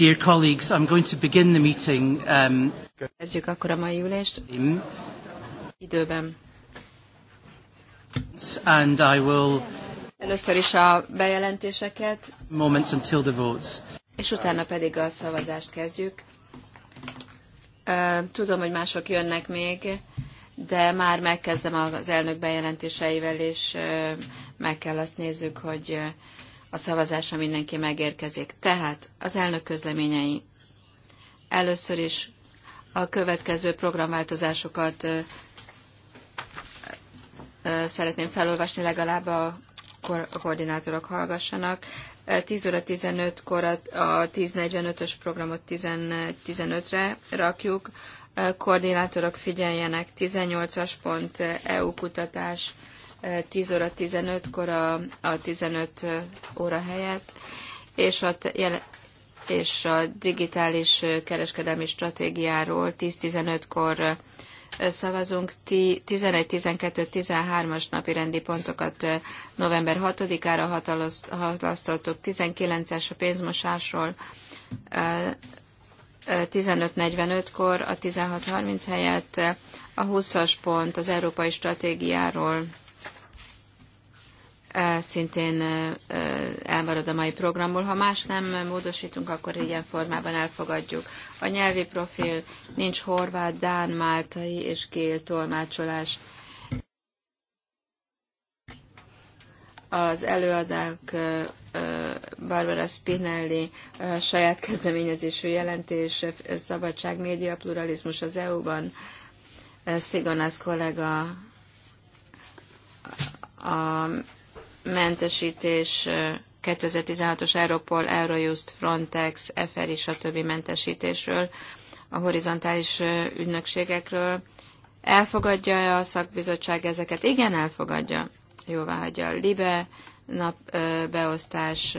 Dear colleagues, I'm going to begin the meeting. Um, Kezdjük akkor a mai ülést. Időben. And I will Először is a bejelentéseket. Moments until the votes. És utána pedig a szavazást kezdjük. Tudom, hogy mások jönnek még, de már megkezdem az elnök bejelentéseivel, és meg kell azt nézzük, hogy a szavazásra mindenki megérkezik. Tehát az elnök közleményei. Először is a következő programváltozásokat szeretném felolvasni, legalább a koordinátorok hallgassanak. 10 óra 15-kor a 10.45-ös programot 1015 re rakjuk. Koordinátorok figyeljenek, 18-as pont EU kutatás 10 óra 15-kor a, a 15 óra helyett, és a, és a digitális kereskedelmi stratégiáról 10-15-kor szavazunk 11-12-13-as napi rendi pontokat november 6-ára hatalasztottuk, 19-es a pénzmosásról 15.45-kor, a 16.30 helyett a 20-as pont az európai stratégiáról szintén elmarad a mai programból. Ha más nem módosítunk, akkor ilyen formában elfogadjuk. A nyelvi profil nincs horvát, dán, máltai és gél tolmácsolás. Az előadák Barbara Spinelli saját kezdeményezésű jelentés, szabadság, média, pluralizmus az EU-ban. Szigonász kollega a mentesítés 2016-os Europol, Eurojust, Frontex, a stb. mentesítésről, a horizontális ügynökségekről. Elfogadja a szakbizottság ezeket? Igen, elfogadja. Jóvá hagyja a LIBE nap beosztás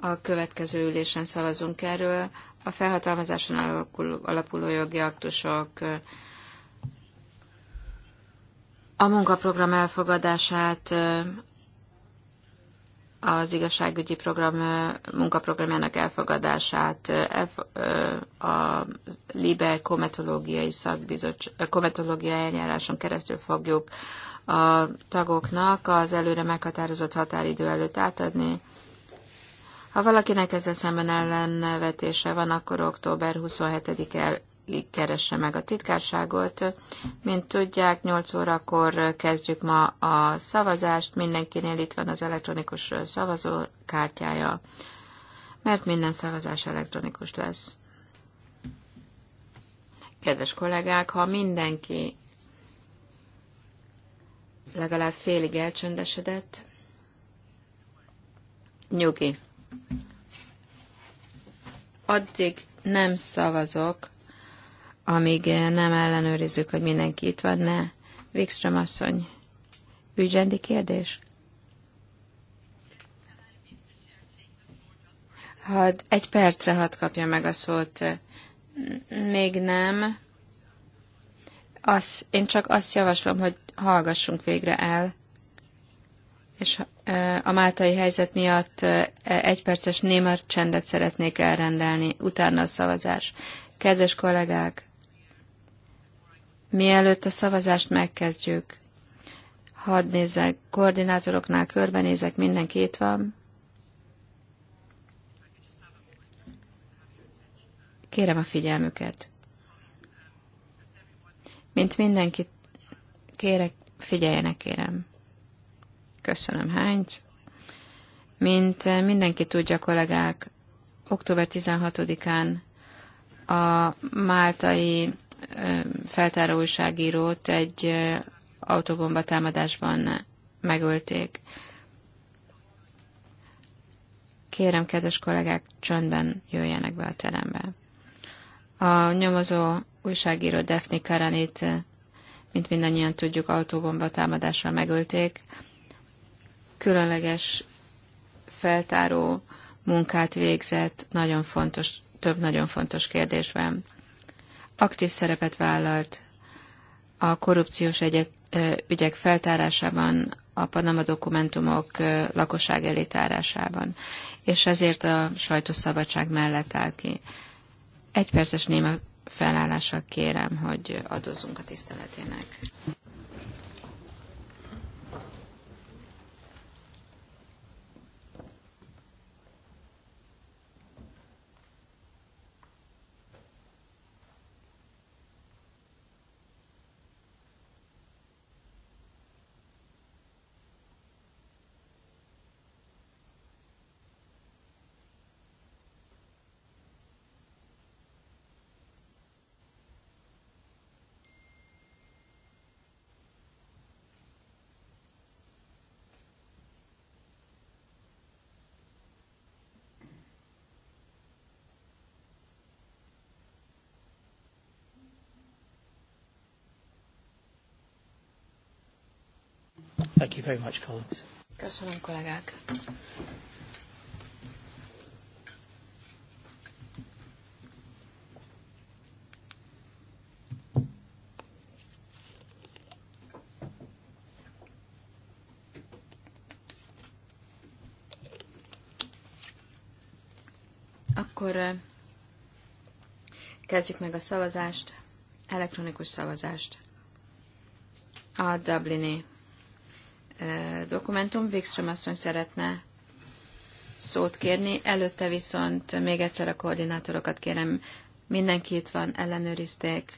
A következő ülésen szavazunk erről. A felhatalmazáson alapuló jogi aktusok a munkaprogram elfogadását az igazságügyi program munkaprogramjának elfogadását a Liber kometológiai szakbizottság, kometológia eljáráson keresztül fogjuk a tagoknak az előre meghatározott határidő előtt átadni. Ha valakinek ezzel szemben ellenvetése van, akkor október 27-e keresse meg a titkárságot. Mint tudják, 8 órakor kezdjük ma a szavazást, mindenkinél itt van az elektronikus szavazókártyája, mert minden szavazás elektronikus lesz. Kedves kollégák, ha mindenki legalább félig elcsöndesedett, nyugi. Addig nem szavazok, amíg nem ellenőrizzük, hogy mindenki itt van, ne. Wikström asszony, ügyrendi kérdés? Had, egy percre hadd kapja meg a szót. Még nem. Az, én csak azt javaslom, hogy hallgassunk végre el. És a máltai helyzet miatt egy perces némar csendet szeretnék elrendelni, utána a szavazás. Kedves kollégák, Mielőtt a szavazást megkezdjük, hadd nézzek, koordinátoroknál körbenézek, mindenki itt van. Kérem a figyelmüket. Mint mindenkit, kérek, figyeljenek, kérem. Köszönöm, Heinz. Mint mindenki tudja, kollégák, október 16-án a máltai feltáró újságírót egy autóbomba támadásban megölték. Kérem, kedves kollégák, csöndben jöjjenek be a terembe. A nyomozó újságíró Defni Karanit, mint mindannyian tudjuk, autóbomba támadással megölték. Különleges feltáró munkát végzett, nagyon fontos, több nagyon fontos kérdésben aktív szerepet vállalt a korrupciós egyet, ügyek feltárásában, a Panama dokumentumok lakosság elétárásában, és ezért a sajtószabadság mellett áll ki. Egy perces néma felállással kérem, hogy adozzunk a tiszteletének. Thank you very much, colleagues. Köszönöm, kollégák. Akkor eh, kezdjük meg a szavazást, elektronikus szavazást. A Dublini dokumentum. Wikström asszony szeretne szót kérni. Előtte viszont még egyszer a koordinátorokat kérem, mindenki itt van, ellenőrizték.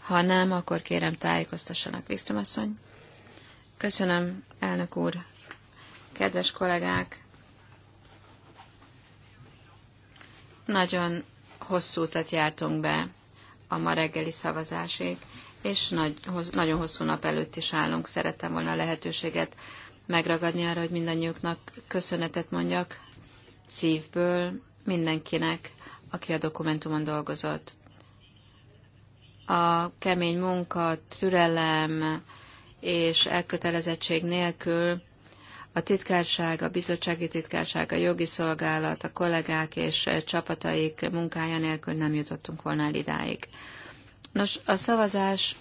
Ha nem, akkor kérem tájékoztassanak. Wikström asszony. Köszönöm, elnök úr. Kedves kollégák, nagyon hosszú utat jártunk be a ma reggeli szavazásig, és nagy, hoz, nagyon hosszú nap előtt is állunk. Szerettem volna a lehetőséget megragadni arra, hogy mindannyiuknak köszönetet mondjak szívből mindenkinek, aki a dokumentumon dolgozott. A kemény munka, türelem és elkötelezettség nélkül a titkárság, a bizottsági titkárság, a jogi szolgálat, a kollégák és csapataik munkája nélkül nem jutottunk volna el idáig. Nos, a szavazás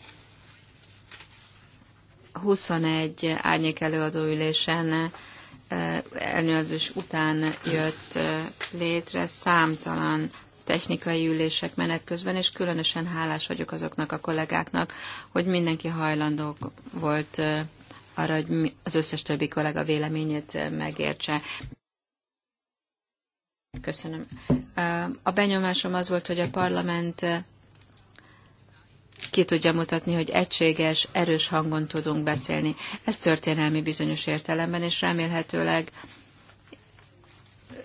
21 árnyék előadóülésen elnyelvés után jött létre számtalan technikai ülések menet közben, és különösen hálás vagyok azoknak a kollégáknak, hogy mindenki hajlandó volt arra, hogy az összes többi kollega véleményét megértse. Köszönöm. A benyomásom az volt, hogy a parlament ki tudja mutatni, hogy egységes, erős hangon tudunk beszélni. Ez történelmi bizonyos értelemben, és remélhetőleg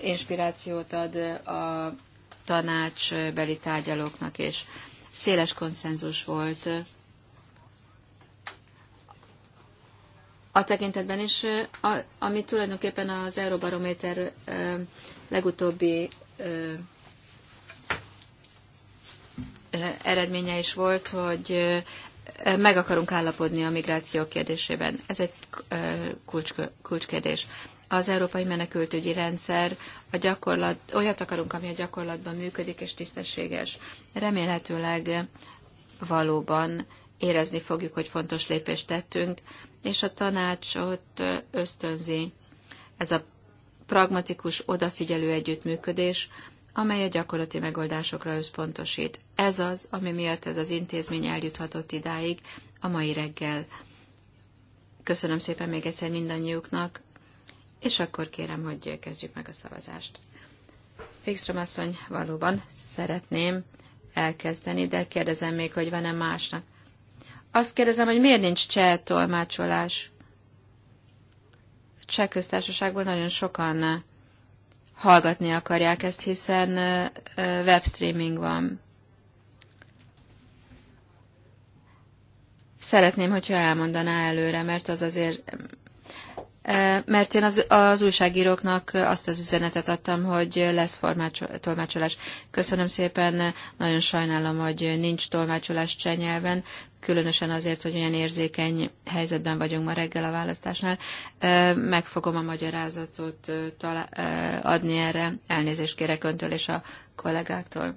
inspirációt ad a tanácsbeli tárgyalóknak, és széles konszenzus volt a tekintetben is, ami tulajdonképpen az Euróbarométer legutóbbi eredménye is volt, hogy meg akarunk állapodni a migráció kérdésében. Ez egy kulcs, kulcskérdés. Az európai menekültügyi rendszer a gyakorlat, olyat akarunk, ami a gyakorlatban működik és tisztességes. Remélhetőleg valóban érezni fogjuk, hogy fontos lépést tettünk, és a tanácsot ösztönzi ez a pragmatikus, odafigyelő együttműködés, amely a gyakorlati megoldásokra összpontosít. Ez az, ami miatt ez az intézmény eljuthatott idáig a mai reggel. Köszönöm szépen még egyszer mindannyiuknak, és akkor kérem, hogy kezdjük meg a szavazást. Fixrom asszony, valóban szeretném elkezdeni, de kérdezem még, hogy van-e másnak. Azt kérdezem, hogy miért nincs cseh tolmácsolás? Cseh köztársaságból nagyon sokan hallgatni akarják ezt, hiszen webstreaming van. Szeretném, hogyha elmondaná előre, mert az azért mert én az, az újságíróknak azt az üzenetet adtam, hogy lesz formácsol, tolmácsolás. Köszönöm szépen, nagyon sajnálom, hogy nincs tolmácsolás cseh nyelven, különösen azért, hogy olyan érzékeny helyzetben vagyunk ma reggel a választásnál. Meg fogom a magyarázatot adni erre. Elnézést kérek öntől és a kollégáktól.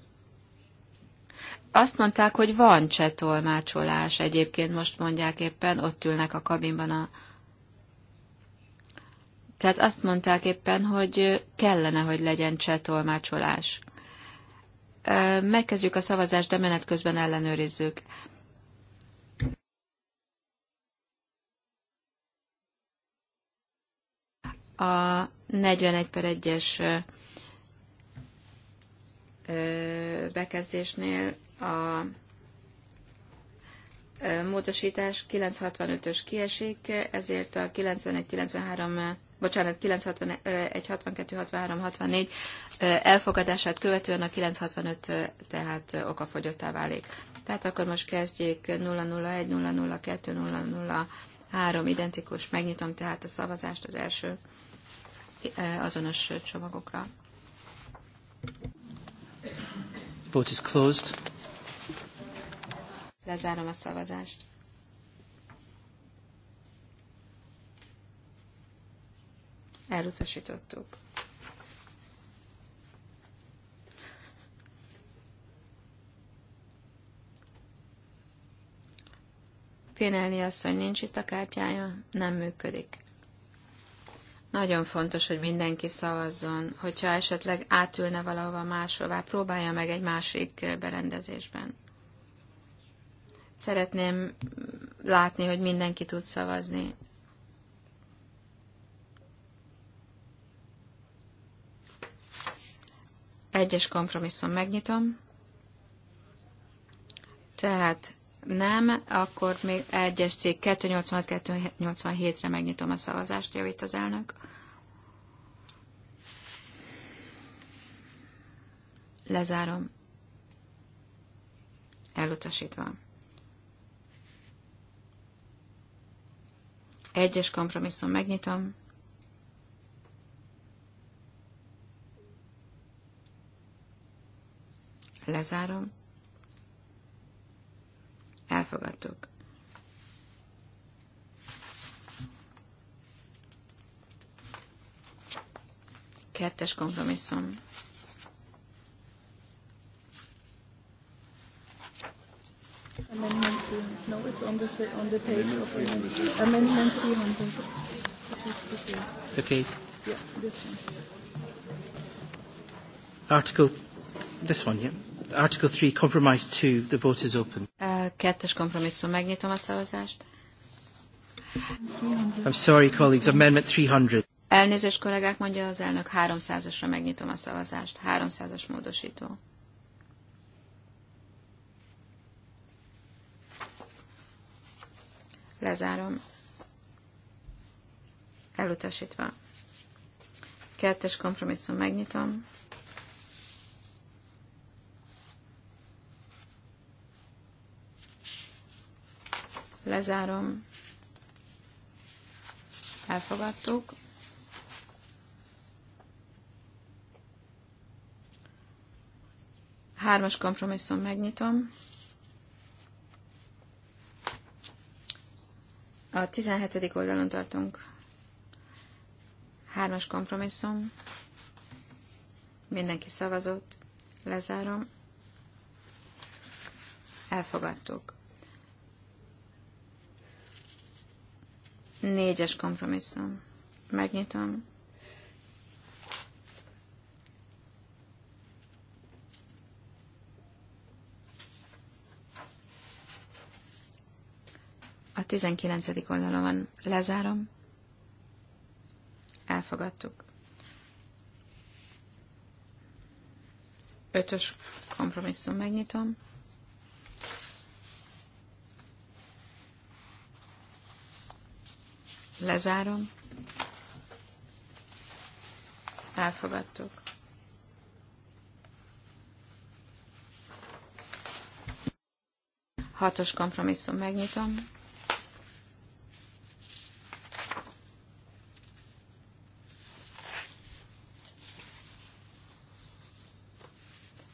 Azt mondták, hogy van csetolmácsolás. Egyébként most mondják éppen, ott ülnek a kabinban a... Tehát azt mondták éppen, hogy kellene, hogy legyen csetolmácsolás. Megkezdjük a szavazást, de menet közben ellenőrizzük. a 41 per 1-es bekezdésnél a módosítás 965-ös kiesik, ezért a 91-93, bocsánat, 961-62-63-64 elfogadását követően a 965 tehát okafogyottá válik. Tehát akkor most kezdjék 001, 002, 003 identikus, megnyitom tehát a szavazást az első azonos csomagokra. Vote is closed. Lezárom a szavazást. Elutasítottuk. Finelni asszony nincs itt a kártyája, nem működik. Nagyon fontos, hogy mindenki szavazzon. Hogyha esetleg átülne valahova máshová, próbálja meg egy másik berendezésben. Szeretném látni, hogy mindenki tud szavazni. Egyes kompromisszum megnyitom. Tehát nem, akkor még egyes cég 286-287-re megnyitom a szavazást, javít az elnök. Lezárom. Elutasítva. Egyes kompromisszum megnyitom. Lezárom Elfogadtuk. Kettes kompromisszum. Amendment 300. No, it's on the, on the page of Amendment 300. Okay. Yeah. This one. Article, this one, yeah. Article 3, Compromise 2, the vote is open. Uh, Kettes kompromisszum, megnyitom a szavazást. I'm sorry, colleagues, amendment 300. Elnézést, kollégák, mondja az elnök, 300-asra megnyitom a szavazást. 300-as módosító. Lezárom. Elutasítva. Kettes kompromisszum megnyitom. Lezárom. Elfogadtuk. Hármas kompromisszum megnyitom. A 17. oldalon tartunk. Hármas kompromisszum. Mindenki szavazott. Lezárom. Elfogadtuk. Négyes kompromisszum. Megnyitom. A 19. oldalon van. Lezárom. Elfogadtuk. Ötös kompromisszum megnyitom. Lezárom. Elfogadtuk. Hatos kompromisszum megnyitom.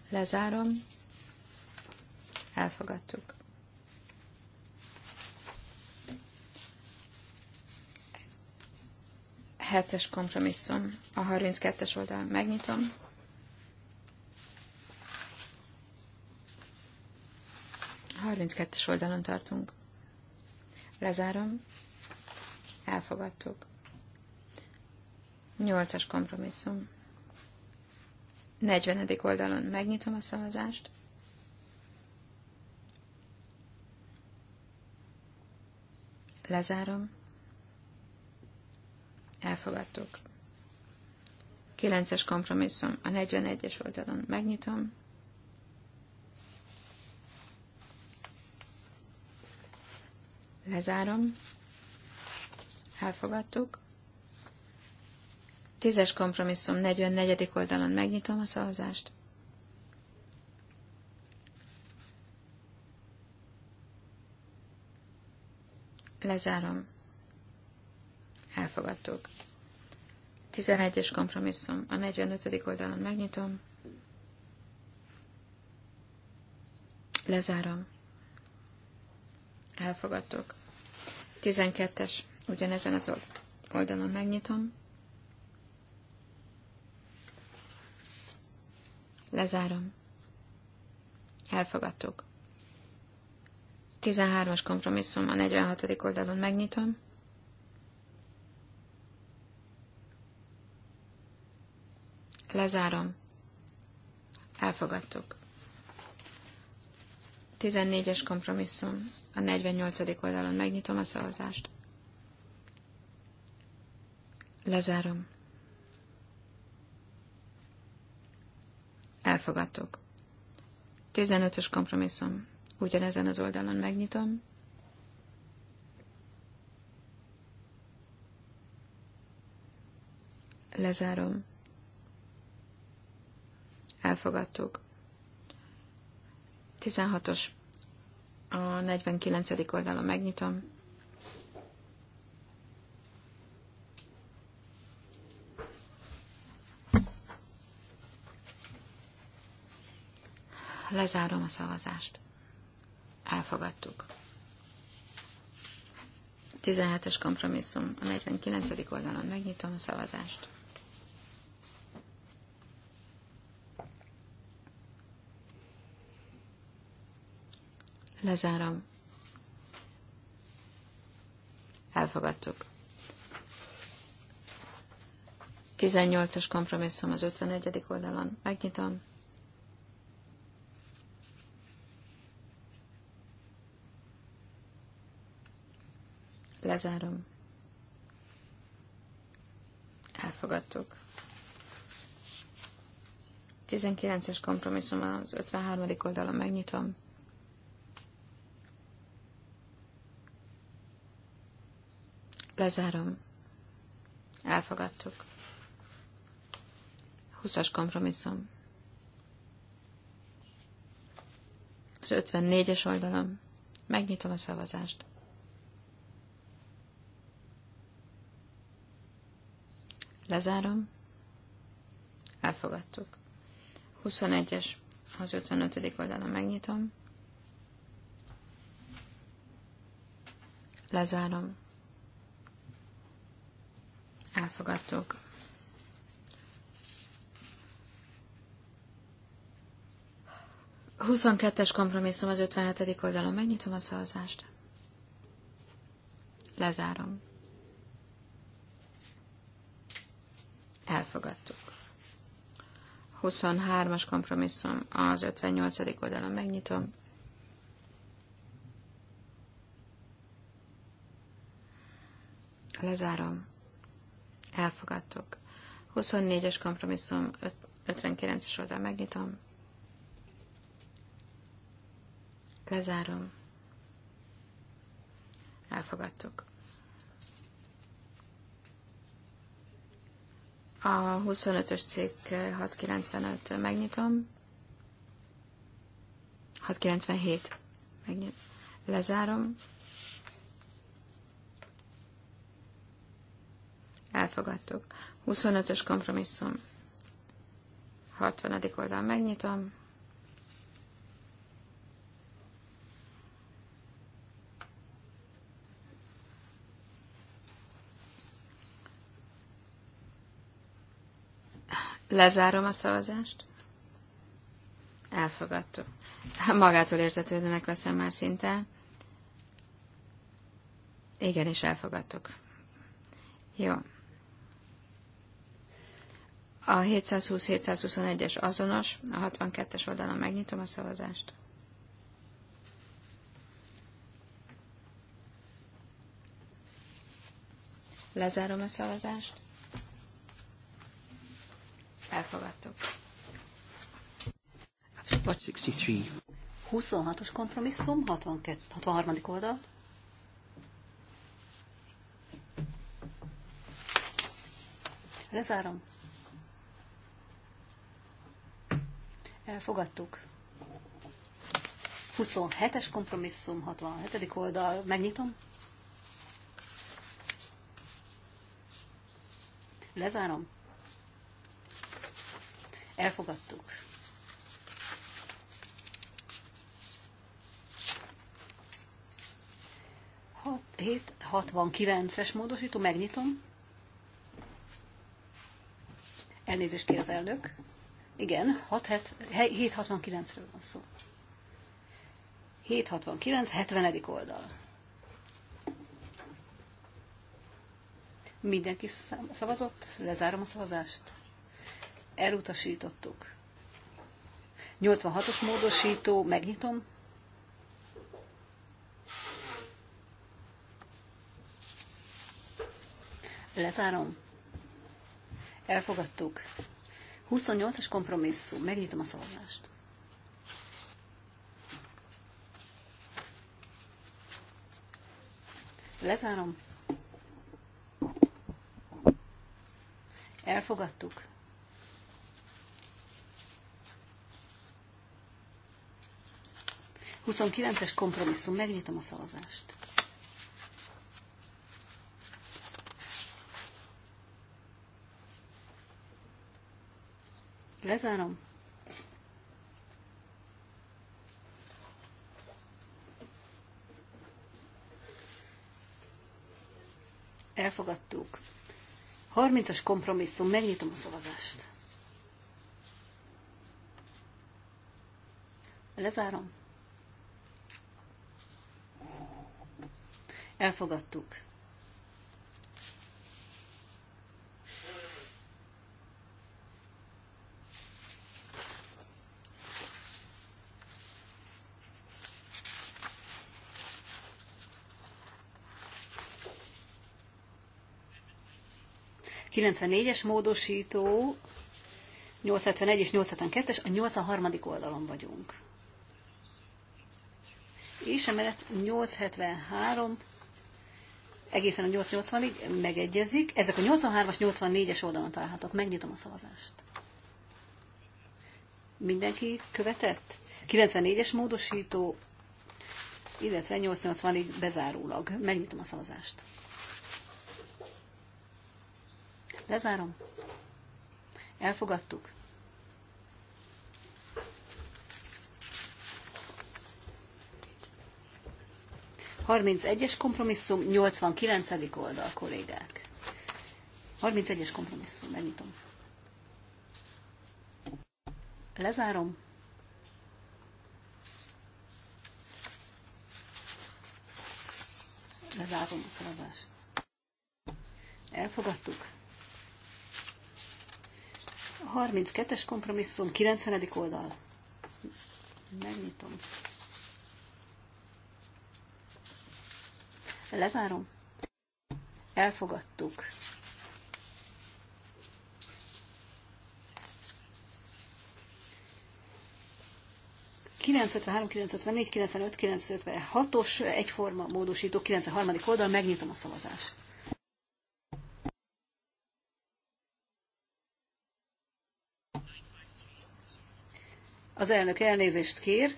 Lezárom. Elfogadtuk. hetes kompromisszum. A 32-es oldalon megnyitom. A 32-es oldalon tartunk. Lezárom. Elfogadtuk. 8-as kompromisszum. 40. oldalon megnyitom a szavazást. Lezárom elfogadtuk. 9-es kompromisszum a 41-es oldalon. Megnyitom. Lezárom. Elfogadtuk. 10-es kompromisszum 44. oldalon. Megnyitom a szavazást. Lezárom elfogadtuk. 11-es kompromisszum. A 45. oldalon megnyitom. Lezárom. Elfogadtok. 12-es. Ugyanezen az oldalon megnyitom. Lezárom. Elfogadtuk. 13-as kompromisszum a 46. oldalon megnyitom. Lezárom. Elfogadtuk. 14-es kompromisszum. A 48. oldalon megnyitom a szavazást. Lezárom. Elfogadtuk. 15-ös kompromisszum. Ugyanezen az oldalon megnyitom. Lezárom elfogadtuk. 16-os a 49. oldalon megnyitom. Lezárom a szavazást. Elfogadtuk. 17-es kompromisszum a 49. oldalon megnyitom a szavazást. Lezárom. Elfogadtuk. 18-as kompromisszum az 51. oldalon. Megnyitom. Lezárom. Elfogadtuk. 19-es kompromisszum az 53. oldalon megnyitom. Lezárom. Elfogadtuk. Huszas kompromisszum. Az 54-es oldalam. Megnyitom a szavazást. Lezárom. Elfogadtuk. 21-es, az 55. oldalon megnyitom. Lezárom elfogadtuk. A 22-es kompromisszum az 57. oldalon. Megnyitom a szavazást. Lezárom. Elfogadtuk. 23-as kompromisszum az 58. oldalon. Megnyitom. Lezárom. Elfogadtuk. 24-es kompromisszum 59-es oldal megnyitom. Lezárom. Elfogadtuk. A 25-ös cikk 695 megnyitom. 697. Megnyitom. Lezárom. Elfogadtuk. 25-ös kompromisszum. 60. oldal megnyitom. Lezárom a szavazást. Elfogadtuk. Magától értetődőnek veszem már szinte. Igen, és elfogadtuk. Jó. A 720-721-es azonos, a 62-es oldalon megnyitom a szavazást. Lezárom a szavazást. Elfogadtuk. 63. 26-os kompromisszum, 62, 63. oldal. Lezárom. Elfogadtuk. 27-es kompromisszum, 67. oldal. Megnyitom. Lezárom. Elfogadtuk. Hét, 769-es módosító, megnyitom. Elnézést kér az elnök. Igen, 769-ről van szó. 769, 70. oldal. Mindenki szavazott, lezárom a szavazást. Elutasítottuk. 86-os módosító, megnyitom. Lezárom. Elfogadtuk. 28-as kompromisszum. Megnyitom a szavazást. Lezárom. Elfogadtuk. Huszonkilences kompromisszum. Megnyitom a szavazást. Lezárom. Elfogadtuk. 30-as kompromisszum, megnyitom a szavazást. Lezárom. Elfogadtuk. 94-es módosító, 871 és 872-es, a 83. oldalon vagyunk. És emellett 873 egészen a 880-ig megegyezik. Ezek a 83-as, 84-es oldalon találhatók. Megnyitom a szavazást. Mindenki követett? 94-es módosító, illetve 880-ig bezárólag. Megnyitom a szavazást. Lezárom. Elfogadtuk. egyes kompromisszum, 89. oldal, kollégák. 31-es kompromisszum, megnyitom. Lezárom. Lezárom a szavazást. Elfogadtuk. 32-es kompromisszum, 90. oldal. Megnyitom. Lezárom. Elfogadtuk. os egyforma módosító 93. oldal, megnyitom a szavazást. Az elnök elnézést kér.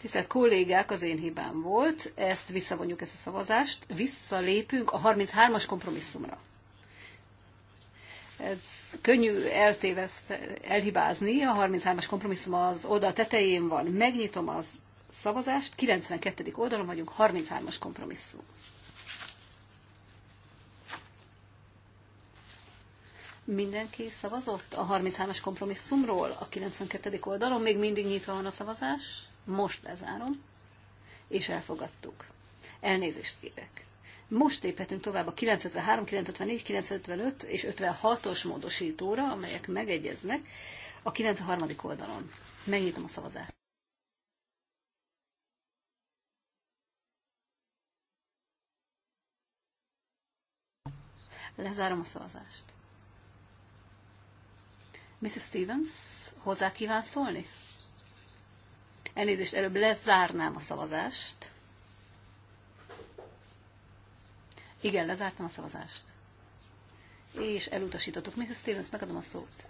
Tisztelt kollégák, az én hibám volt, ezt visszavonjuk ezt a szavazást, visszalépünk a 33-as kompromisszumra. Ez könnyű eltéveszt, elhibázni, a 33-as kompromisszum az oda tetején van. Megnyitom az szavazást, 92. oldalon vagyunk, 33-as kompromisszum. Mindenki szavazott a 33-as kompromisszumról a 92. oldalon, még mindig nyitva van a szavazás, most lezárom, és elfogadtuk. Elnézést kérek. Most léphetünk tovább a 953, 954, 955 és 56-os módosítóra, amelyek megegyeznek a 93. oldalon. Megnyitom a szavazást. Lezárom a szavazást. Mrs. Stevens, hozzá kíván szólni? Elnézést, előbb lezárnám a szavazást. Igen, lezártam a szavazást. És elutasítottuk. Mrs. Stevens, megadom a szót.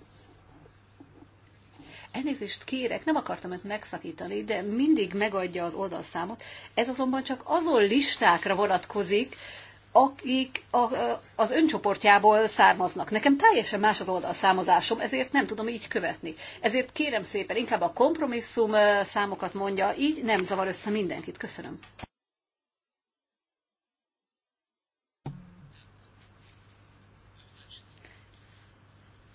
Elnézést kérek, nem akartam ezt megszakítani, de mindig megadja az oldalszámot. Ez azonban csak azon listákra vonatkozik, akik a, az öncsoportjából származnak. Nekem teljesen más az oldal számozásom, ezért nem tudom így követni. Ezért kérem szépen, inkább a kompromisszum számokat mondja, így nem zavar össze mindenkit. Köszönöm.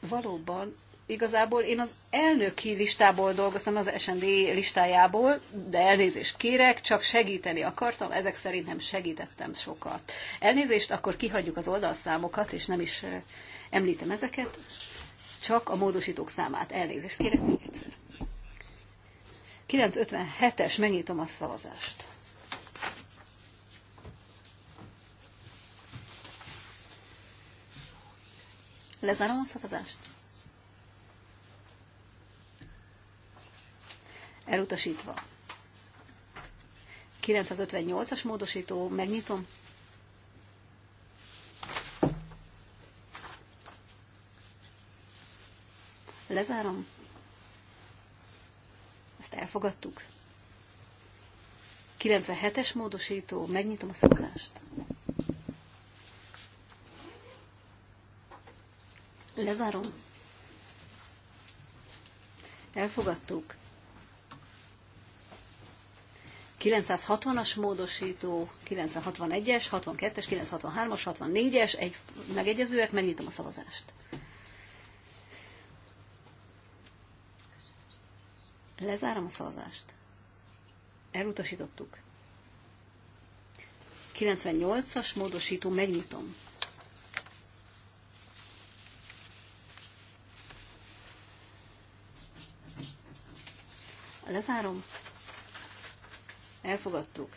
Valóban igazából én az elnöki listából dolgoztam, az SND listájából, de elnézést kérek, csak segíteni akartam, ezek szerint nem segítettem sokat. Elnézést, akkor kihagyjuk az oldalszámokat, és nem is említem ezeket, csak a módosítók számát. Elnézést kérek még egyszer. 957-es, megnyitom a szavazást. Lezárom a szavazást. elutasítva. 958-as módosító, megnyitom. Lezárom. Ezt elfogadtuk. 97-es módosító, megnyitom a szavazást. Lezárom. Elfogadtuk. 960-as módosító, 961-es, 62-es, 963-as, 64-es, egy, megegyezőek, megnyitom a szavazást. Lezárom a szavazást. Elutasítottuk. 98-as módosító, megnyitom. Lezárom Elfogadtuk.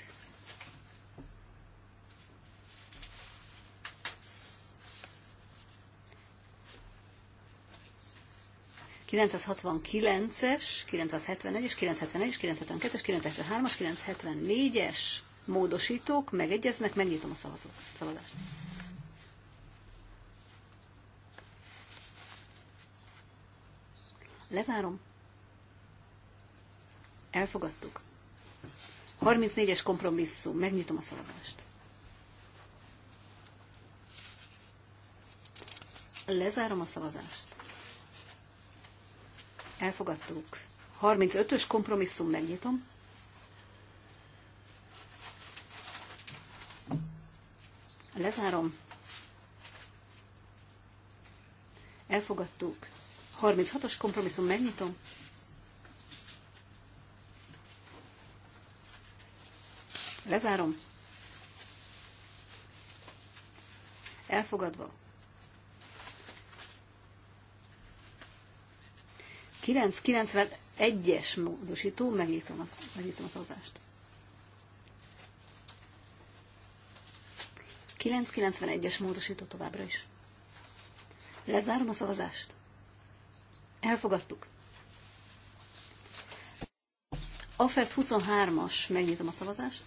es 971 es 971 es 972 es 973-as, 974-es módosítók megegyeznek, megnyitom a szavazást. Lezárom. Elfogadtuk. 34-es kompromisszum. Megnyitom a szavazást. Lezárom a szavazást. Elfogadtuk. 35-ös kompromisszum. Megnyitom. Lezárom. Elfogadtuk. 36-os kompromisszum. Megnyitom. Lezárom. Elfogadva. 991-es módosító, megnyitom, az, megnyitom az adást. 991-es módosító továbbra is. Lezárom a szavazást. Elfogadtuk. Afet 23-as, megnyitom a szavazást.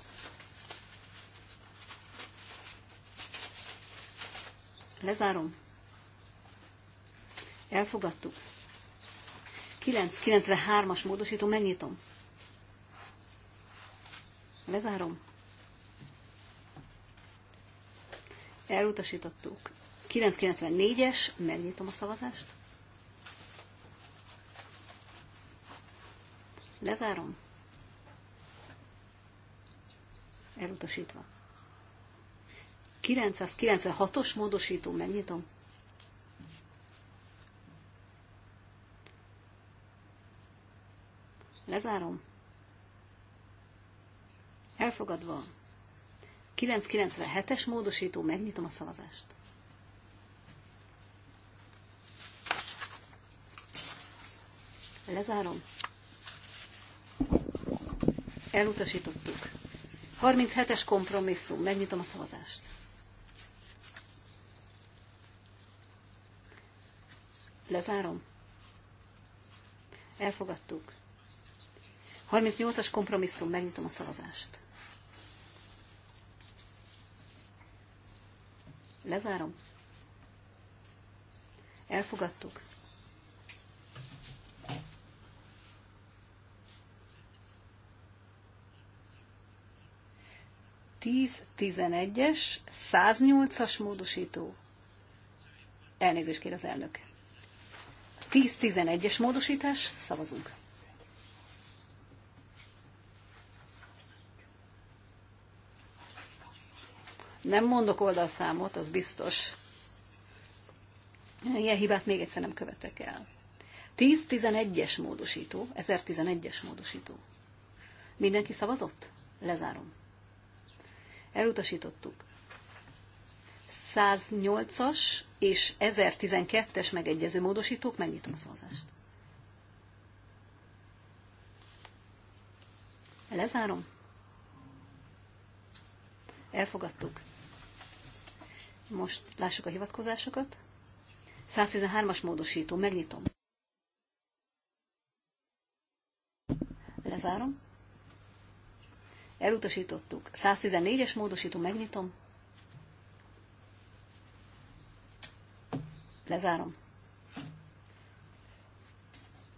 Lezárom. Elfogadtuk. 993-as módosító, megnyitom. Lezárom. Elutasítottuk. 994-es, megnyitom a szavazást. Lezárom. Elutasítva. 996-os módosító, megnyitom. Lezárom. Elfogadva. 997-es módosító, megnyitom a szavazást. Lezárom. Elutasítottuk. 37-es kompromisszum, megnyitom a szavazást. Lezárom. Elfogadtuk. 38-as kompromisszum, megnyitom a szavazást. Lezárom. Elfogadtuk. Tíz, tizenegyes, 108-as módosító. Elnézést kér az elnök. 10-11-es módosítás, szavazunk. Nem mondok oldalszámot, az biztos. Ilyen hibát még egyszer nem követek el. 10-11-es módosító, 1011-es módosító. Mindenki szavazott? Lezárom. Elutasítottuk. 108-as és 1012-es megegyező módosítók, megnyitom a szavazást. Lezárom. Elfogadtuk. Most lássuk a hivatkozásokat. 113-as módosító, megnyitom. Lezárom. Elutasítottuk. 114-es módosító, megnyitom. Lezárom.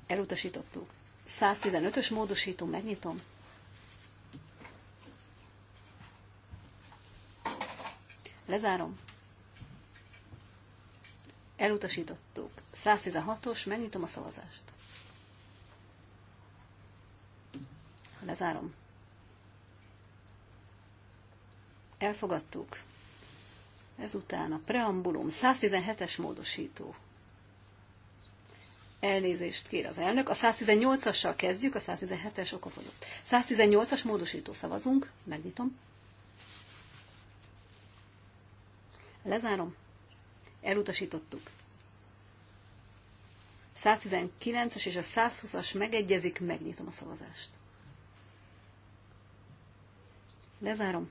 Elutasítottuk. 115-ös módosító, megnyitom. Lezárom. Elutasítottuk. 116-os, megnyitom a szavazást. Lezárom. Elfogadtuk. Ezután a preambulum 117-es módosító. Elnézést kér az elnök. A 118-assal kezdjük, a 117-es okafogyott. 118-as módosító szavazunk. Megnyitom. Lezárom. Elutasítottuk. 119-es és a 120-as megegyezik, megnyitom a szavazást. Lezárom.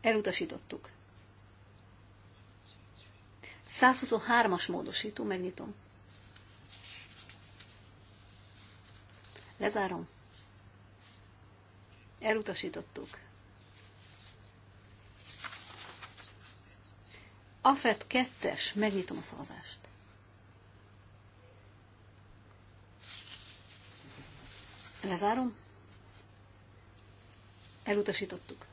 Elutasítottuk. 123-as módosító, megnyitom. Lezárom. Elutasítottuk. Afet 2-es, megnyitom a szavazást. Lezárom. Elutasítottuk.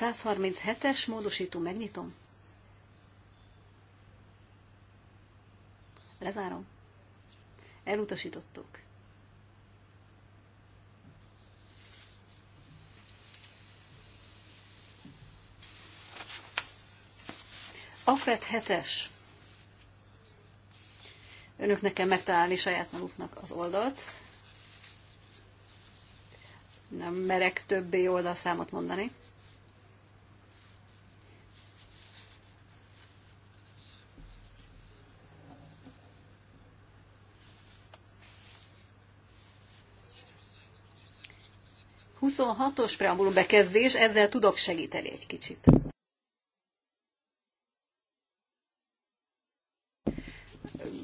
137-es módosító, megnyitom. Lezárom. Elutasítottuk. Afet 7-es. Önök kell megtalálni saját maguknak az oldalt. Nem merek többé oldalszámot mondani. 26-os preambulum bekezdés, ezzel tudok segíteni egy kicsit.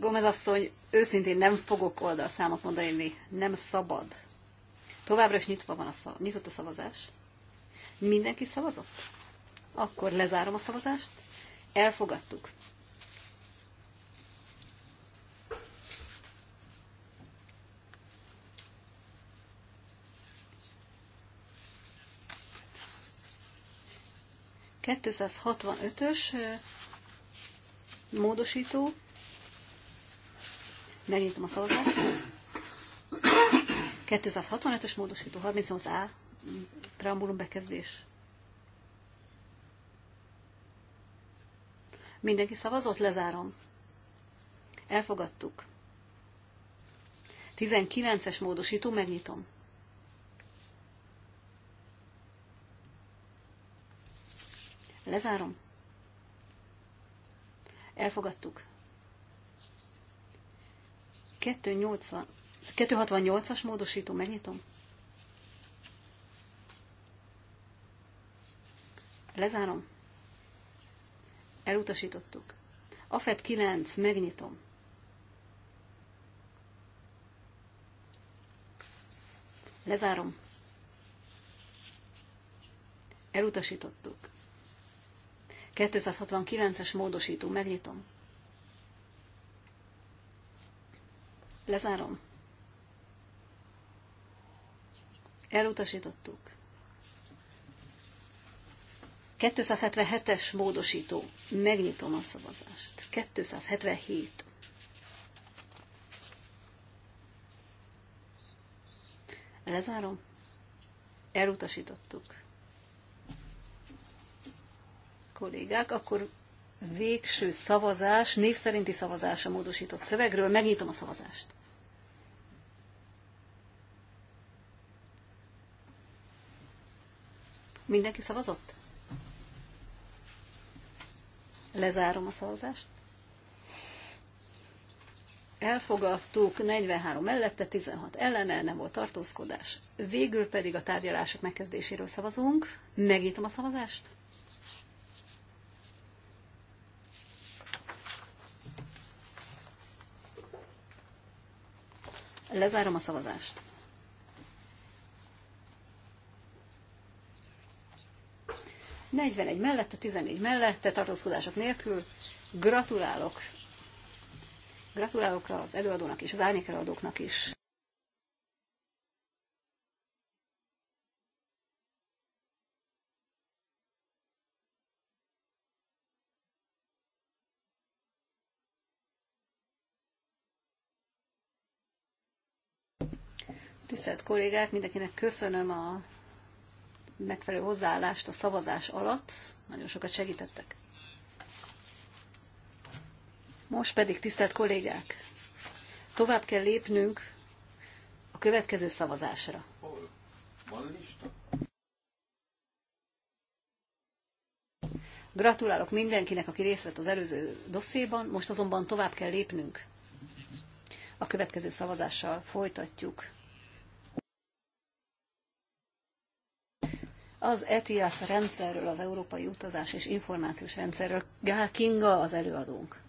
Gomez asszony, őszintén nem fogok oldalszámot mondani, nem szabad. Továbbra is nyitva van a szav- nyitott a szavazás. Mindenki szavazott? Akkor lezárom a szavazást. Elfogadtuk. 265-ös módosító. Megnyitom a szavazást. 265-ös módosító, 38A preambulum bekezdés. Mindenki szavazott? Lezárom. Elfogadtuk. 19-es módosító, megnyitom. Lezárom. Elfogadtuk. 268-as módosító, megnyitom. Lezárom. Elutasítottuk. Afed 9, megnyitom. Lezárom. Elutasítottuk. 269-es módosító, megnyitom. Lezárom. Elutasítottuk. 277-es módosító. Megnyitom a szavazást. 277. Lezárom. Elutasítottuk kollégák, akkor végső szavazás, név szerinti szavazás a módosított szövegről. Megnyitom a szavazást. Mindenki szavazott? Lezárom a szavazást. Elfogadtuk 43 mellette, 16 ellene, nem volt tartózkodás. Végül pedig a tárgyalások megkezdéséről szavazunk. Megnyitom a szavazást. Lezárom a szavazást. a mellette, 14 mellette, tartózkodások nélkül. Gratulálok! Gratulálok az előadónak és az árnyék előadóknak is. tisztelt kollégák, mindenkinek köszönöm a megfelelő hozzáállást a szavazás alatt. Nagyon sokat segítettek. Most pedig, tisztelt kollégák, tovább kell lépnünk a következő szavazásra. Van lista? Gratulálok mindenkinek, aki részt vett az előző dosszéban, most azonban tovább kell lépnünk. A következő szavazással folytatjuk. az ETIAS rendszerről, az Európai Utazás és Információs Rendszerről. Gál Kinga az előadónk.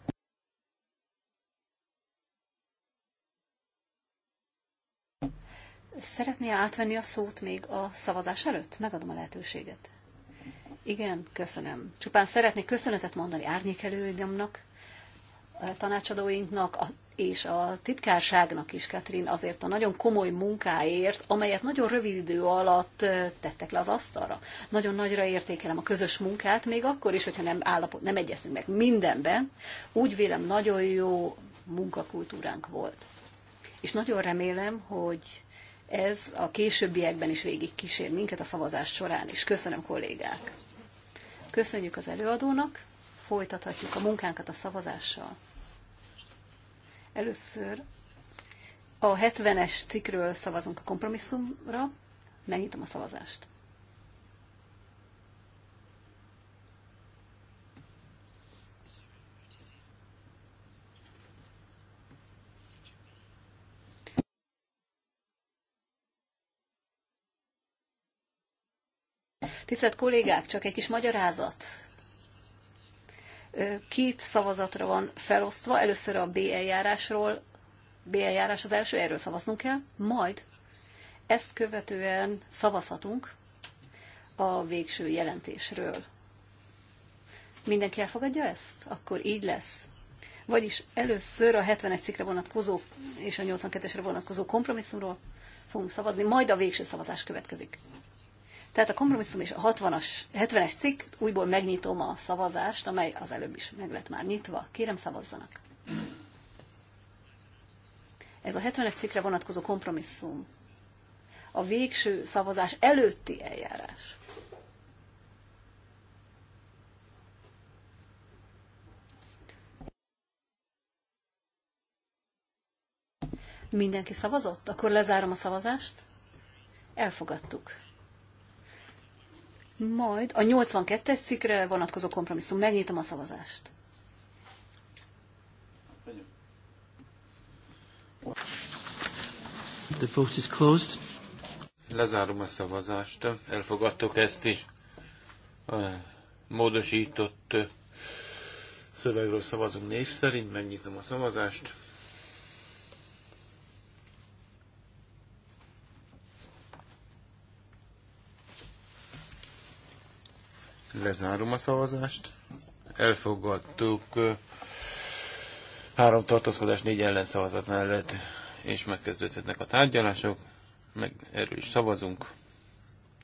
Szeretné átvenni a szót még a szavazás előtt? Megadom a lehetőséget. Igen, köszönöm. Csupán szeretnék köszönetet mondani árnyékelődömnek, tanácsadóinknak és a titkárságnak is, Katrin, azért a nagyon komoly munkáért, amelyet nagyon rövid idő alatt tettek le az asztalra. Nagyon nagyra értékelem a közös munkát, még akkor is, hogyha nem, állapot, nem egyeztünk meg mindenben. Úgy vélem, nagyon jó munkakultúránk volt. És nagyon remélem, hogy ez a későbbiekben is végig kísér minket a szavazás során is. Köszönöm, kollégák! Köszönjük az előadónak, folytathatjuk a munkánkat a szavazással. Először a 70-es cikkről szavazunk a kompromisszumra. Megnyitom a szavazást. Tisztelt kollégák, csak egy kis magyarázat két szavazatra van felosztva. Először a B eljárásról, B eljárás az első, erről szavaznunk kell, majd ezt követően szavazhatunk a végső jelentésről. Mindenki elfogadja ezt? Akkor így lesz. Vagyis először a 71 cikkre vonatkozó és a 82-esre vonatkozó kompromisszumról fogunk szavazni, majd a végső szavazás következik. Tehát a kompromisszum és a 60-as, 70-es cikk, újból megnyitom a szavazást, amely az előbb is meg lett már nyitva. Kérem szavazzanak. Ez a 70-es cikkre vonatkozó kompromisszum a végső szavazás előtti eljárás. Mindenki szavazott? Akkor lezárom a szavazást. Elfogadtuk. Majd a 82-es cikkre vonatkozó kompromisszum. Megnyitom a szavazást. The vote is closed. Lezárom a szavazást. Elfogadtok ezt is. A módosított szövegről szavazunk név szerint. Megnyitom a szavazást. Lezárom a szavazást. Elfogadtuk három tartózkodás négy ellenszavazat mellett, és megkezdődhetnek a tárgyalások. Meg erről is szavazunk.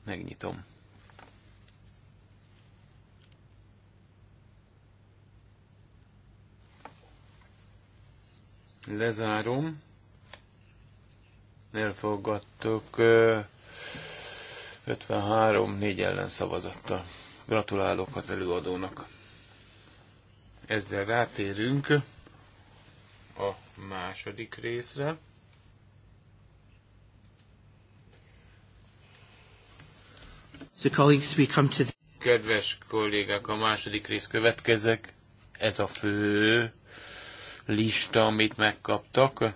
Megnyitom. lezárom. Elfogadtuk 53-4 ellen szavazattal. Gratulálok az előadónak. Ezzel rátérünk a második részre. Kedves kollégák, a második rész következek. Ez a fő lista, amit megkaptak.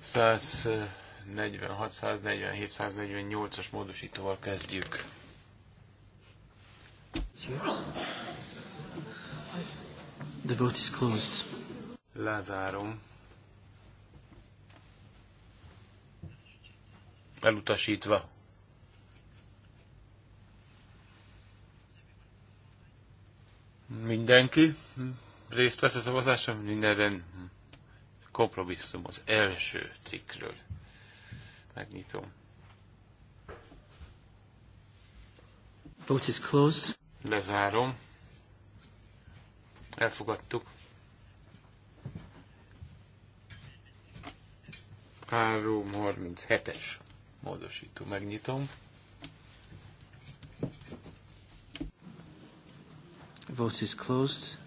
146, 147, 148-as módosítóval kezdjük. Cheers. The vote is closed. Lezárom. Elutasítva. Mindenki részt vesz a szavazáson? Mindenben kompromisszum az első cikkről. Megnyitom. Vote is closed. Lezárom. Elfogadtuk. Három 37-es módosító. Megnyitom. Vote is closed.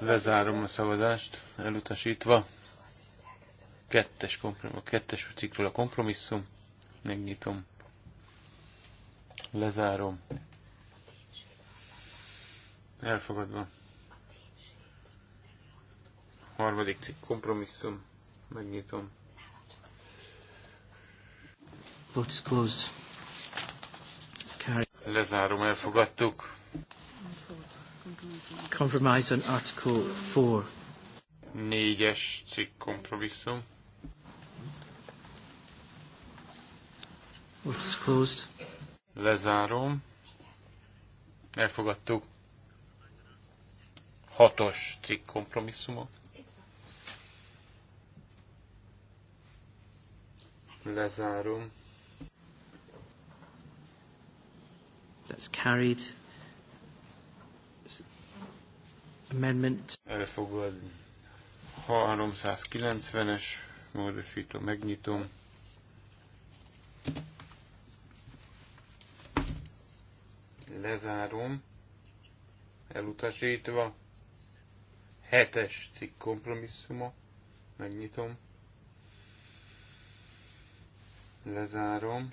Lezárom a szavazást, elutasítva. Kettes, komprom- kettes cikről a kompromisszum. Megnyitom. Lezárom. Elfogadva. Harmadik cikk kompromisszum. Megnyitom. Lezárom, elfogadtuk. Compromise on Article 4. Négyes cikk kompromisszum. Lezárom. Elfogadtuk hatos cikk kompromisszuma. Lezárom. That's carried. Amendment. Elfogadni. 390-es módosító, megnyitom. Lezárom. Elutasítva hetes cikk kompromisszuma. Megnyitom. Lezárom.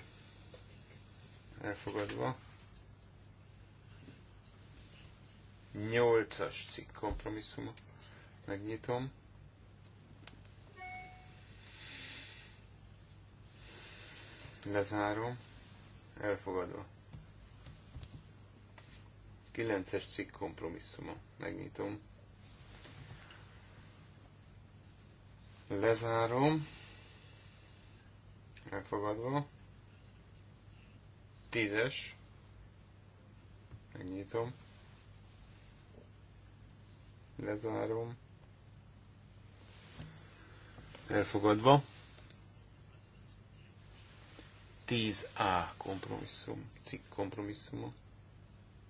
Elfogadva. Nyolcas cikk kompromisszuma. Megnyitom. Lezárom. Elfogadva. 9-es cikk kompromisszuma. Megnyitom. Lezárom. Elfogadva. Tízes. Megnyitom. Lezárom. Elfogadva. 10A kompromisszum, cikk kompromisszuma.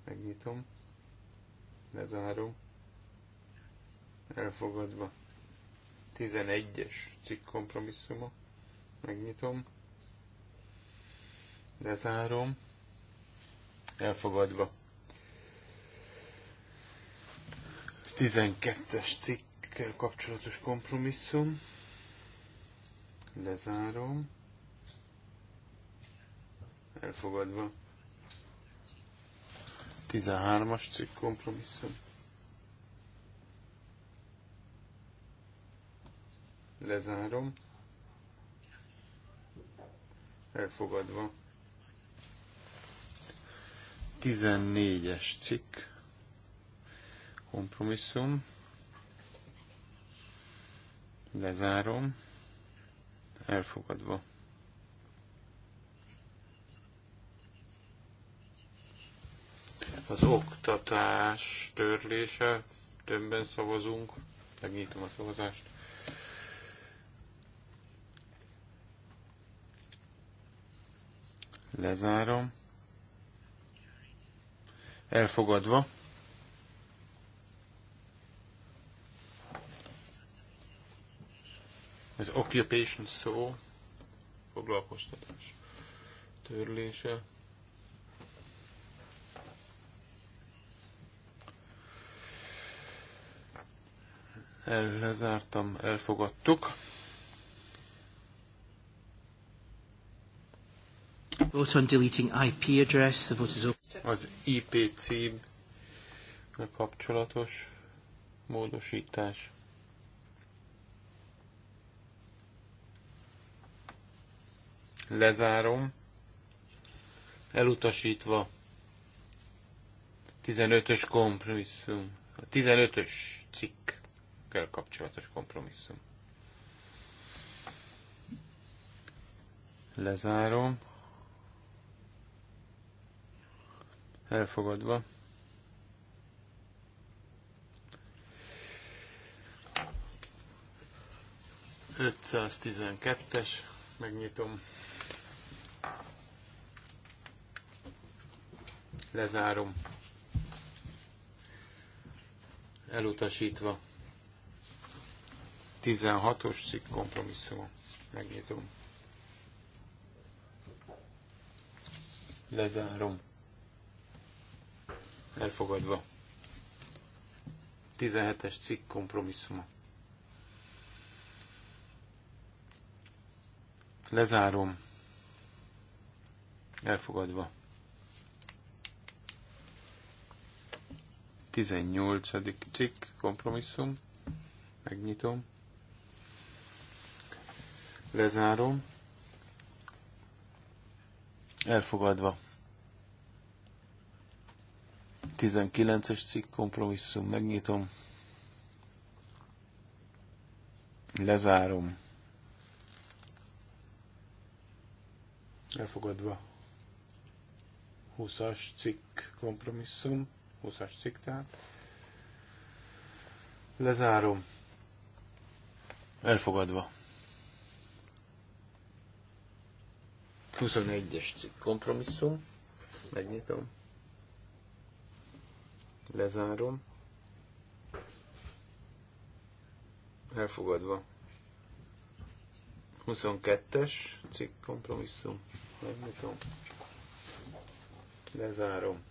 Megnyitom. Lezárom. Elfogadva. 11-es cikk kompromisszuma. Megnyitom. Lezárom. Elfogadva. 12-es cikkkel kapcsolatos kompromisszum. Lezárom. Elfogadva. 13-as cikk kompromisszum Lezárom. Elfogadva. 14-es cikk. Kompromisszum. Lezárom. Elfogadva. Az oktatás törlése. Többen szavazunk. Megnyitom a szavazást. Lezárom. Elfogadva. Ez occupation szó, foglalkoztatás törlése. El, lezártam, elfogadtuk. Vote on deleting IP address. The vote is open. Az IP cím kapcsolatos módosítás. Lezárom. Elutasítva 15-ös kompromisszum. A 15-ös cikkkel kapcsolatos kompromisszum. Lezárom. elfogadva. tizenkettes megnyitom. Lezárom. Elutasítva. 16-os cikk kompromisszum. Megnyitom. Lezárom elfogadva. 17-es cikk kompromisszuma. Lezárom. Elfogadva. 18. cikk kompromisszum. Megnyitom. Lezárom. Elfogadva. 19-es cikk kompromisszum, megnyitom. Lezárom. Elfogadva. 20-as cikk kompromisszum, 20-as cikk tehát. Lezárom. Elfogadva. 21-es cikk kompromisszum. Megnyitom. Lezárom. Elfogadva. 22-es cikk kompromisszum. Megnyitom. Lezárom.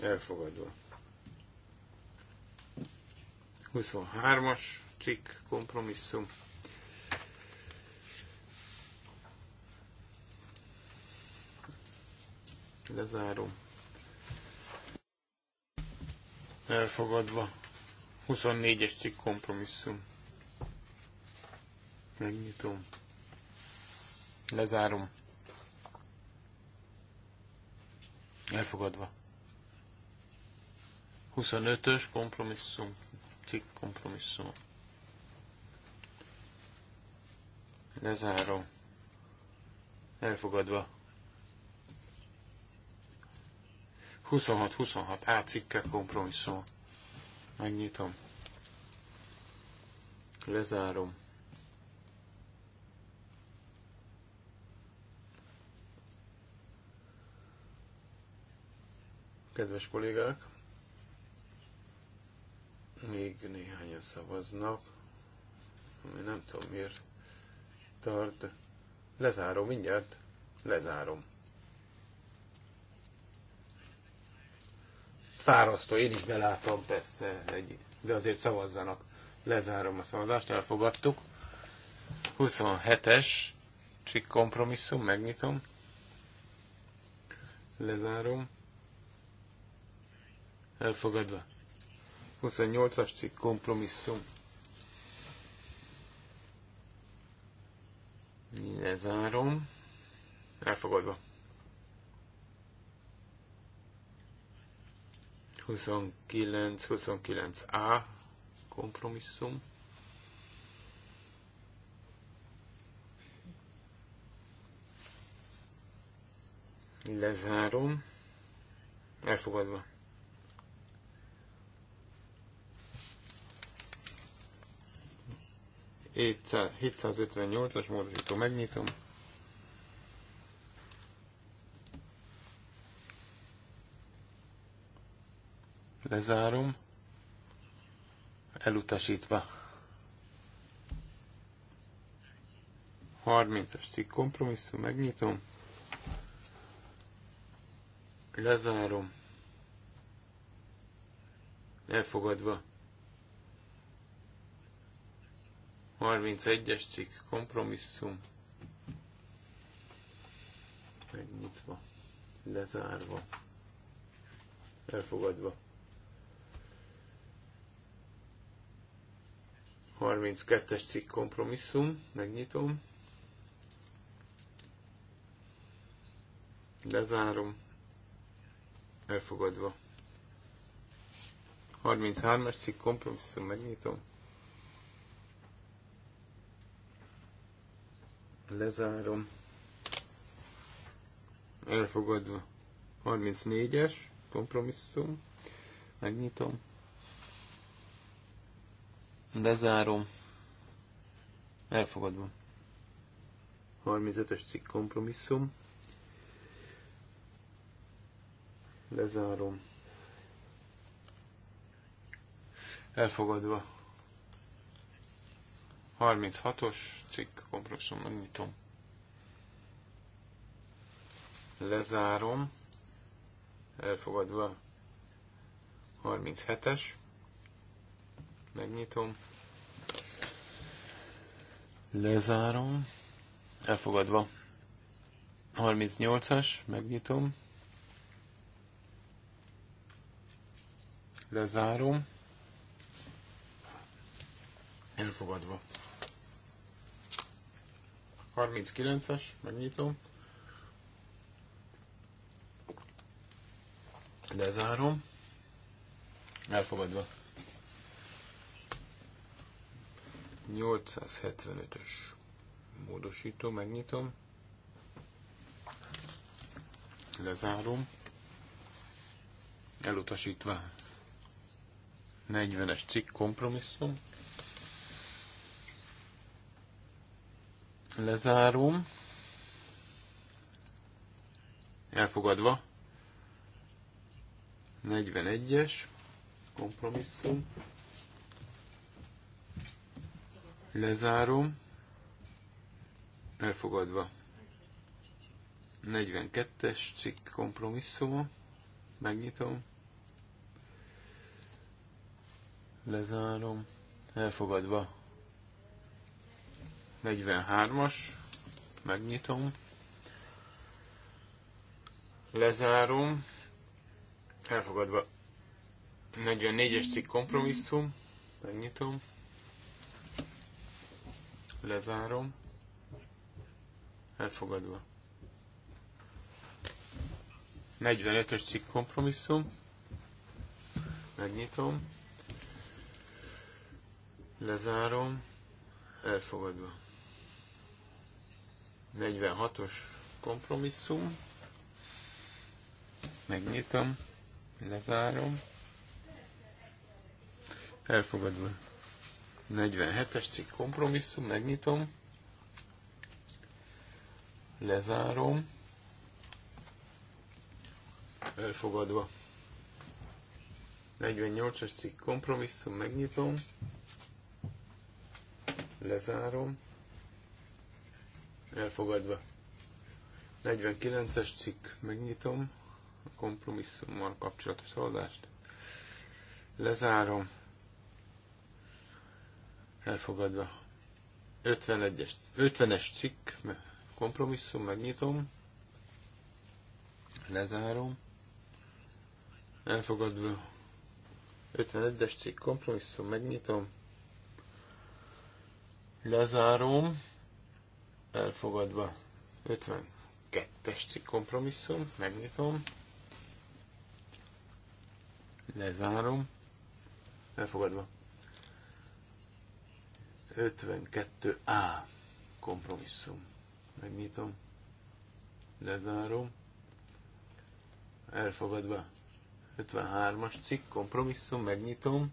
Elfogadva. 23-as cikk kompromisszum. Lezárom. Elfogadva. 24-es cikk kompromisszum. Megnyitom. Lezárom. Elfogadva. 25-ös kompromisszum. Cikk kompromisszum. Lezárom. Elfogadva. 26-26 A cikke kompromisszum. Megnyitom. Lezárom. Kedves kollégák, még néhányan szavaznak, ami nem tudom miért tart. Lezárom mindjárt, lezárom. fárasztó, én is belátom persze, egy, de azért szavazzanak. Lezárom a szavazást, elfogadtuk. 27-es csik kompromisszum, megnyitom. Lezárom. Elfogadva. 28-as cikk kompromisszum. Lezárom. Elfogadva. 29, 29A kompromisszum. Lezárom. Elfogadva. as módosító megnyitom. Lezárom. Elutasítva. 30-as cikk kompromisszum, megnyitom. Lezárom. Elfogadva. 31-es cikk kompromisszum. Megnyitva. Lezárva. Elfogadva. 32-es cikk kompromisszum, megnyitom. Lezárom. Elfogadva. 33-as cikk kompromisszum, megnyitom. Lezárom. Elfogadva. 34-es kompromisszum, megnyitom. Lezárom. Elfogadva. 35-ös cikk kompromisszum. Lezárom. Elfogadva. 36-os cikk kompromisszum. Megnyitom. Lezárom. Elfogadva. 37-es megnyitom, lezárom, elfogadva. 38-as, megnyitom, lezárom, elfogadva. 39-es, megnyitom, lezárom, elfogadva. 875-ös módosító, megnyitom. Lezárom. Elutasítva. 40-es cikk kompromisszum. Lezárom. Elfogadva. 41-es kompromisszum. Lezárom. Elfogadva. 42-es cikk kompromisszuma. Megnyitom. Lezárom. Elfogadva. 43-as. Megnyitom. Lezárom. Elfogadva. 44-es cikk kompromisszum. Megnyitom. Lezárom. Elfogadva. 45-ös cikk kompromisszum. Megnyitom. Lezárom. Elfogadva. 46-os kompromisszum. Megnyitom. Lezárom. Elfogadva. 47-es cikk kompromisszum, megnyitom, lezárom, elfogadva. 48-as cikk kompromisszum, megnyitom, lezárom, elfogadva. 49-es cikk, megnyitom a kompromisszummal kapcsolatos adást. lezárom, elfogadva. 51-es, 50-es cikk, kompromisszum, megnyitom, lezárom, elfogadva. 51-es cikk, kompromisszum, megnyitom, lezárom, elfogadva. 52-es cikk, kompromisszum, megnyitom, lezárom, elfogadva. 52A kompromisszum. Megnyitom, lezárom, elfogadva. 53-as cikk, kompromisszum, megnyitom,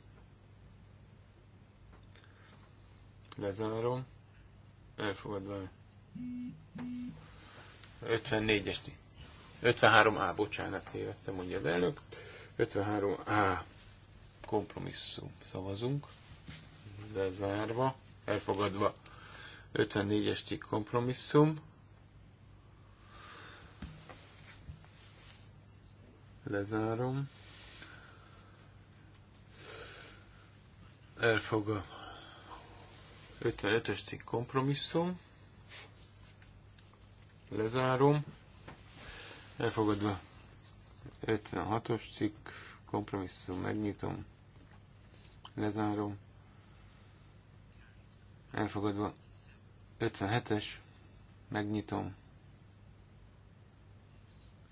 lezárom, elfogadva. 54-es 53A, bocsánat, tévedtem, mondja az elnök. 53A kompromisszum szavazunk, lezárva elfogadva. 54-es cikk kompromisszum. Lezárom. Elfogadva. 55-ös cikk kompromisszum. Lezárom. Elfogadva. 56-os cikk kompromisszum. Megnyitom. Lezárom elfogadva. 57-es, megnyitom,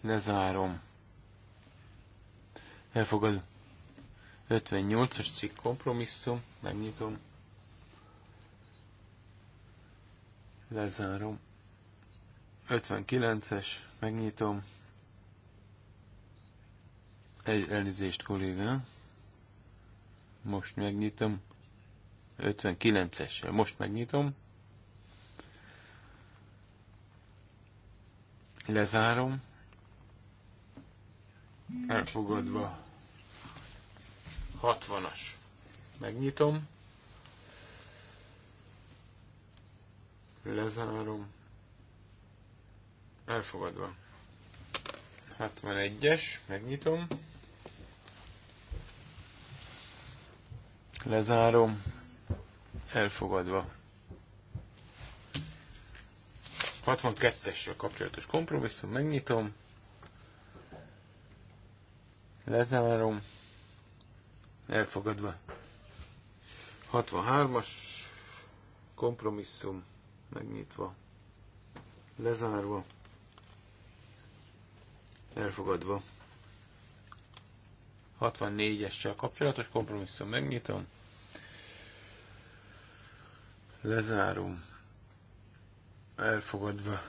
lezárom, elfogad 58-as cikk kompromisszum, megnyitom, lezárom. 59-es, megnyitom. Egy elnézést, kolléga. Most megnyitom. 59-es. Most megnyitom. Lezárom. Elfogadva. 60-as. Megnyitom. Lezárom. Elfogadva. 61-es. Megnyitom. Lezárom elfogadva. 62-essel kapcsolatos kompromisszum, megnyitom. Lezárom. Elfogadva. 63-as kompromisszum, megnyitva. Lezárva. Elfogadva. 64-essel kapcsolatos kompromisszum, megnyitom. Lezárom. Elfogadva.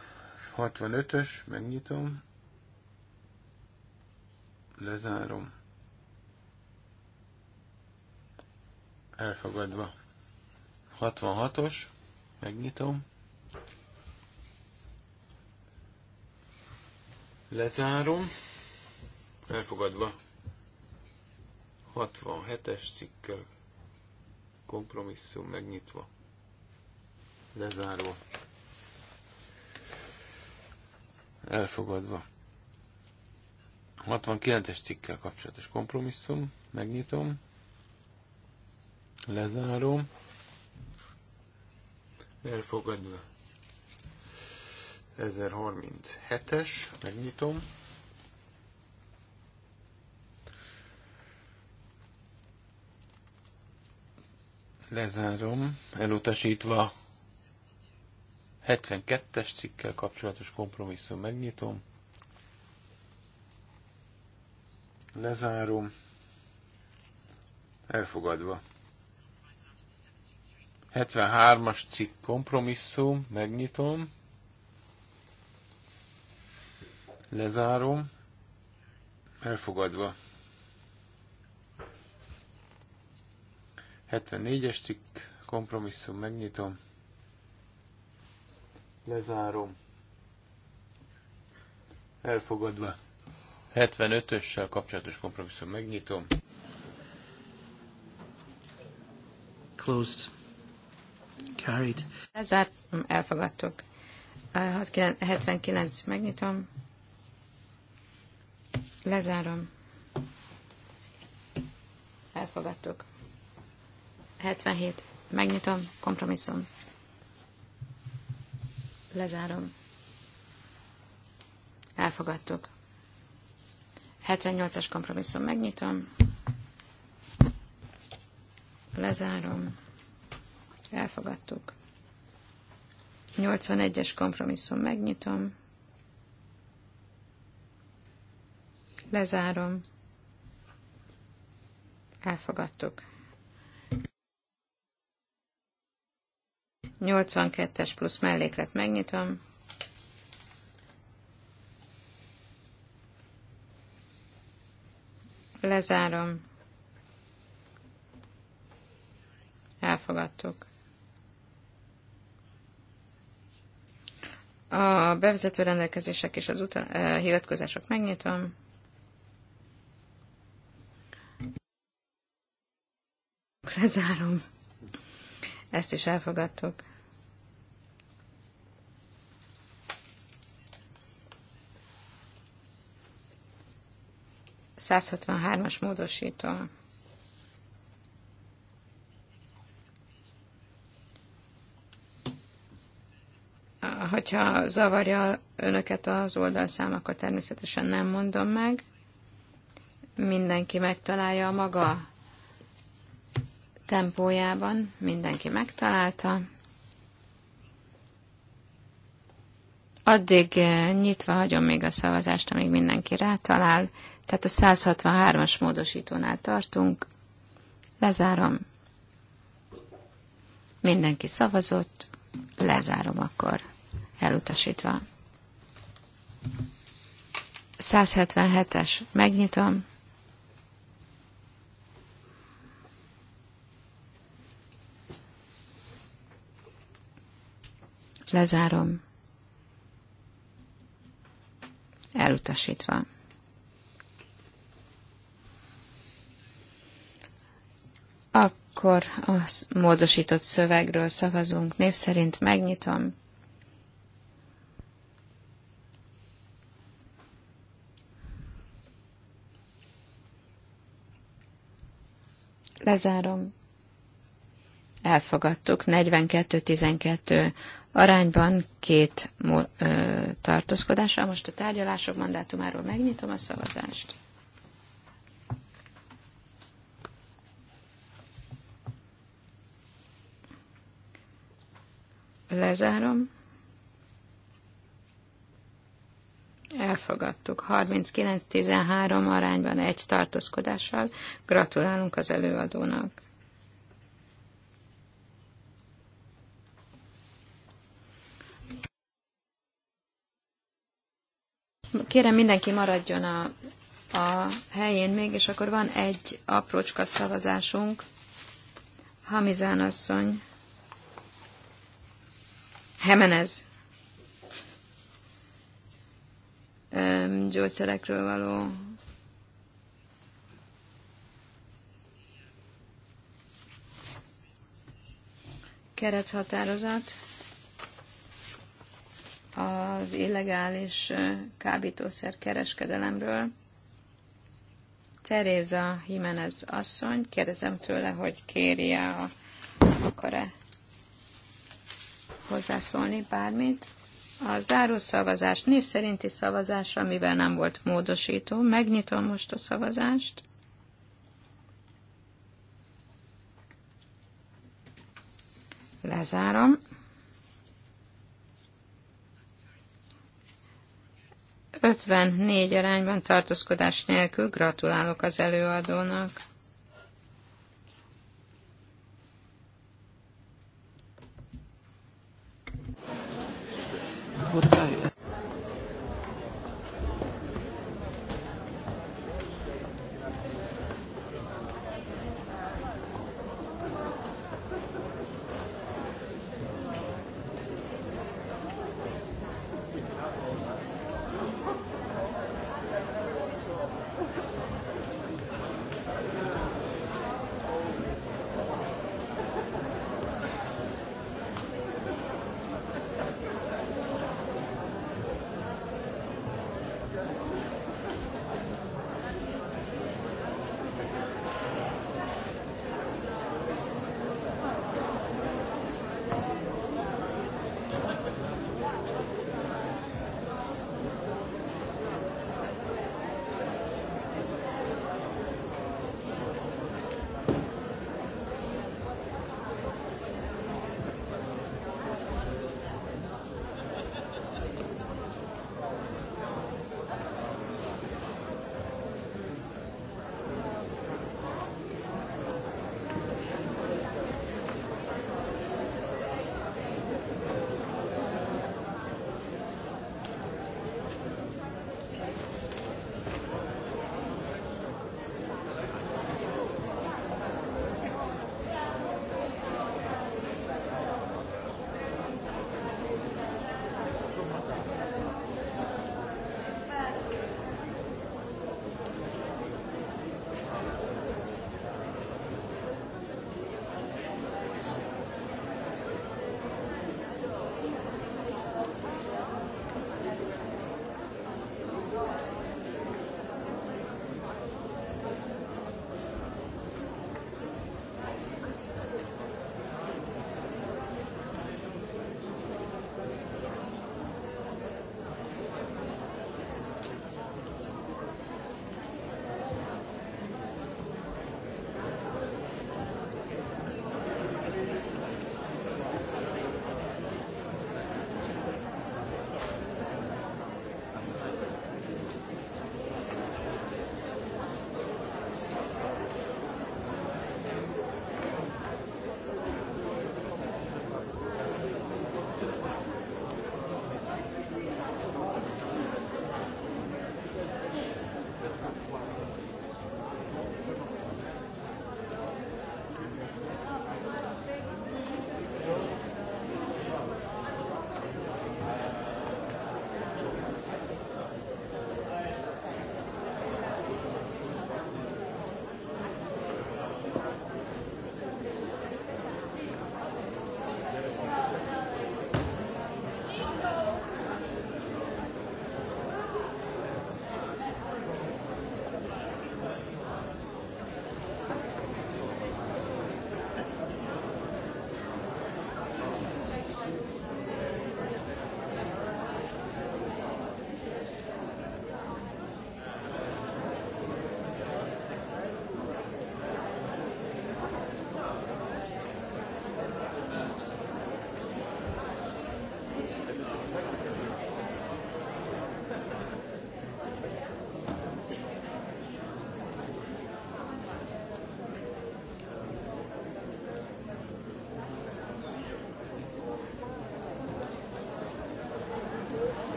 65-ös, megnyitom. Lezárom. Elfogadva. 66-os, megnyitom. Lezárom. Elfogadva. 67-es cikkel kompromisszum megnyitva. Lezárva. elfogadva. 69-es cikkkel kapcsolatos kompromisszum, megnyitom, lezárom, elfogadva. 1037-es, megnyitom. Lezárom, elutasítva 72-es cikkel kapcsolatos kompromisszum megnyitom. Lezárom. Elfogadva. 73-as cikk kompromisszum, megnyitom. Lezárom. Elfogadva. 74-es cikk kompromisszum, megnyitom. Lezárom. Elfogadva. 75-össel kapcsolatos kompromisszum megnyitom. Closed. Carried. Lezárt, elfogadtuk. 79, megnyitom. Lezárom. Elfogadtuk. 77. Megnyitom. Kompromisszum. Lezárom. Elfogadtuk. 78-as kompromisszum megnyitom. Lezárom. Elfogadtuk. 81-es kompromisszum megnyitom. Lezárom. Elfogadtuk. 82-es plusz melléklet megnyitom. Lezárom. Elfogadtuk. A bevezető rendelkezések és az utal- eh, hivatkozások megnyitom. Lezárom. Ezt is elfogadtuk. 163-as módosító. Hogyha zavarja önöket az oldalszám, akkor természetesen nem mondom meg. Mindenki megtalálja a maga tempójában, mindenki megtalálta. Addig eh, nyitva hagyom még a szavazást, amíg mindenki rátalál. Tehát a 163-as módosítónál tartunk. Lezárom. Mindenki szavazott. Lezárom akkor. Elutasítva. 177-es. Megnyitom. Lezárom. Elutasítva. Akkor a módosított szövegről szavazunk. Név szerint megnyitom. Lezárom. Elfogadtuk. 42-12 arányban két tartózkodása. Most a tárgyalások mandátumáról megnyitom a szavazást. Lezárom. Elfogadtuk. 39-13 arányban egy tartózkodással. Gratulálunk az előadónak. Kérem, mindenki maradjon a, a helyén még, és akkor van egy aprócska szavazásunk. Hamizán asszony. Hemenez gyógyszerekről való kerethatározat az illegális kábítószer kereskedelemről. Teréza Jimenez asszony, kérdezem tőle, hogy kéri-e, akar-e hozzászólni bármit? A záró szavazás név szerinti szavazás, amivel nem volt módosító, megnyitom most a szavazást. Lezárom. Ötvennégy arányban tartózkodás nélkül gratulálok az előadónak. Buddha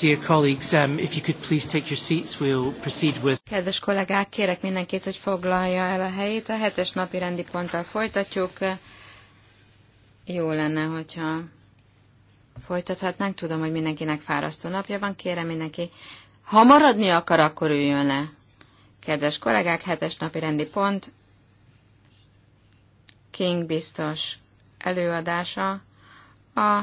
Dear colleagues, um, if you could please take your seats, we'll proceed with... Kedves kollégák, kérek mindenkit, hogy foglalja el a helyét. A hetes napi rendi ponttal folytatjuk. Jó lenne, hogyha folytathatnánk. Tudom, hogy mindenkinek fárasztó napja van. Kérem mindenki, ha maradni akar, akkor üljön le. Kedves kollégák, hetes napi rendi pont. King biztos előadása a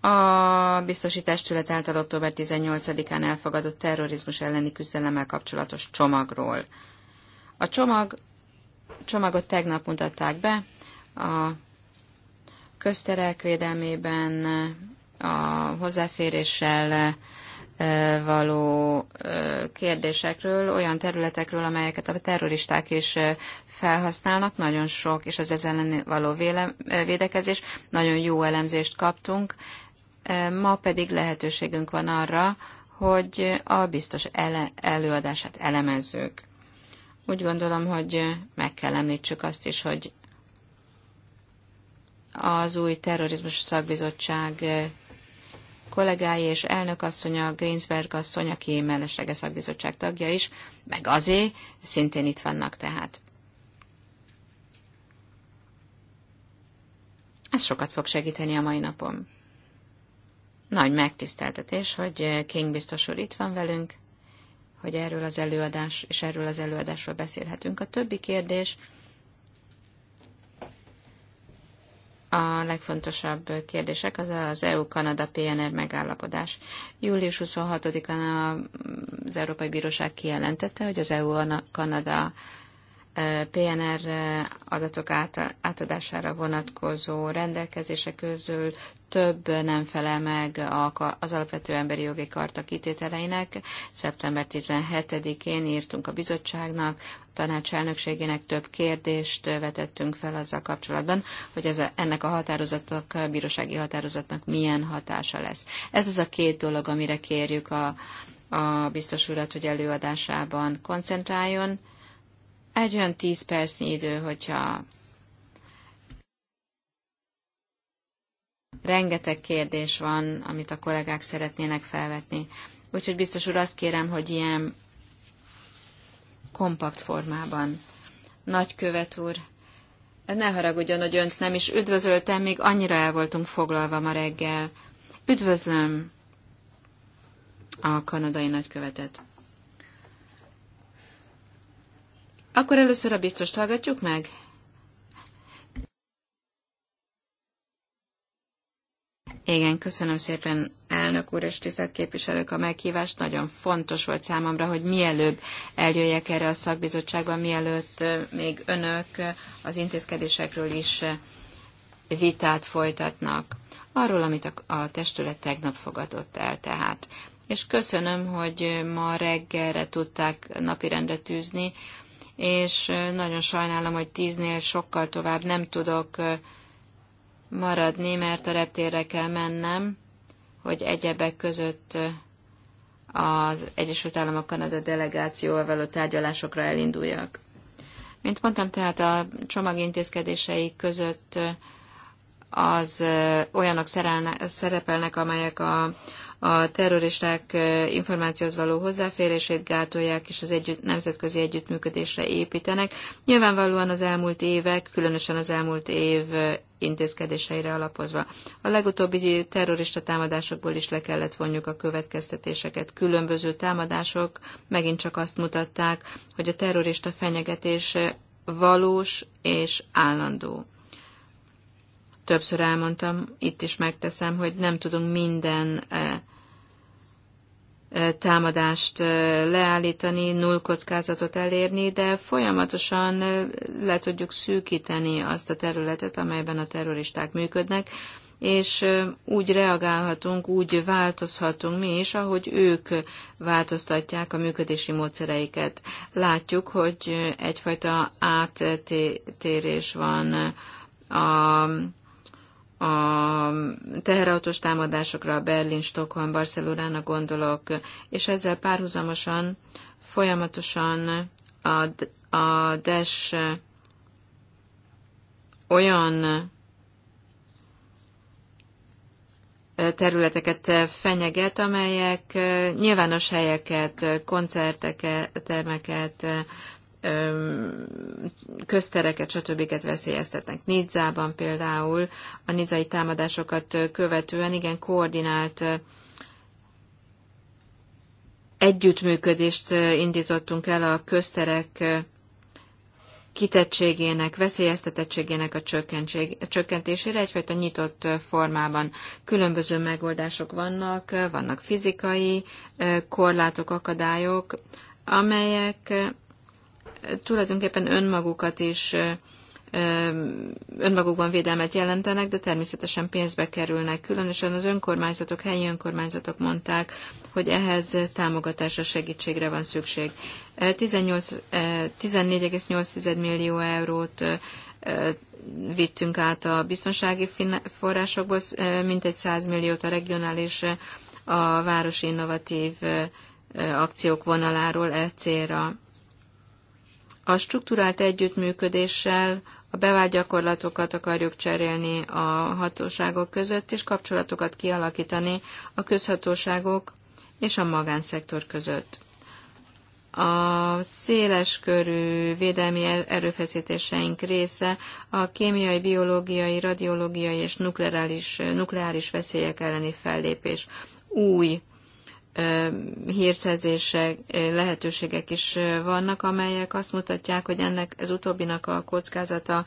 a biztosítástület által október 18-án elfogadott terrorizmus elleni küzdelemmel kapcsolatos csomagról. A csomag, csomagot tegnap mutatták be a közterek védelmében, a hozzáféréssel való kérdésekről, olyan területekről, amelyeket a terroristák is felhasználnak, nagyon sok, és az ezen való védekezés. Nagyon jó elemzést kaptunk, Ma pedig lehetőségünk van arra, hogy a biztos ele- előadását elemezzük. Úgy gondolom, hogy meg kell említsük azt is, hogy az új terrorizmus szakbizottság kollégái és elnökasszonya, Greensberg asszony, aki mellesleges szakbizottság tagja is, meg azé, szintén itt vannak tehát. Ez sokat fog segíteni a mai napon. Nagy megtiszteltetés, hogy eh, King biztos úr itt van velünk, hogy erről az előadás, és erről az előadásról beszélhetünk. A többi kérdés a legfontosabb kérdések az az EU-Kanada-PNR megállapodás. Július 26-án az Európai Bíróság kijelentette, hogy az EU-Kanada eh, PNR eh, adatok átadására vonatkozó rendelkezések közül több nem felel meg az alapvető emberi jogi karta kitételeinek. Szeptember 17-én írtunk a bizottságnak, a tanács elnökségének több kérdést vetettünk fel azzal kapcsolatban, hogy ez a, ennek a határozatnak, a bírósági határozatnak milyen hatása lesz. Ez az a két dolog, amire kérjük a, a biztos urat, hogy előadásában koncentráljon. Egy olyan tíz percnyi idő, hogyha rengeteg kérdés van, amit a kollégák szeretnének felvetni. Úgyhogy biztos úr, azt kérem, hogy ilyen kompakt formában. Nagykövet úr, ne haragudjon, hogy önt nem is üdvözöltem, még annyira el voltunk foglalva ma reggel. Üdvözlöm a kanadai nagykövetet. Akkor először a biztos hallgatjuk meg? Igen, köszönöm szépen, elnök úr és tisztelt képviselők a meghívást. Nagyon fontos volt számomra, hogy mielőbb eljöjjek erre a szakbizottságba, mielőtt még önök az intézkedésekről is vitát folytatnak. Arról, amit a testület tegnap fogadott el tehát. És köszönöm, hogy ma reggelre tudták napirendre tűzni, és nagyon sajnálom, hogy tíznél sokkal tovább nem tudok maradni, mert a reptérre kell mennem, hogy egyebek között az Egyesült Államok Kanada delegációval való tárgyalásokra elinduljak. Mint mondtam, tehát a csomag intézkedései között az olyanok szerelne, szerepelnek, amelyek a, a terroristák információhoz való hozzáférését gátolják, és az együtt, nemzetközi együttműködésre építenek. Nyilvánvalóan az elmúlt évek, különösen az elmúlt év intézkedéseire alapozva. A legutóbbi terrorista támadásokból is le kellett vonjuk a következtetéseket. Különböző támadások megint csak azt mutatták, hogy a terrorista fenyegetés valós és állandó. Többször elmondtam, itt is megteszem, hogy nem tudunk minden támadást leállítani, null kockázatot elérni, de folyamatosan le tudjuk szűkíteni azt a területet, amelyben a terroristák működnek, és úgy reagálhatunk, úgy változhatunk mi is, ahogy ők változtatják a működési módszereiket. Látjuk, hogy egyfajta áttérés van a a teherautós támadásokra, Berlin, Stockholm, Barcelonának gondolok, és ezzel párhuzamosan folyamatosan a, a DES olyan területeket fenyeget, amelyek nyilvános helyeket, koncerteket, termeket, köztereket, stb. veszélyeztetnek. Nidzában például a nidzai támadásokat követően igen koordinált együttműködést indítottunk el a közterek kitettségének, veszélyeztetettségének a csökkentésére egyfajta nyitott formában. Különböző megoldások vannak, vannak fizikai korlátok, akadályok, amelyek tulajdonképpen önmagukat is önmagukban védelmet jelentenek, de természetesen pénzbe kerülnek. Különösen az önkormányzatok, helyi önkormányzatok mondták, hogy ehhez támogatásra, segítségre van szükség. 14,8 millió eurót vittünk át a biztonsági forrásokból, mintegy 100 milliót a regionális, a városi innovatív akciók vonaláról e célra. A struktúrált együttműködéssel a bevált gyakorlatokat akarjuk cserélni a hatóságok között, és kapcsolatokat kialakítani a közhatóságok és a magánszektor között. A széleskörű védelmi erőfeszítéseink része a kémiai, biológiai, radiológiai és nukleáris, nukleáris veszélyek elleni fellépés. Új hírszerzések, lehetőségek is vannak, amelyek azt mutatják, hogy ennek az utóbbinak a kockázata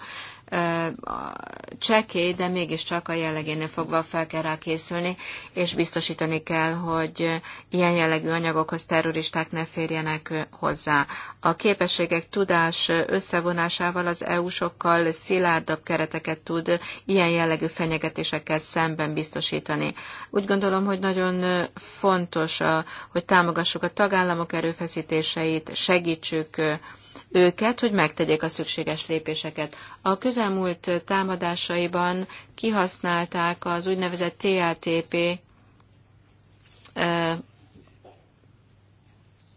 csekély, de mégiscsak a jellegénél fogva fel kell rá készülni, és biztosítani kell, hogy ilyen jellegű anyagokhoz terroristák ne férjenek hozzá. A képességek tudás összevonásával az EU sokkal szilárdabb kereteket tud ilyen jellegű fenyegetésekkel szemben biztosítani. Úgy gondolom, hogy nagyon fontos, hogy támogassuk a tagállamok erőfeszítéseit, segítsük őket, hogy megtegyék a szükséges lépéseket. A közelmúlt támadásaiban kihasználták az úgynevezett TATP ö,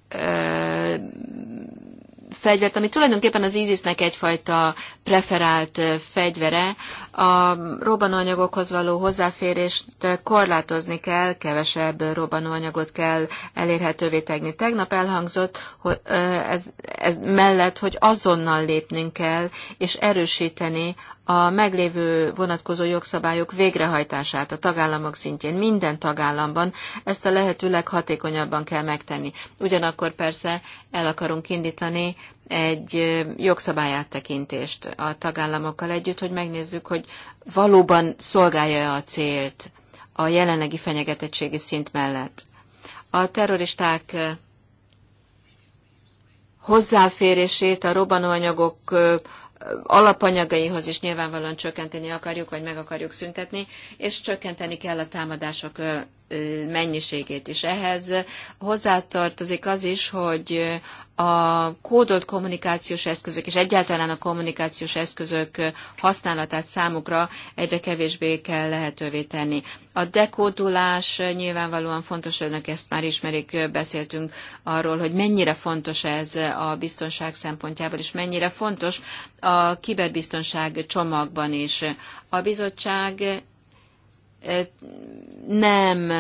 ö, fegyvert, ami tulajdonképpen az ISIS-nek egyfajta preferált fegyvere. A robbanóanyagokhoz való hozzáférést korlátozni kell, kevesebb robbanóanyagot kell elérhetővé tegni Tegnap elhangzott hogy ez, ez mellett, hogy azonnal lépnünk kell, és erősíteni a meglévő vonatkozó jogszabályok végrehajtását a tagállamok szintjén, minden tagállamban ezt a lehető leghatékonyabban kell megtenni. Ugyanakkor persze el akarunk indítani egy jogszabályáttekintést a tagállamokkal együtt, hogy megnézzük, hogy valóban szolgálja-e a célt a jelenlegi fenyegetettségi szint mellett. A terroristák hozzáférését a robbanóanyagok alapanyagaihoz is nyilvánvalóan csökkenteni akarjuk, vagy meg akarjuk szüntetni, és csökkenteni kell a támadások mennyiségét is. Ehhez hozzátartozik az is, hogy a kódolt kommunikációs eszközök és egyáltalán a kommunikációs eszközök használatát számukra egyre kevésbé kell lehetővé tenni. A dekódulás nyilvánvalóan fontos, önök ezt már ismerik, beszéltünk arról, hogy mennyire fontos ez a biztonság szempontjából, és mennyire fontos a kiberbiztonság csomagban is. A bizottság nem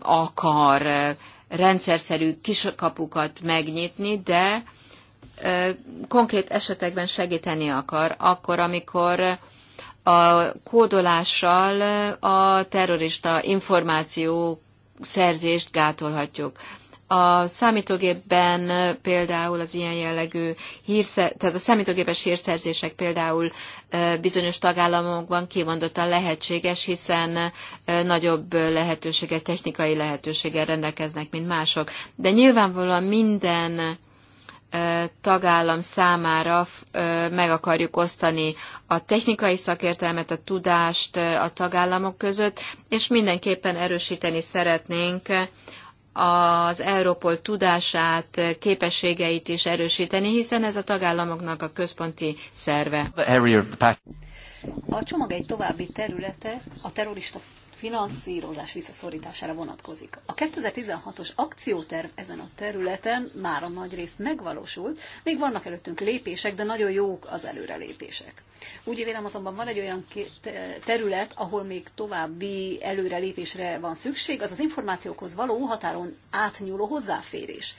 akar rendszerszerű kiskapukat megnyitni, de konkrét esetekben segíteni akar, akkor, amikor a kódolással a terrorista információ szerzést gátolhatjuk. A számítógépben például az ilyen jellegű hírszer, tehát a számítógépes hírszerzések például bizonyos tagállamokban kimondottan lehetséges, hiszen nagyobb lehetőséget, technikai lehetőséggel rendelkeznek, mint mások. De nyilvánvalóan minden tagállam számára meg akarjuk osztani a technikai szakértelmet, a tudást a tagállamok között, és mindenképpen erősíteni szeretnénk az Európol tudását, képességeit is erősíteni, hiszen ez a tagállamoknak a központi szerve. A csomag egy további területe a terrorista finanszírozás visszaszorítására vonatkozik. A 2016-os akcióterv ezen a területen már a nagy rész megvalósult, még vannak előttünk lépések, de nagyon jók az előrelépések. Úgy vélem azonban van egy olyan terület, ahol még további előrelépésre van szükség, az az információkhoz való határon átnyúló hozzáférés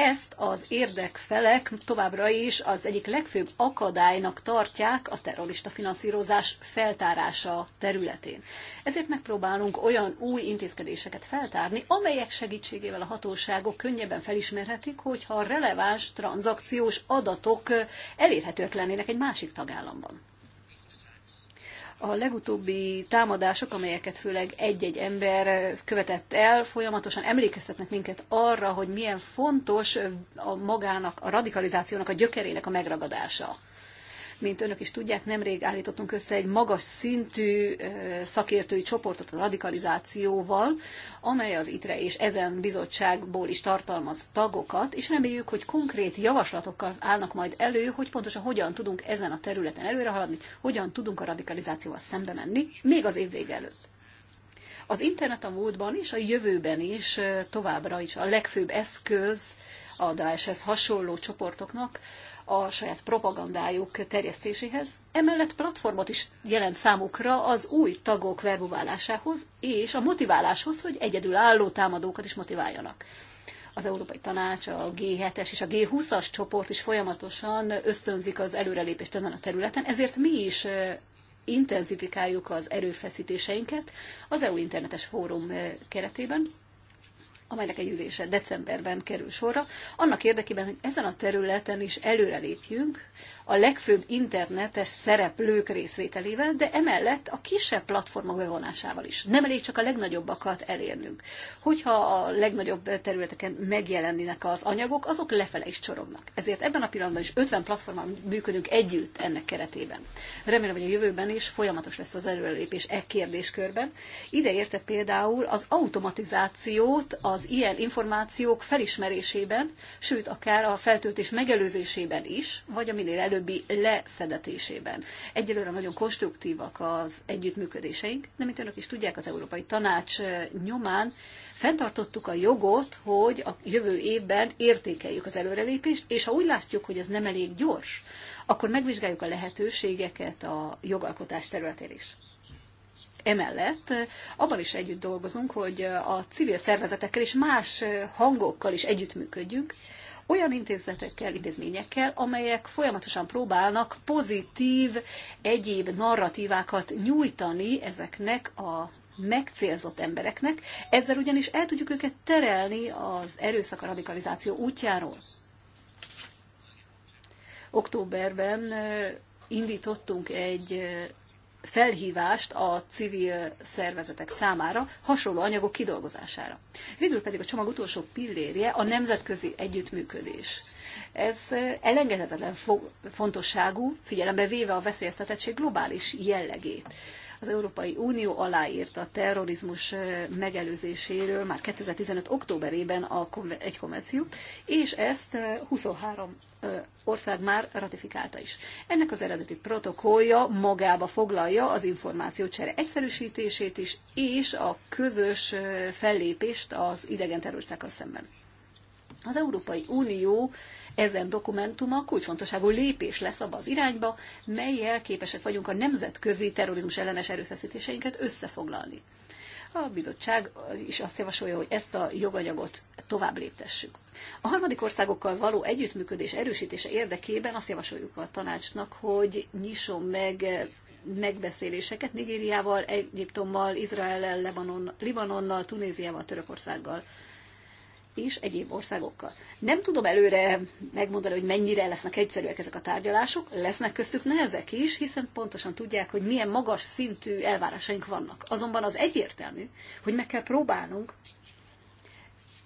ezt az érdekfelek továbbra is az egyik legfőbb akadálynak tartják a terrorista finanszírozás feltárása területén. Ezért megpróbálunk olyan új intézkedéseket feltárni, amelyek segítségével a hatóságok könnyebben felismerhetik, hogyha releváns tranzakciós adatok elérhetőek lennének egy másik tagállamban. A legutóbbi támadások, amelyeket főleg egy-egy ember követett el, folyamatosan emlékeztetnek minket arra, hogy milyen fontos a magának, a radikalizációnak a gyökerének a megragadása. Mint önök is tudják, nemrég állítottunk össze egy magas szintű szakértői csoportot a radikalizációval, amely az ITRE és ezen bizottságból is tartalmaz tagokat, és reméljük, hogy konkrét javaslatokkal állnak majd elő, hogy pontosan hogyan tudunk ezen a területen előrehaladni, hogyan tudunk a radikalizációval szembe menni, még az év vége előtt. Az internet a múltban és a jövőben is továbbra is a legfőbb eszköz a Daeshez hasonló csoportoknak, a saját propagandájuk terjesztéséhez, emellett platformot is jelent számukra az új tagok verbuválásához és a motiváláshoz, hogy egyedül álló támadókat is motiváljanak. Az Európai Tanács, a G7-es és a G20-as csoport is folyamatosan ösztönzik az előrelépést ezen a területen, ezért mi is intenzifikáljuk az erőfeszítéseinket az EU internetes fórum keretében, amelynek egy ülése decemberben kerül sorra, annak érdekében, hogy ezen a területen is előrelépjünk, a legfőbb internetes szereplők részvételével, de emellett a kisebb platformok bevonásával is. Nem elég csak a legnagyobbakat elérnünk. Hogyha a legnagyobb területeken megjelennének az anyagok, azok lefele is csorognak. Ezért ebben a pillanatban is 50 platformon működünk együtt ennek keretében. Remélem, hogy a jövőben is folyamatos lesz az előrelépés e kérdéskörben. Ide érte például az automatizációt az ilyen információk felismerésében, sőt akár a feltöltés megelőzésében is, vagy a minél előbb többi leszedetésében. Egyelőre nagyon konstruktívak az együttműködéseink, de mint önök is tudják, az Európai Tanács nyomán fenntartottuk a jogot, hogy a jövő évben értékeljük az előrelépést, és ha úgy látjuk, hogy ez nem elég gyors, akkor megvizsgáljuk a lehetőségeket a jogalkotás területén is. Emellett abban is együtt dolgozunk, hogy a civil szervezetekkel és más hangokkal is együttműködjünk, olyan intézetekkel, intézményekkel, amelyek folyamatosan próbálnak pozitív egyéb narratívákat nyújtani ezeknek a megcélzott embereknek, ezzel ugyanis el tudjuk őket terelni az erőszak a radikalizáció útjáról. Októberben indítottunk egy felhívást a civil szervezetek számára hasonló anyagok kidolgozására. Végül pedig a csomag utolsó pillérje a nemzetközi együttműködés. Ez elengedhetetlen fontosságú, figyelembe véve a veszélyeztetettség globális jellegét az Európai Unió aláírt a terrorizmus megelőzéséről már 2015. októberében a, egy konvenciót, és ezt 23 ország már ratifikálta is. Ennek az eredeti protokollja magába foglalja az csere egyszerűsítését is, és a közös fellépést az idegen terroristákkal szemben. Az Európai Unió ezen dokumentuma a kulcsfontosságú lépés lesz abba az irányba, melyel képesek vagyunk a nemzetközi terrorizmus ellenes erőfeszítéseinket összefoglalni. A bizottság is azt javasolja, hogy ezt a joganyagot tovább léptessük. A harmadik országokkal való együttműködés erősítése érdekében azt javasoljuk a tanácsnak, hogy nyisson meg megbeszéléseket Nigériával, Egyiptommal, Izraellel, Libanon, Libanonnal, Tunéziával, Törökországgal és egyéb országokkal. Nem tudom előre megmondani, hogy mennyire lesznek egyszerűek ezek a tárgyalások, lesznek köztük nehezek is, hiszen pontosan tudják, hogy milyen magas szintű elvárásaink vannak. Azonban az egyértelmű, hogy meg kell próbálnunk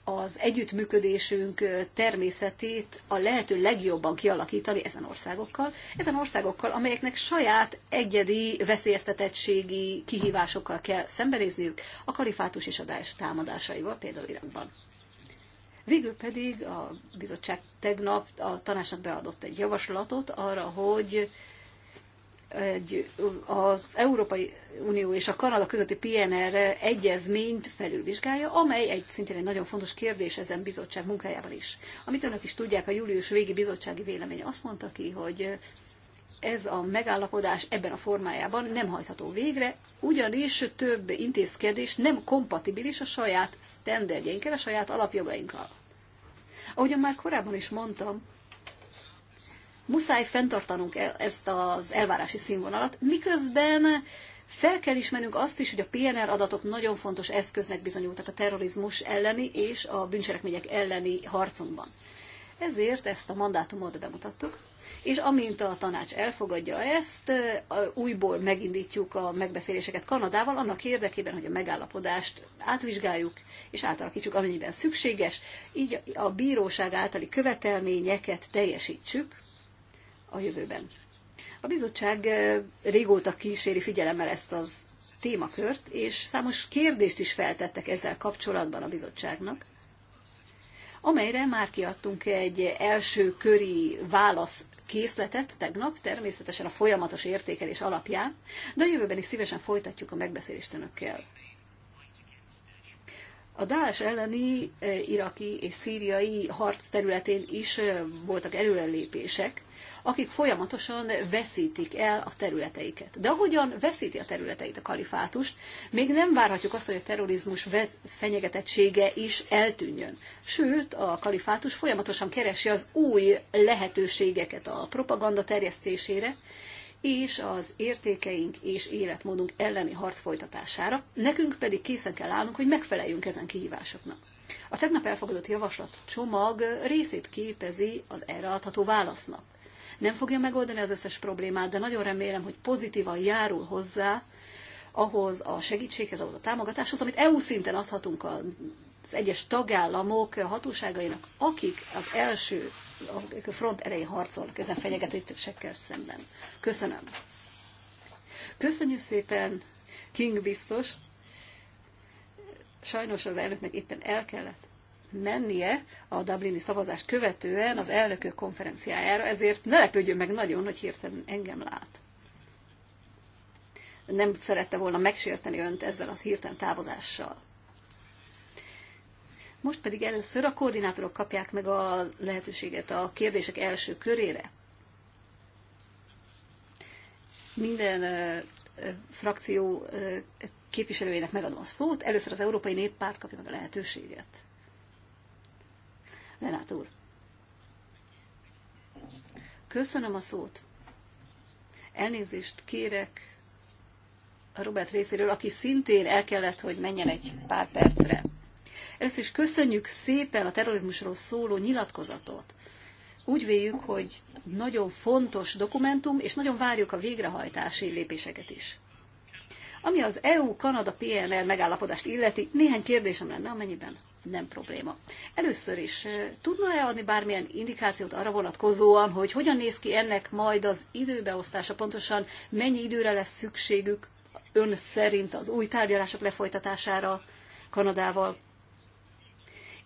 az együttműködésünk természetét a lehető legjobban kialakítani ezen országokkal, ezen országokkal, amelyeknek saját egyedi veszélyeztetettségi kihívásokkal kell szembenézniük a kalifátus és a támadásaival, például Irakban. Végül pedig a bizottság tegnap a tanácsnak beadott egy javaslatot arra, hogy egy, az Európai Unió és a Kanada közötti PNR egyezményt felülvizsgálja, amely egy szintén egy nagyon fontos kérdés ezen bizottság munkájában is. Amit önök is tudják, a július végi bizottsági vélemény azt mondta ki, hogy ez a megállapodás ebben a formájában nem hajtható végre, ugyanis több intézkedés nem kompatibilis a saját sztenderdjeinkkel, a saját alapjogainkkal. Ahogyan már korábban is mondtam, muszáj fenntartanunk e- ezt az elvárási színvonalat, miközben fel kell ismernünk azt is, hogy a PNR adatok nagyon fontos eszköznek bizonyultak a terrorizmus elleni és a bűncselekmények elleni harcunkban. Ezért ezt a mandátumot bemutattuk, és amint a tanács elfogadja ezt, újból megindítjuk a megbeszéléseket Kanadával, annak érdekében, hogy a megállapodást átvizsgáljuk és átalakítsuk, amennyiben szükséges, így a bíróság általi követelményeket teljesítsük a jövőben. A bizottság régóta kíséri figyelemmel ezt az témakört, és számos kérdést is feltettek ezzel kapcsolatban a bizottságnak amelyre már kiadtunk egy első köri válasz készletet tegnap, természetesen a folyamatos értékelés alapján, de a jövőben is szívesen folytatjuk a megbeszélést önökkel. A Dás elleni e, iraki és szíriai harc területén is e, voltak előrelépések, akik folyamatosan veszítik el a területeiket. De ahogyan veszíti a területeit a kalifátust, még nem várhatjuk azt, hogy a terrorizmus fenyegetettsége is eltűnjön. Sőt, a kalifátus folyamatosan keresi az új lehetőségeket a propaganda terjesztésére, és az értékeink és életmódunk elleni harc folytatására, nekünk pedig készen kell állnunk, hogy megfeleljünk ezen kihívásoknak. A tegnap elfogadott javaslat csomag részét képezi az erre adható válasznak. Nem fogja megoldani az összes problémát, de nagyon remélem, hogy pozitívan járul hozzá ahhoz a segítséghez, ahhoz a támogatáshoz, amit EU szinten adhatunk a az egyes tagállamok hatóságainak, akik az első akik a front erején harcolnak ezen fenyegetésekkel szemben. Köszönöm. Köszönjük szépen, King biztos. Sajnos az elnöknek éppen el kellett mennie a Dublini szavazást követően az elnökök konferenciájára, ezért ne lepődjön meg nagyon, hogy hirtelen engem lát. Nem szerette volna megsérteni önt ezzel a hirtelen távozással. Most pedig először a koordinátorok kapják meg a lehetőséget a kérdések első körére. Minden frakció képviselőjének megadom a szót, először az Európai Néppárt kapja meg a lehetőséget. Lenát úr. Köszönöm a szót. Elnézést kérek a Robert részéről, aki szintén el kellett, hogy menjen egy pár percre. Először is köszönjük szépen a terrorizmusról szóló nyilatkozatot. Úgy véljük, hogy nagyon fontos dokumentum, és nagyon várjuk a végrehajtási lépéseket is. Ami az EU-Kanada PNR megállapodást illeti, néhány kérdésem lenne, amennyiben nem probléma. Először is, eh, tudna-e adni bármilyen indikációt arra vonatkozóan, hogy hogyan néz ki ennek majd az időbeosztása, pontosan mennyi időre lesz szükségük ön szerint az új tárgyalások lefolytatására Kanadával?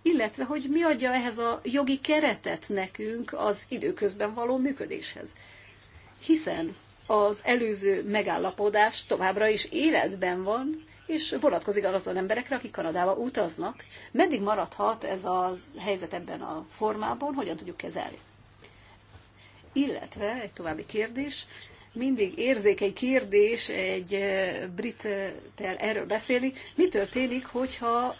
illetve hogy mi adja ehhez a jogi keretet nekünk az időközben való működéshez. Hiszen az előző megállapodás továbbra is életben van, és vonatkozik az emberekre, akik Kanadába utaznak. Meddig maradhat ez a helyzet ebben a formában, hogyan tudjuk kezelni? Illetve egy további kérdés, mindig érzékeny kérdés, egy eh, brittel eh, erről beszélni, mi történik, hogyha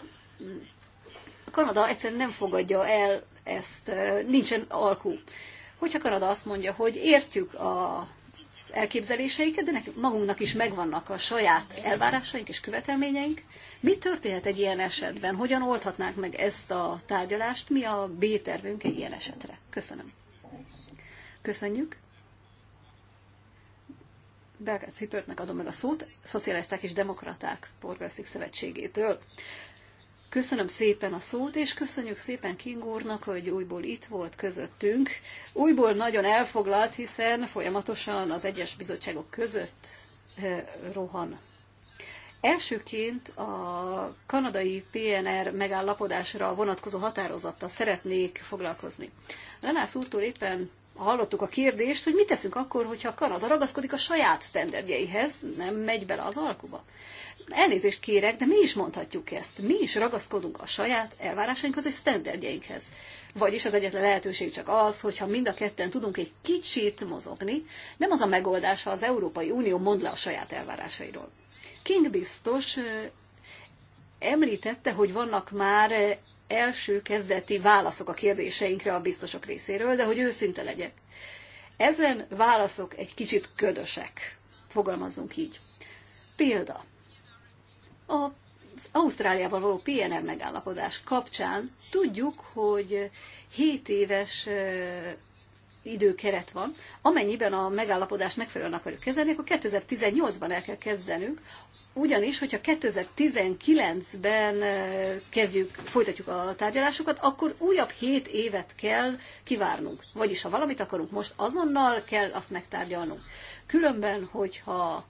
Kanada egyszerűen nem fogadja el ezt, nincsen alkú. Hogyha Kanada azt mondja, hogy értjük a elképzeléseiket, de nekünk magunknak is megvannak a saját elvárásaink és követelményeink. Mi történhet egy ilyen esetben? Hogyan oldhatnánk meg ezt a tárgyalást? Mi a B-tervünk egy ilyen esetre? Köszönöm. Köszönjük. Belgát Cipörtnek adom meg a szót, szocialisták és demokraták progresszív szövetségétől. Köszönöm szépen a szót, és köszönjük szépen King úrnak, hogy újból itt volt közöttünk. Újból nagyon elfoglalt, hiszen folyamatosan az egyes bizottságok között eh, rohan. Elsőként a kanadai PNR megállapodásra vonatkozó határozattal szeretnék foglalkozni. Lenász úrtól éppen hallottuk a kérdést, hogy mit teszünk akkor, hogyha Kanada ragaszkodik a saját sztenderdjeihez, nem megy bele az alkuba. Elnézést kérek, de mi is mondhatjuk ezt. Mi is ragaszkodunk a saját elvárásainkhoz és sztenderdjeinkhez. Vagyis az egyetlen lehetőség csak az, hogyha mind a ketten tudunk egy kicsit mozogni, nem az a megoldás, ha az Európai Unió mond le a saját elvárásairól. King biztos említette, hogy vannak már első kezdeti válaszok a kérdéseinkre a biztosok részéről, de hogy őszinte legyek. Ezen válaszok egy kicsit ködösek, fogalmazzunk így. Példa. A az Ausztráliával való PNR megállapodás kapcsán tudjuk, hogy 7 éves időkeret van, amennyiben a megállapodást megfelelően akarjuk kezelni, akkor 2018-ban el kell kezdenünk ugyanis, hogyha 2019-ben eh, kezdjük, folytatjuk a tárgyalásokat, akkor újabb 7 évet kell kivárnunk. Vagyis, ha valamit akarunk most, azonnal kell azt megtárgyalnunk. Különben, hogyha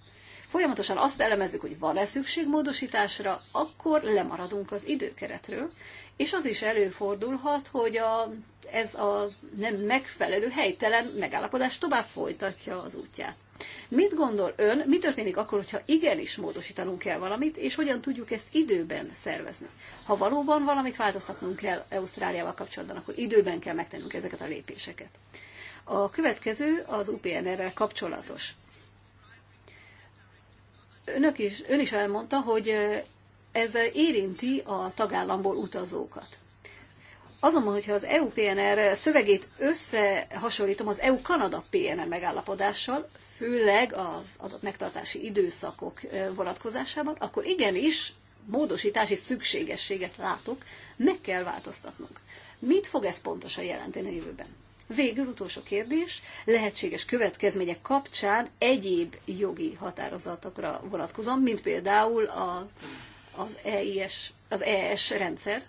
folyamatosan azt elemezzük, hogy van-e szükség módosításra, akkor lemaradunk az időkeretről, és az is előfordulhat, hogy a, ez a nem megfelelő, helytelen megállapodás tovább folytatja az útját. Mit gondol ön, mi történik akkor, hogyha igenis módosítanunk kell valamit, és hogyan tudjuk ezt időben szervezni? Ha valóban valamit változtatnunk kell Ausztráliával kapcsolatban, akkor időben kell megtennünk ezeket a lépéseket. A következő az UPNR-rel kapcsolatos. Önök is, ön is elmondta, hogy ez érinti a tagállamból utazókat. Azonban, hogyha az EU-PNR szövegét összehasonlítom az EU-Kanada PNR megállapodással, főleg az adott megtartási időszakok vonatkozásában, akkor igenis módosítási szükségességet látok, meg kell változtatnunk. Mit fog ez pontosan jelenteni a jövőben? Végül utolsó kérdés, lehetséges következmények kapcsán egyéb jogi határozatokra vonatkozom, mint például a az EIS, az EES rendszer.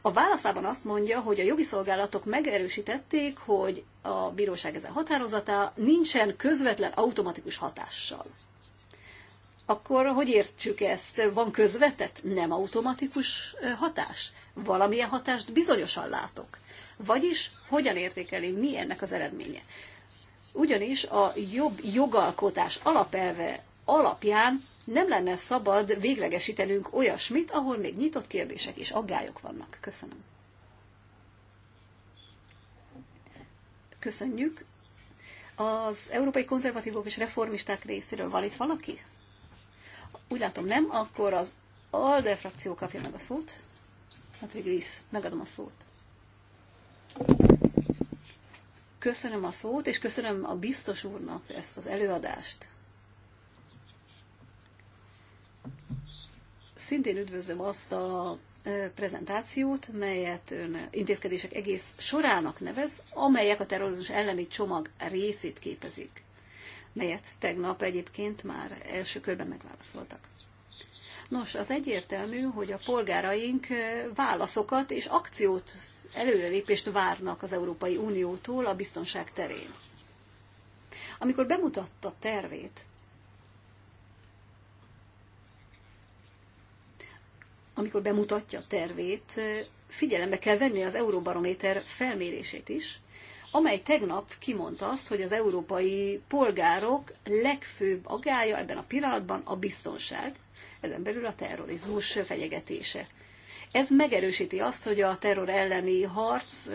A válaszában azt mondja, hogy a jogi szolgálatok megerősítették, hogy a bíróság ezen határozata nincsen közvetlen automatikus hatással. Akkor hogy értsük ezt? Van közvetett, nem automatikus hatás? Valamilyen hatást bizonyosan látok. Vagyis hogyan értékeli, mi ennek az eredménye? Ugyanis a jobb jogalkotás alapelve alapján nem lenne szabad véglegesítenünk olyasmit, ahol még nyitott kérdések és aggályok vannak. Köszönöm. Köszönjük. Az európai konzervatívok és reformisták részéről van itt valaki? Úgy látom nem, akkor az ALDE frakció kapja meg a szót. Patrick hát Grisz, megadom a szót. Köszönöm a szót, és köszönöm a biztos úrnak ezt az előadást. Szintén üdvözlöm azt a prezentációt, melyet ön intézkedések egész sorának nevez, amelyek a terrorizmus elleni csomag részét képezik, melyet tegnap egyébként már első körben megválaszoltak. Nos, az egyértelmű, hogy a polgáraink válaszokat és akciót, előrelépést várnak az Európai Uniótól a biztonság terén. Amikor bemutatta tervét, amikor bemutatja a tervét, figyelembe kell venni az Euróbarométer felmérését is, amely tegnap kimondta azt, hogy az európai polgárok legfőbb agája ebben a pillanatban a biztonság, ezen belül a terrorizmus fenyegetése. Ez megerősíti azt, hogy a terror elleni harc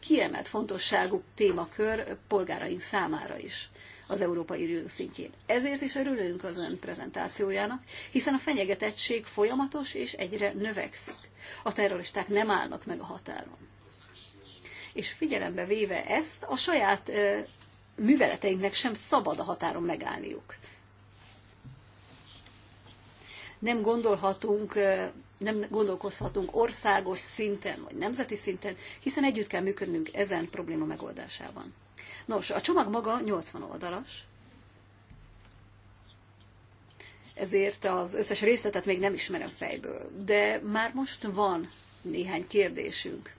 kiemelt fontosságú témakör polgáraink számára is az európai Unió szintjén. Ezért is örülünk az ön prezentációjának, hiszen a fenyegetettség folyamatos és egyre növekszik. A terroristák nem állnak meg a határon. És figyelembe véve ezt, a saját ö, műveleteinknek sem szabad a határon megállniuk. Nem gondolhatunk nem gondolkozhatunk országos szinten, vagy nemzeti szinten, hiszen együtt kell működnünk ezen probléma megoldásában. Nos, a csomag maga 80 oldalas, ezért az összes részletet még nem ismerem fejből, de már most van néhány kérdésünk.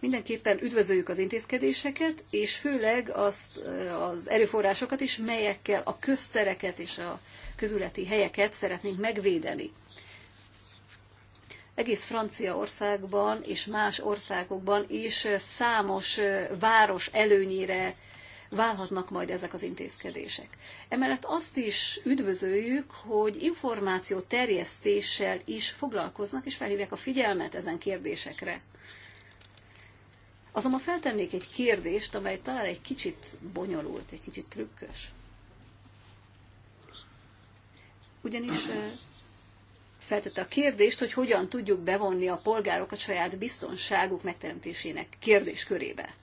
Mindenképpen üdvözöljük az intézkedéseket, és főleg azt, eh, az erőforrásokat is, melyekkel a köztereket és a közületi helyeket szeretnénk megvédeni egész Franciaországban és más országokban is számos város előnyére válhatnak majd ezek az intézkedések. Emellett azt is üdvözöljük, hogy információ terjesztéssel is foglalkoznak, és felhívják a figyelmet ezen kérdésekre. Azonban feltennék egy kérdést, amely talán egy kicsit bonyolult, egy kicsit trükkös. Ugyanis feltette a kérdést, hogy hogyan tudjuk bevonni a polgárokat saját biztonságuk megteremtésének kérdéskörébe.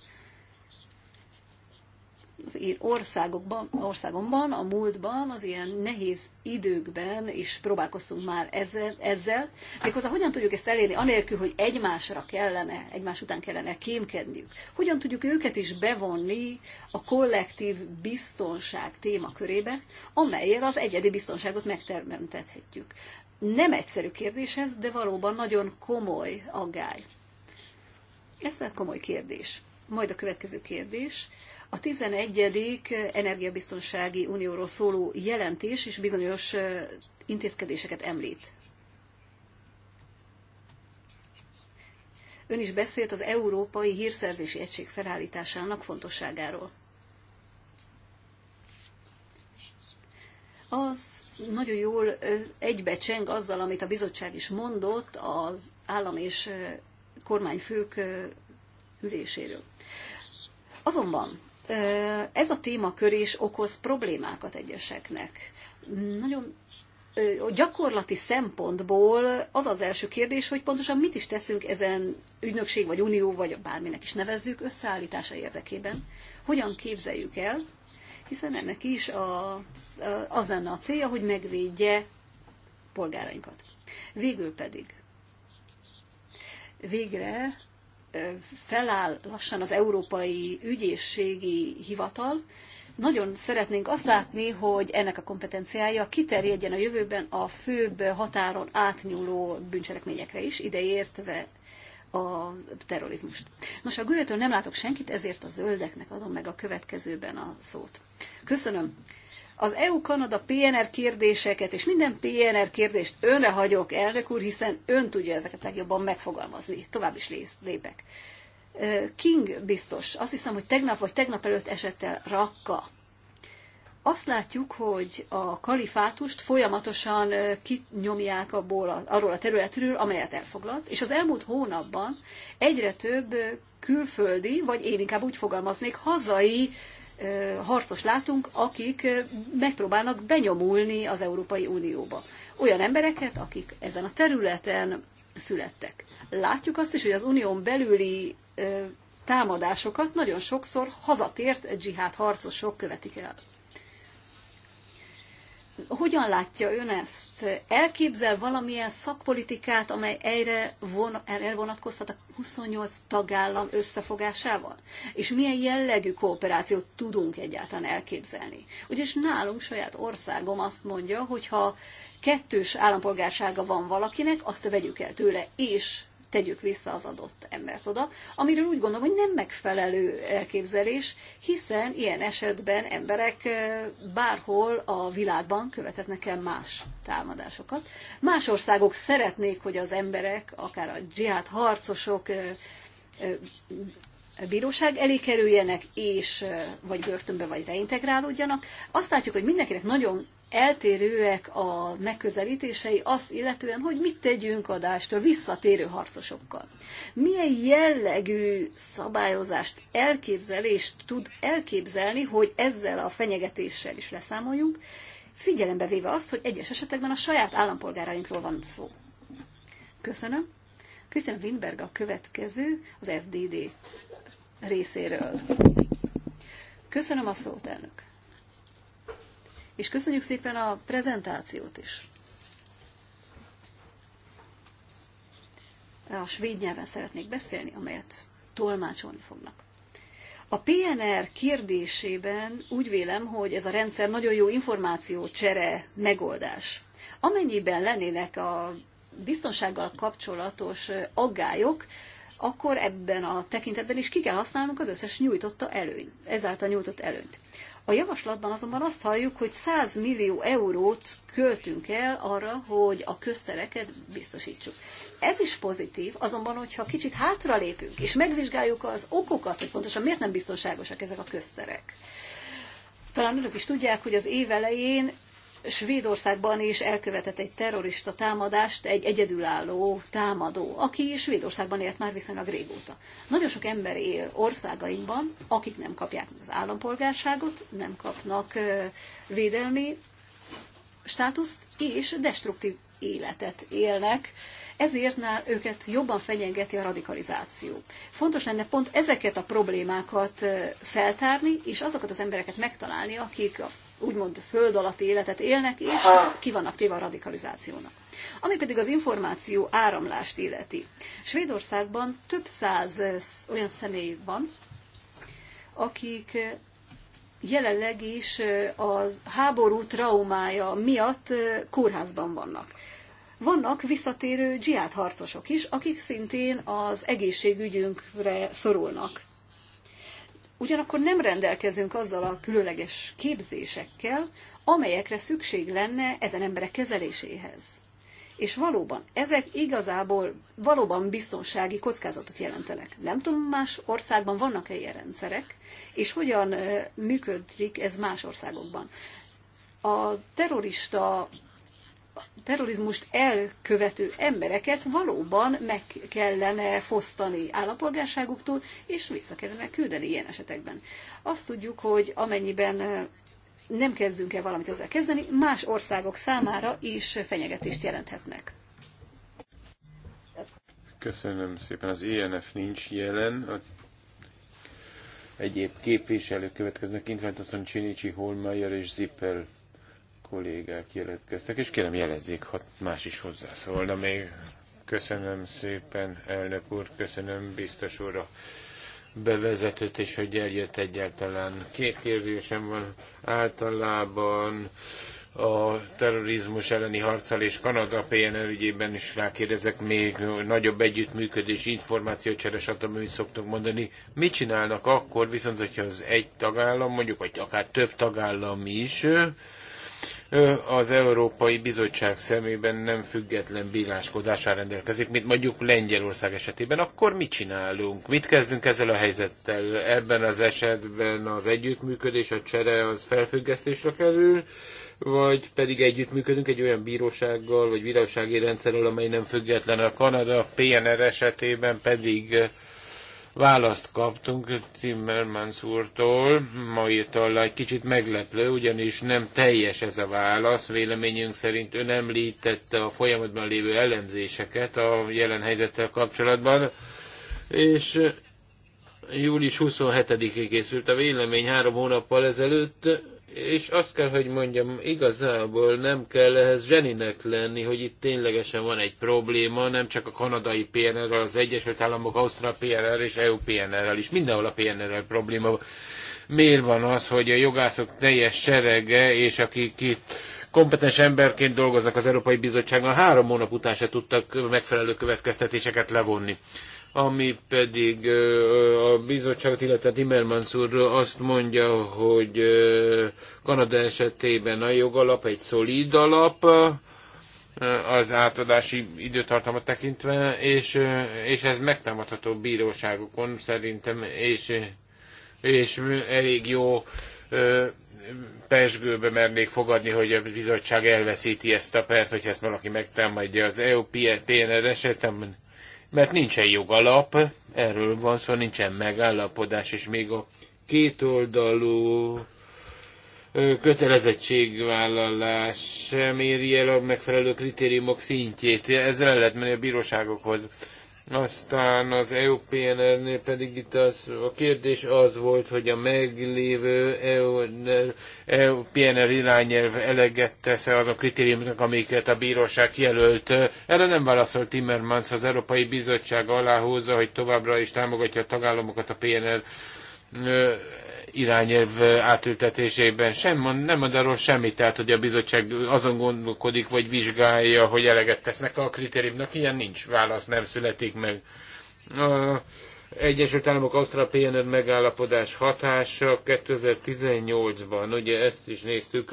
Az ír országokban, országomban, a múltban, az ilyen nehéz időkben is próbálkoztunk már ezzel, ezzel. méghozzá hogyan tudjuk ezt elérni, anélkül, hogy egymásra kellene, egymás után kellene kémkedniük. Hogyan tudjuk őket is bevonni a kollektív biztonság témakörébe, amelyel az egyedi biztonságot megteremtethetjük nem egyszerű kérdés ez, de valóban nagyon komoly aggály. Ez már komoly kérdés. Majd a következő kérdés. A 11. energiabiztonsági unióról szóló jelentés is bizonyos intézkedéseket említ. Ön is beszélt az Európai Hírszerzési Egység felállításának fontosságáról. Az nagyon jól egybecseng azzal, amit a bizottság is mondott az állam és kormányfők üléséről. Azonban ez a témakör is okoz problémákat egyeseknek. Nagyon a gyakorlati szempontból az az első kérdés, hogy pontosan mit is teszünk ezen ügynökség, vagy unió, vagy bárminek is nevezzük összeállítása érdekében. Hogyan képzeljük el, hiszen ennek is az, az lenne a célja, hogy megvédje polgárainkat. Végül pedig végre feláll lassan az Európai Ügyészségi Hivatal. Nagyon szeretnénk azt látni, hogy ennek a kompetenciája kiterjedjen a jövőben a főbb határon átnyúló bűncselekményekre is, ideértve a terrorizmust. Nos, a gőjétől nem látok senkit, ezért a zöldeknek adom meg a következőben a szót. Köszönöm. Az EU-Kanada PNR kérdéseket és minden PNR kérdést önre hagyok, elnök úr, hiszen ön tudja ezeket legjobban megfogalmazni. Tovább is lépek. King biztos, azt hiszem, hogy tegnap vagy tegnap előtt esett el Rakka azt látjuk, hogy a kalifátust folyamatosan kinyomják abból, arról a területről, amelyet elfoglalt, és az elmúlt hónapban egyre több külföldi, vagy én inkább úgy fogalmaznék, hazai harcos látunk, akik megpróbálnak benyomulni az Európai Unióba. Olyan embereket, akik ezen a területen születtek. Látjuk azt is, hogy az unión belüli támadásokat nagyon sokszor hazatért dzsihád harcosok követik el. Hogyan látja ön ezt? Elképzel valamilyen szakpolitikát, amely erre, von, erre a 28 tagállam összefogásával? És milyen jellegű kooperációt tudunk egyáltalán elképzelni? Ugyanis nálunk saját országom azt mondja, hogy ha kettős állampolgársága van valakinek, azt vegyük el tőle, és tegyük vissza az adott embert oda, amiről úgy gondolom, hogy nem megfelelő elképzelés, hiszen ilyen esetben emberek bárhol a világban követhetnek el más támadásokat. Más országok szeretnék, hogy az emberek, akár a dzsihád harcosok, bíróság elé kerüljenek, és vagy börtönbe, vagy reintegrálódjanak. Azt látjuk, hogy mindenkinek nagyon eltérőek a megközelítései azt illetően, hogy mit tegyünk adástól visszatérő harcosokkal. Milyen jellegű szabályozást, elképzelést tud elképzelni, hogy ezzel a fenyegetéssel is leszámoljunk, figyelembe véve azt, hogy egyes esetekben a saját állampolgárainkról van szó. Köszönöm. Krisztián Winberg a következő az FDD részéről. Köszönöm a szót, elnök és köszönjük szépen a prezentációt is. A svéd nyelven szeretnék beszélni, amelyet tolmácsolni fognak. A PNR kérdésében úgy vélem, hogy ez a rendszer nagyon jó információ csere megoldás. Amennyiben lennének a biztonsággal kapcsolatos aggályok, akkor ebben a tekintetben is ki kell használnunk az összes nyújtotta előny, ezáltal nyújtott előnyt. A javaslatban azonban azt halljuk, hogy 100 millió eurót költünk el arra, hogy a köztereket biztosítsuk. Ez is pozitív, azonban, hogyha kicsit hátralépünk, és megvizsgáljuk az okokat, hogy pontosan miért nem biztonságosak ezek a közterek. Talán önök is tudják, hogy az év elején Svédországban is elkövetett egy terrorista támadást egy egyedülálló támadó, aki Svédországban élt már viszonylag régóta. Nagyon sok ember él országainkban, akik nem kapják az állampolgárságot, nem kapnak védelmi státuszt, és destruktív életet élnek, ezért már őket jobban fenyegeti a radikalizáció. Fontos lenne pont ezeket a problémákat feltárni, és azokat az embereket megtalálni, akik a úgymond föld alatti életet élnek, és ki vannak téve a radikalizációnak. Ami pedig az információ áramlást illeti. Svédországban több száz eh, olyan személy van, akik eh, jelenleg is eh, a háború traumája miatt kórházban vannak. Vannak visszatérő harcosok is, akik szintén az egészségügyünkre szorulnak ugyanakkor nem rendelkezünk azzal a különleges képzésekkel, amelyekre szükség lenne ezen emberek kezeléséhez. És valóban, ezek igazából valóban biztonsági kockázatot jelentenek. Nem tudom, más országban vannak-e ilyen rendszerek, és hogyan működik ez más országokban. A terrorista terrorizmust elkövető embereket valóban meg kellene fosztani állampolgárságuktól, és vissza kellene küldeni ilyen esetekben. Azt tudjuk, hogy amennyiben nem kezdünk el valamit ezzel kezdeni, más országok számára is fenyegetést jelenthetnek. Köszönöm szépen. Az ENF nincs jelen. A egyéb képviselők következnek. Intvált Csinicsi, Holmeyer és Zippel kollégák jelentkeztek, és kérem jelezzék, ha más is hozzászólna még. Köszönöm szépen, elnök úr, köszönöm biztos úr a bevezetőt, és hogy eljött egyáltalán. Két kérdésem van általában a terrorizmus elleni harccal és Kanada PNL ügyében is rákérdezek még nagyobb együttműködés, információcsere, stb. amit szoktunk mondani. Mit csinálnak akkor viszont, hogyha az egy tagállam, mondjuk, vagy akár több tagállam is az Európai Bizottság szemében nem független bíráskodással rendelkezik, mint mondjuk Lengyelország esetében, akkor mit csinálunk? Mit kezdünk ezzel a helyzettel? Ebben az esetben az együttműködés, a csere az felfüggesztésre kerül, vagy pedig együttműködünk egy olyan bírósággal, vagy bírósági rendszerrel, amely nem független a Kanada, PNR esetében pedig Választ kaptunk Timmermans úrtól, ma írta egy kicsit meglepő, ugyanis nem teljes ez a válasz. Véleményünk szerint ön említette a folyamatban lévő elemzéseket a jelen helyzettel kapcsolatban, és július 27-én készült a vélemény három hónappal ezelőtt, és azt kell, hogy mondjam, igazából nem kell ehhez zseninek lenni, hogy itt ténylegesen van egy probléma, nem csak a kanadai PNR-rel, az Egyesült Államok, Ausztrál PNR és EU PNR-rel is, mindenhol a PNR-rel probléma van. Miért van az, hogy a jogászok teljes serege, és akik itt kompetens emberként dolgoznak az Európai Bizottságnál, három hónap után se tudtak megfelelő következtetéseket levonni ami pedig a bizottságot, illetve Timmermans úrról azt mondja, hogy Kanada esetében a jogalap egy szolíd alap, az átadási időtartamot tekintve, és, és ez megtámadható bíróságokon szerintem, és, és elég jó pesgőbe mernék fogadni, hogy a bizottság elveszíti ezt a perc, hogy ezt valaki megtámadja az EU PNR e esetemben mert nincsen jogalap, erről van szó, nincsen megállapodás, és még a kétoldalú kötelezettségvállalás sem éri el a megfelelő kritériumok szintjét. Ezzel el lehet menni a bíróságokhoz. Aztán az EU PNR-nél pedig itt az, a kérdés az volt, hogy a meglévő EU, EU PNR irányelv eleget tesz-e azon kritériumnak, amiket a bíróság jelölt. Erre nem válaszolt Timmermans, az Európai Bizottság aláhúzza, hogy továbbra is támogatja a tagállamokat a PNR irányelv átültetésében sem mond, nem ad arról semmit, tehát hogy a bizottság azon gondolkodik, vagy vizsgálja, hogy eleget tesznek a kritériumnak, ilyen nincs, válasz nem születik meg. A Egyesült Államok Ausztrál PNR megállapodás hatása 2018-ban, ugye ezt is néztük,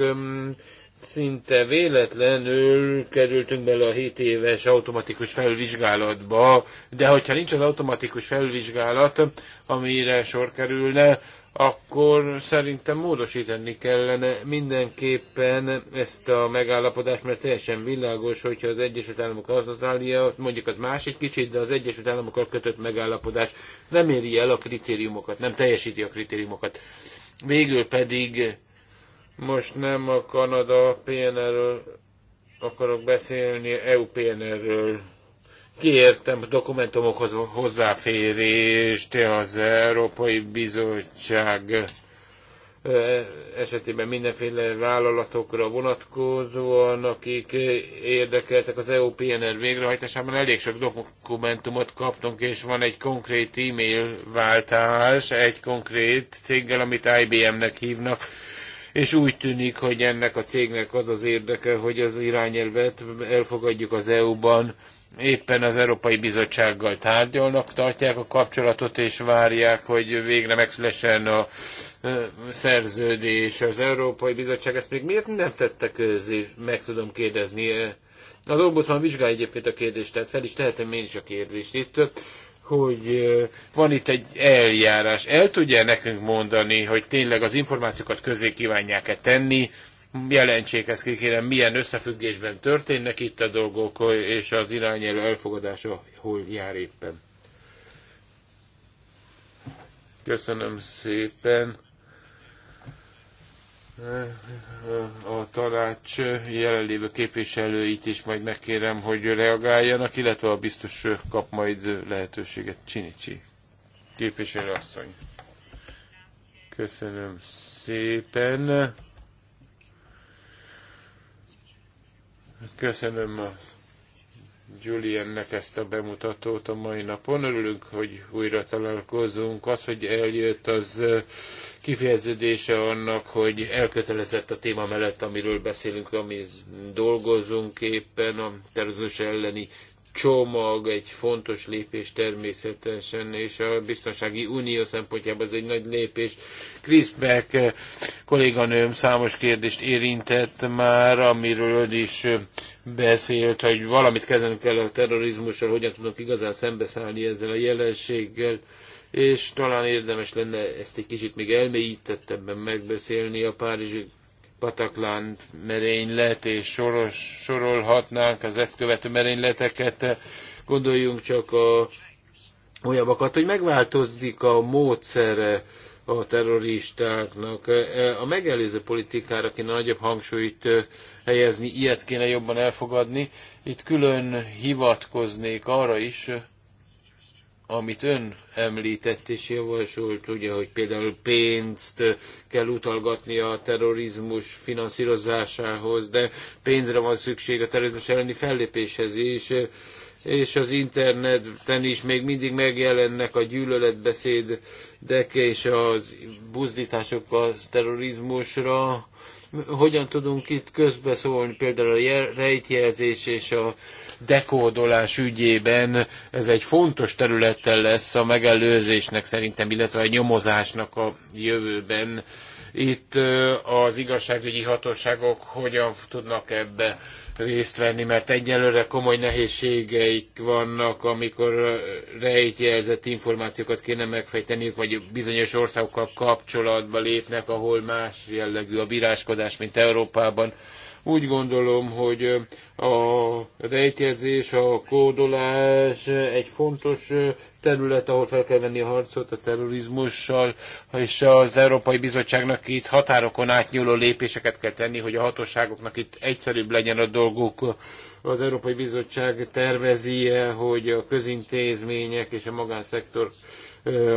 szinte véletlenül kerültünk bele a 7 éves automatikus felvizsgálatba, de hogyha nincs az automatikus felvizsgálat, amire sor kerülne, akkor szerintem módosítani kellene mindenképpen ezt a megállapodást, mert teljesen világos, hogyha az Egyesült Államok Ausztrália, mondjuk az más egy kicsit, de az Egyesült Államokkal kötött megállapodás nem éri el a kritériumokat, nem teljesíti a kritériumokat. Végül pedig most nem a Kanada PNR-ről akarok beszélni, EU PNR-ről Kértem dokumentumokhoz hozzáférést az Európai Bizottság esetében mindenféle vállalatokra vonatkozóan, akik érdekeltek az EU végrehajtásában. Elég sok dokumentumot kaptunk, és van egy konkrét e-mail váltás egy konkrét céggel, amit IBM-nek hívnak, és úgy tűnik, hogy ennek a cégnek az az érdeke, hogy az irányelvet elfogadjuk az EU-ban, éppen az Európai Bizottsággal tárgyalnak, tartják a kapcsolatot, és várják, hogy végre megszülessen a szerződés. Az Európai Bizottság ezt még miért nem tette közé? Meg tudom kérdezni. Az Ombudsman vizsgálja egyébként a kérdést, tehát fel is tehetem én is a kérdést itt, hogy van itt egy eljárás. El tudja nekünk mondani, hogy tényleg az információkat közé kívánják-e tenni, jelentsék ezt ki, kérem, milyen összefüggésben történnek itt a dolgok, és az irányelő elfogadása hol jár éppen. Köszönöm szépen. A tanács jelenlévő képviselőit is majd megkérem, hogy reagáljanak, illetve a biztos kap majd lehetőséget. Csinicsi képviselőasszony. Köszönöm szépen. Köszönöm a Juliennek ezt a bemutatót a mai napon. Örülünk, hogy újra találkozunk. Az, hogy eljött, az kifejeződése annak, hogy elkötelezett a téma mellett, amiről beszélünk, ami dolgozunk éppen a terrorizmus elleni csomag egy fontos lépés természetesen, és a biztonsági unió szempontjában ez egy nagy lépés. Chris Beck eh, kolléganőm számos kérdést érintett már, amiről ön is eh, beszélt, hogy valamit kezdeni kell a terrorizmussal, hogyan tudunk igazán szembeszállni ezzel a jelenséggel, és talán érdemes lenne ezt egy kicsit még elmélyítettebben megbeszélni a Párizsi Batakland merénylet, és soros, sorolhatnánk az ezt követő merényleteket. Gondoljunk csak a olyabbakat, hogy megváltozik a módszere a terroristáknak. A megelőző politikára kéne nagyobb hangsúlyt helyezni, ilyet kéne jobban elfogadni. Itt külön hivatkoznék arra is, amit ön említett és javasolt, ugye, hogy például pénzt kell utalgatni a terrorizmus finanszírozásához, de pénzre van szükség a terrorizmus elleni fellépéshez is, és az interneten is még mindig megjelennek a gyűlöletbeszédek és az buzdítások a terrorizmusra, hogyan tudunk itt közbeszólni, például a rejtjelzés és a dekódolás ügyében, ez egy fontos területtel, lesz a megelőzésnek szerintem, illetve a nyomozásnak a jövőben. Itt az igazságügyi hatóságok hogyan tudnak ebbe részt venni, mert egyelőre komoly nehézségeik vannak, amikor rejtjelzett információkat kéne megfejteniük, vagy bizonyos országokkal kapcsolatba lépnek, ahol más jellegű a bíráskodás, mint Európában. Úgy gondolom, hogy a rejtjezés, a kódolás egy fontos terület, ahol fel kell venni a harcot a terrorizmussal, és az Európai Bizottságnak itt határokon átnyúló lépéseket kell tenni, hogy a hatóságoknak itt egyszerűbb legyen a dolguk. Az Európai Bizottság tervezi -e, hogy a közintézmények és a magánszektor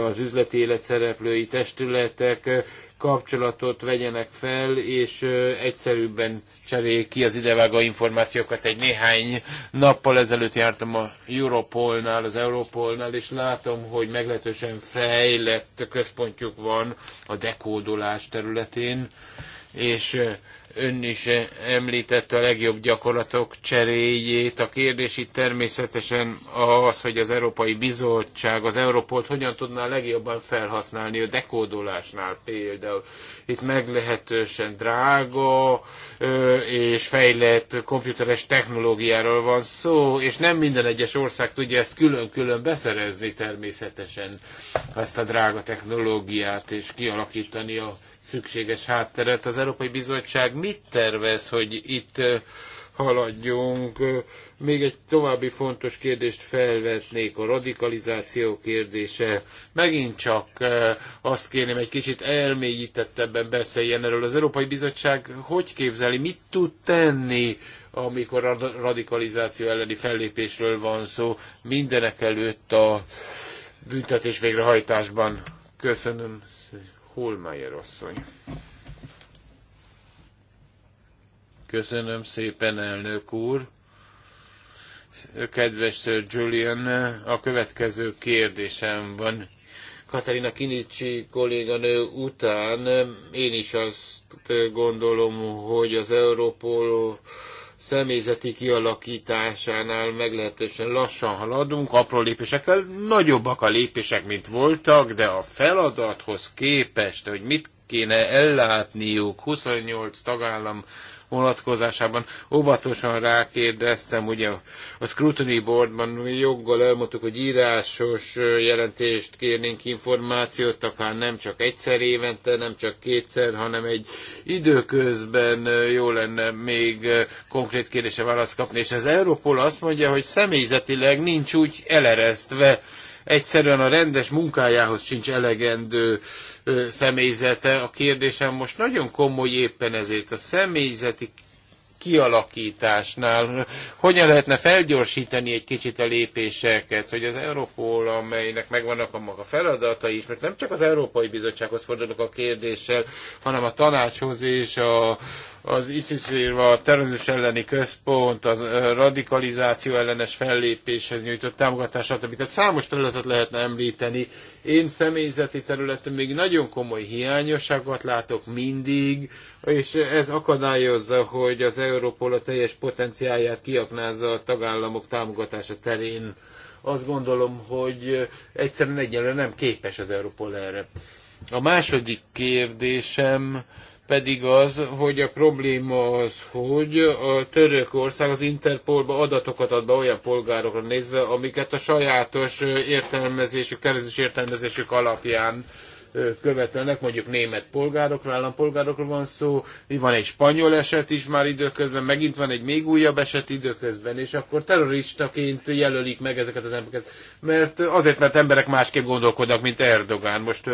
az üzleti élet szereplői testületek kapcsolatot vegyenek fel, és egyszerűbben cseréljék ki az idevágó információkat. Egy néhány nappal ezelőtt jártam a Europolnál, az Europolnál, és látom, hogy meglehetősen fejlett központjuk van a dekódolás területén és ön is említette a legjobb gyakorlatok cseréjét. A kérdés itt természetesen az, hogy az Európai Bizottság az Európolt hogyan tudná legjobban felhasználni a dekódolásnál például. Itt meglehetősen drága és fejlett komputeres technológiáról van szó, és nem minden egyes ország tudja ezt külön-külön beszerezni természetesen, ezt a drága technológiát, és kialakítani a szükséges hátteret. Az Európai Bizottság mit tervez, hogy itt haladjunk? Még egy további fontos kérdést felvetnék, a radikalizáció kérdése. Megint csak azt kérném, egy kicsit elmélyítettebben beszéljen erről. Az Európai Bizottság hogy képzeli, mit tud tenni, amikor a radikalizáció elleni fellépésről van szó, mindenek előtt a büntetés végrehajtásban. Köszönöm szépen. Holmeyer asszony. Köszönöm szépen, elnök úr. Kedves Sir Julian, a következő kérdésem van. Katarina Kinicsi kolléganő után én is azt gondolom, hogy az Európol személyzeti kialakításánál meglehetősen lassan haladunk, apró lépésekkel, nagyobbak a lépések, mint voltak, de a feladathoz képest, hogy mit kéne ellátniuk 28 tagállam vonatkozásában. Óvatosan rákérdeztem, ugye a Scrutiny Boardban joggal elmondtuk, hogy írásos jelentést kérnénk információt, akár nem csak egyszer évente, nem csak kétszer, hanem egy időközben jó lenne még konkrét kérdése választ kapni. És az Europol azt mondja, hogy személyzetileg nincs úgy eleresztve, egyszerűen a rendes munkájához sincs elegendő személyzete. A kérdésem most nagyon komoly éppen ezért a személyzeti kialakításnál hogyan lehetne felgyorsítani egy kicsit a lépéseket, hogy az Európol, amelynek megvannak a maga feladatai, is, mert nem csak az Európai Bizottsághoz fordulok a kérdéssel, hanem a tanácshoz és a, az ISIS, a terrorizmus elleni központ, a radikalizáció ellenes fellépéshez nyújtott támogatás, stb. Tehát számos területet lehetne említeni. Én személyzeti területen még nagyon komoly hiányosságot látok mindig, és ez akadályozza, hogy az Európol a teljes potenciáját kiaknázza a tagállamok támogatása terén. Azt gondolom, hogy egyszerűen egyelőre nem képes az Európol erre. A második kérdésem pedig az, hogy a probléma az, hogy a Törökország az Interpolba adatokat ad be olyan polgárokra nézve, amiket a sajátos értelmezésük, tervezés értelmezésük alapján követelnek, mondjuk német polgárokra, állampolgárokra van szó, van egy spanyol eset is már időközben, megint van egy még újabb eset időközben, és akkor terroristaként jelölik meg ezeket az embereket. Mert azért, mert emberek másképp gondolkodnak, mint Erdogán. Most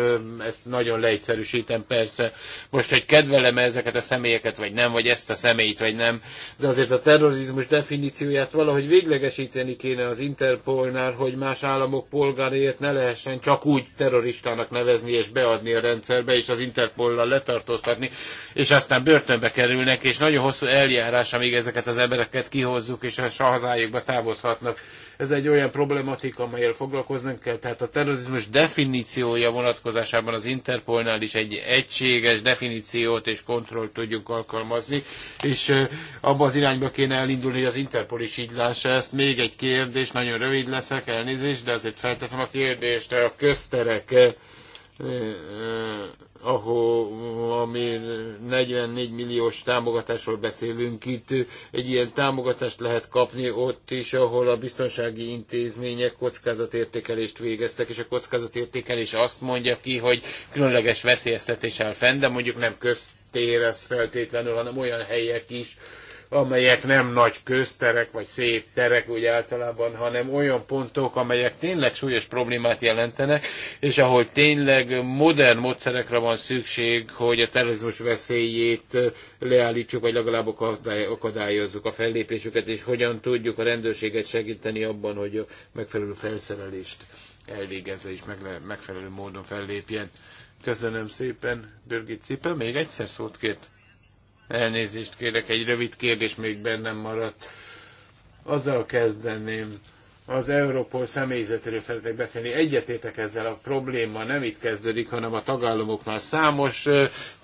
ezt nagyon leegyszerűsítem persze. Most, hogy kedvelem -e ezeket a személyeket, vagy nem, vagy ezt a személyt, vagy nem. De azért a terrorizmus definícióját valahogy véglegesíteni kéne az Interpolnál, hogy más államok polgáriért ne lehessen csak úgy terroristának nevezni és beadni a rendszerbe, és az Interpol-lal letartóztatni, és aztán börtönbe kerülnek, és nagyon hosszú eljárás, amíg ezeket az embereket kihozzuk, és a hazájukba távozhatnak. Ez egy olyan problematika, amelyel foglalkoznunk kell, tehát a terrorizmus definíciója vonatkozásában az Interpolnál is egy egységes definíciót és kontrollt tudjunk alkalmazni, és abba az irányba kéne elindulni, hogy az Interpol is így lássa ezt. Még egy kérdés, nagyon rövid leszek, elnézést, de azért felteszem a kérdést. A közterek ahol ami 44 milliós támogatásról beszélünk itt, egy ilyen támogatást lehet kapni ott is, ahol a biztonsági intézmények kockázatértékelést végeztek, és a kockázatértékelés azt mondja ki, hogy különleges veszélyeztetés áll fenn, de mondjuk nem köztér ez feltétlenül, hanem olyan helyek is, amelyek nem nagy közterek, vagy szép terek úgy általában, hanem olyan pontok, amelyek tényleg súlyos problémát jelentenek, és ahol tényleg modern módszerekre van szükség, hogy a terrorizmus veszélyét leállítsuk, vagy legalább akadályozzuk a fellépésüket, és hogyan tudjuk a rendőrséget segíteni abban, hogy a megfelelő felszerelést elvégezze és megfelelő módon fellépjen. Köszönöm szépen, Birgit Cipe, még egyszer szót kért. Elnézést kérek, egy rövid kérdés még bennem maradt. Azzal kezdeném, az Európol személyzetéről szeretnék beszélni. Egyetétek ezzel a probléma nem itt kezdődik, hanem a tagállamoknál. Számos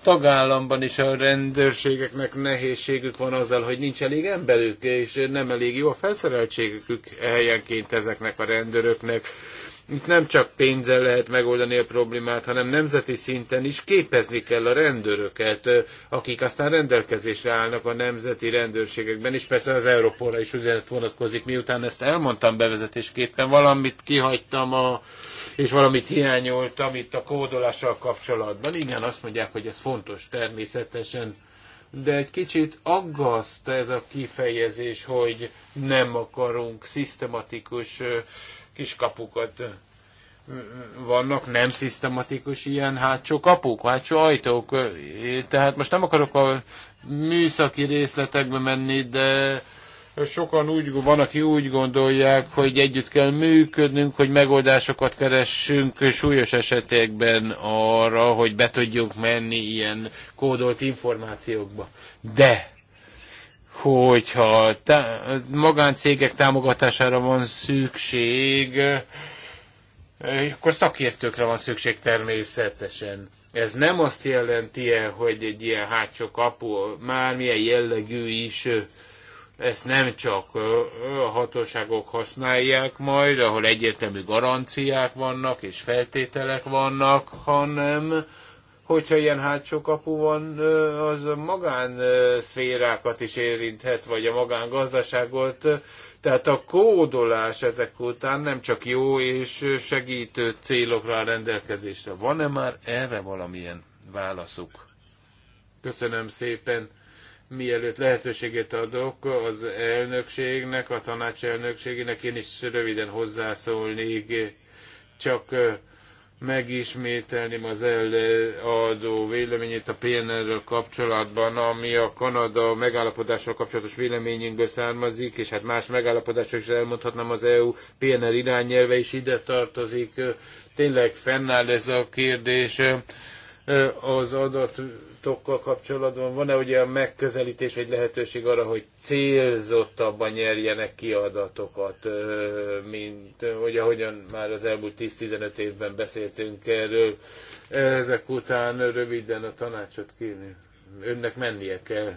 tagállamban is a rendőrségeknek nehézségük van azzal, hogy nincs elég emberük, és nem elég jó a felszereltségük helyenként ezeknek a rendőröknek itt nem csak pénzzel lehet megoldani a problémát, hanem nemzeti szinten is képezni kell a rendőröket, akik aztán rendelkezésre állnak a nemzeti rendőrségekben, és persze az Európóra is üzenet vonatkozik. Miután ezt elmondtam bevezetésképpen, valamit kihagytam, a, és valamit hiányoltam itt a kódolással kapcsolatban. Igen, azt mondják, hogy ez fontos természetesen, de egy kicsit aggaszt ez a kifejezés, hogy nem akarunk szisztematikus kiskapukat vannak nem szisztematikus ilyen hátsó kapuk, hátsó ajtók. Tehát most nem akarok a műszaki részletekbe menni, de sokan úgy, van, aki úgy gondolják, hogy együtt kell működnünk, hogy megoldásokat keressünk súlyos esetekben arra, hogy be tudjunk menni ilyen kódolt információkba. De hogyha magáncégek támogatására van szükség, eh, akkor szakértőkre van szükség természetesen. Ez nem azt jelenti -e, hogy egy ilyen hátsó kapu, mármilyen jellegű is, eh, ezt nem csak eh, a hatóságok használják majd, ahol egyértelmű garanciák vannak és feltételek vannak, hanem hogyha ilyen hátsó kapu van, az magán szférákat is érinthet, vagy a magán gazdaságot, Tehát a kódolás ezek után nem csak jó és segítő célokra a rendelkezésre. Van-e már erre valamilyen válaszuk? Köszönöm szépen. Mielőtt lehetőséget adok az elnökségnek, a tanács elnökségének, én is röviden hozzászólnék, csak megismételném az előadó véleményét a PNR-ről kapcsolatban, ami a Kanada megállapodással kapcsolatos véleményünkből származik, és hát más megállapodások is elmondhatnám, az EU PNR irányelve is ide tartozik. Tényleg fennáll ez a kérdés az adat pontokkal kapcsolatban van-e ugye a megközelítés vagy lehetőség arra, hogy célzottabban nyerjenek ki adatokat, mint hogy ahogyan már az elmúlt 10-15 évben beszéltünk erről, ezek után röviden a tanácsot kérni. Önnek mennie kell.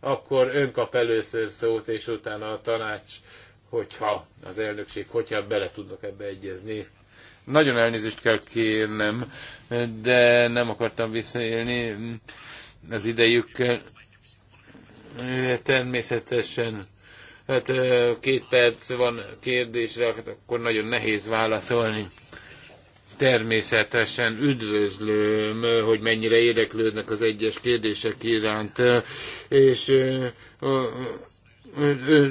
Akkor ön kap először szót, és utána a tanács, hogyha az elnökség, hogyha bele tudnak ebbe egyezni. Nagyon elnézést kell kérnem, de nem akartam visszaélni az idejükkel. Természetesen. Hát két perc van kérdésre, hát akkor nagyon nehéz válaszolni. Természetesen üdvözlöm, hogy mennyire érdeklődnek az egyes kérdések iránt, és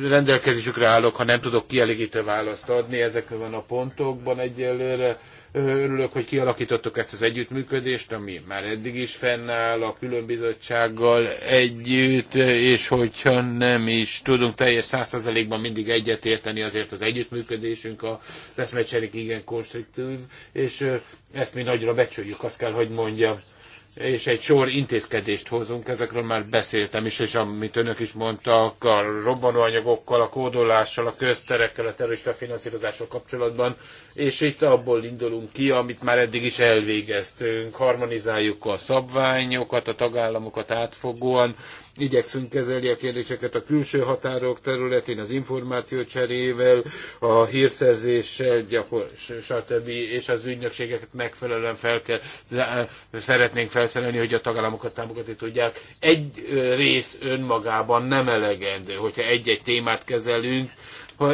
rendelkezésükre állok, ha nem tudok kielégítő választ adni ezekben a pontokban egyelőre. Örülök, hogy kialakítottuk ezt az együttműködést, ami már eddig is fennáll a különbizottsággal együtt, és hogyha nem is tudunk teljes százszerzalékban mindig egyetérteni, azért az együttműködésünk a lesz igen konstruktív, és ezt mi nagyra becsüljük, azt kell, hogy mondjam és egy sor intézkedést hozunk, ezekről már beszéltem is, és amit önök is mondtak, a robbanóanyagokkal, a kódolással, a közterekkel, a terrorista finanszírozással kapcsolatban, és itt abból indulunk ki, amit már eddig is elvégeztünk, harmonizáljuk a szabványokat, a tagállamokat átfogóan, igyekszünk kezelni a kérdéseket a külső határok területén, az információ cserével, a hírszerzéssel, gyakor, stb. és az ügynökségeket megfelelően fel kell, szeretnénk felszerelni, hogy a tagállamokat támogatni tudják. Egy rész önmagában nem elegendő, hogyha egy-egy témát kezelünk,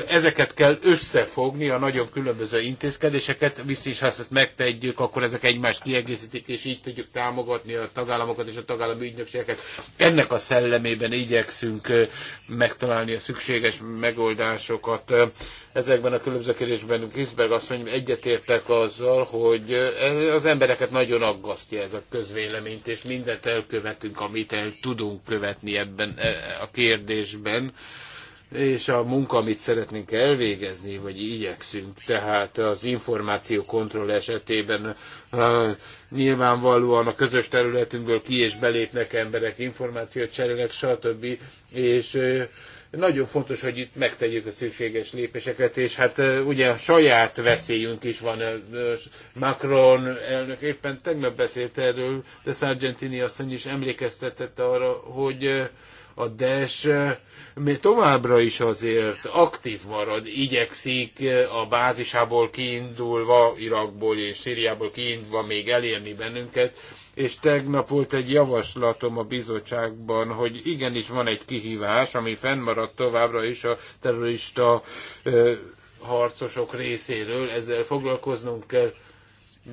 ezeket kell összefogni, a nagyon különböző intézkedéseket, viszont is ha ezt megtegyük, akkor ezek egymást kiegészítik, és így tudjuk támogatni a tagállamokat és a tagállami ügynökségeket. Ennek a szellemében igyekszünk megtalálni a szükséges megoldásokat. Ezekben a különböző kérdésben Kisberg azt mondja, egyetértek azzal, hogy az embereket nagyon aggasztja ez a közvéleményt, és mindent elkövetünk, amit el tudunk követni ebben e, a kérdésben és a munka, amit szeretnénk elvégezni, vagy igyekszünk, tehát az információ kontroll esetében uh, nyilvánvalóan a közös területünkből ki és belépnek emberek, információt cserélnek, stb. És uh, nagyon fontos, hogy itt megtegyük a szükséges lépéseket, és hát ugye a saját veszélyünk is van. Macron elnök éppen tegnap beszélt erről, de Sargentini asszony is emlékeztetett arra, hogy a DES eh, továbbra is azért aktív marad, igyekszik eh, a bázisából kiindulva, Irakból és Szíriából kiindulva még elérni bennünket, és tegnap volt egy javaslatom a bizottságban, hogy igenis van egy kihívás, ami fennmaradt továbbra is a terrorista eh, harcosok részéről, ezzel foglalkoznunk kell,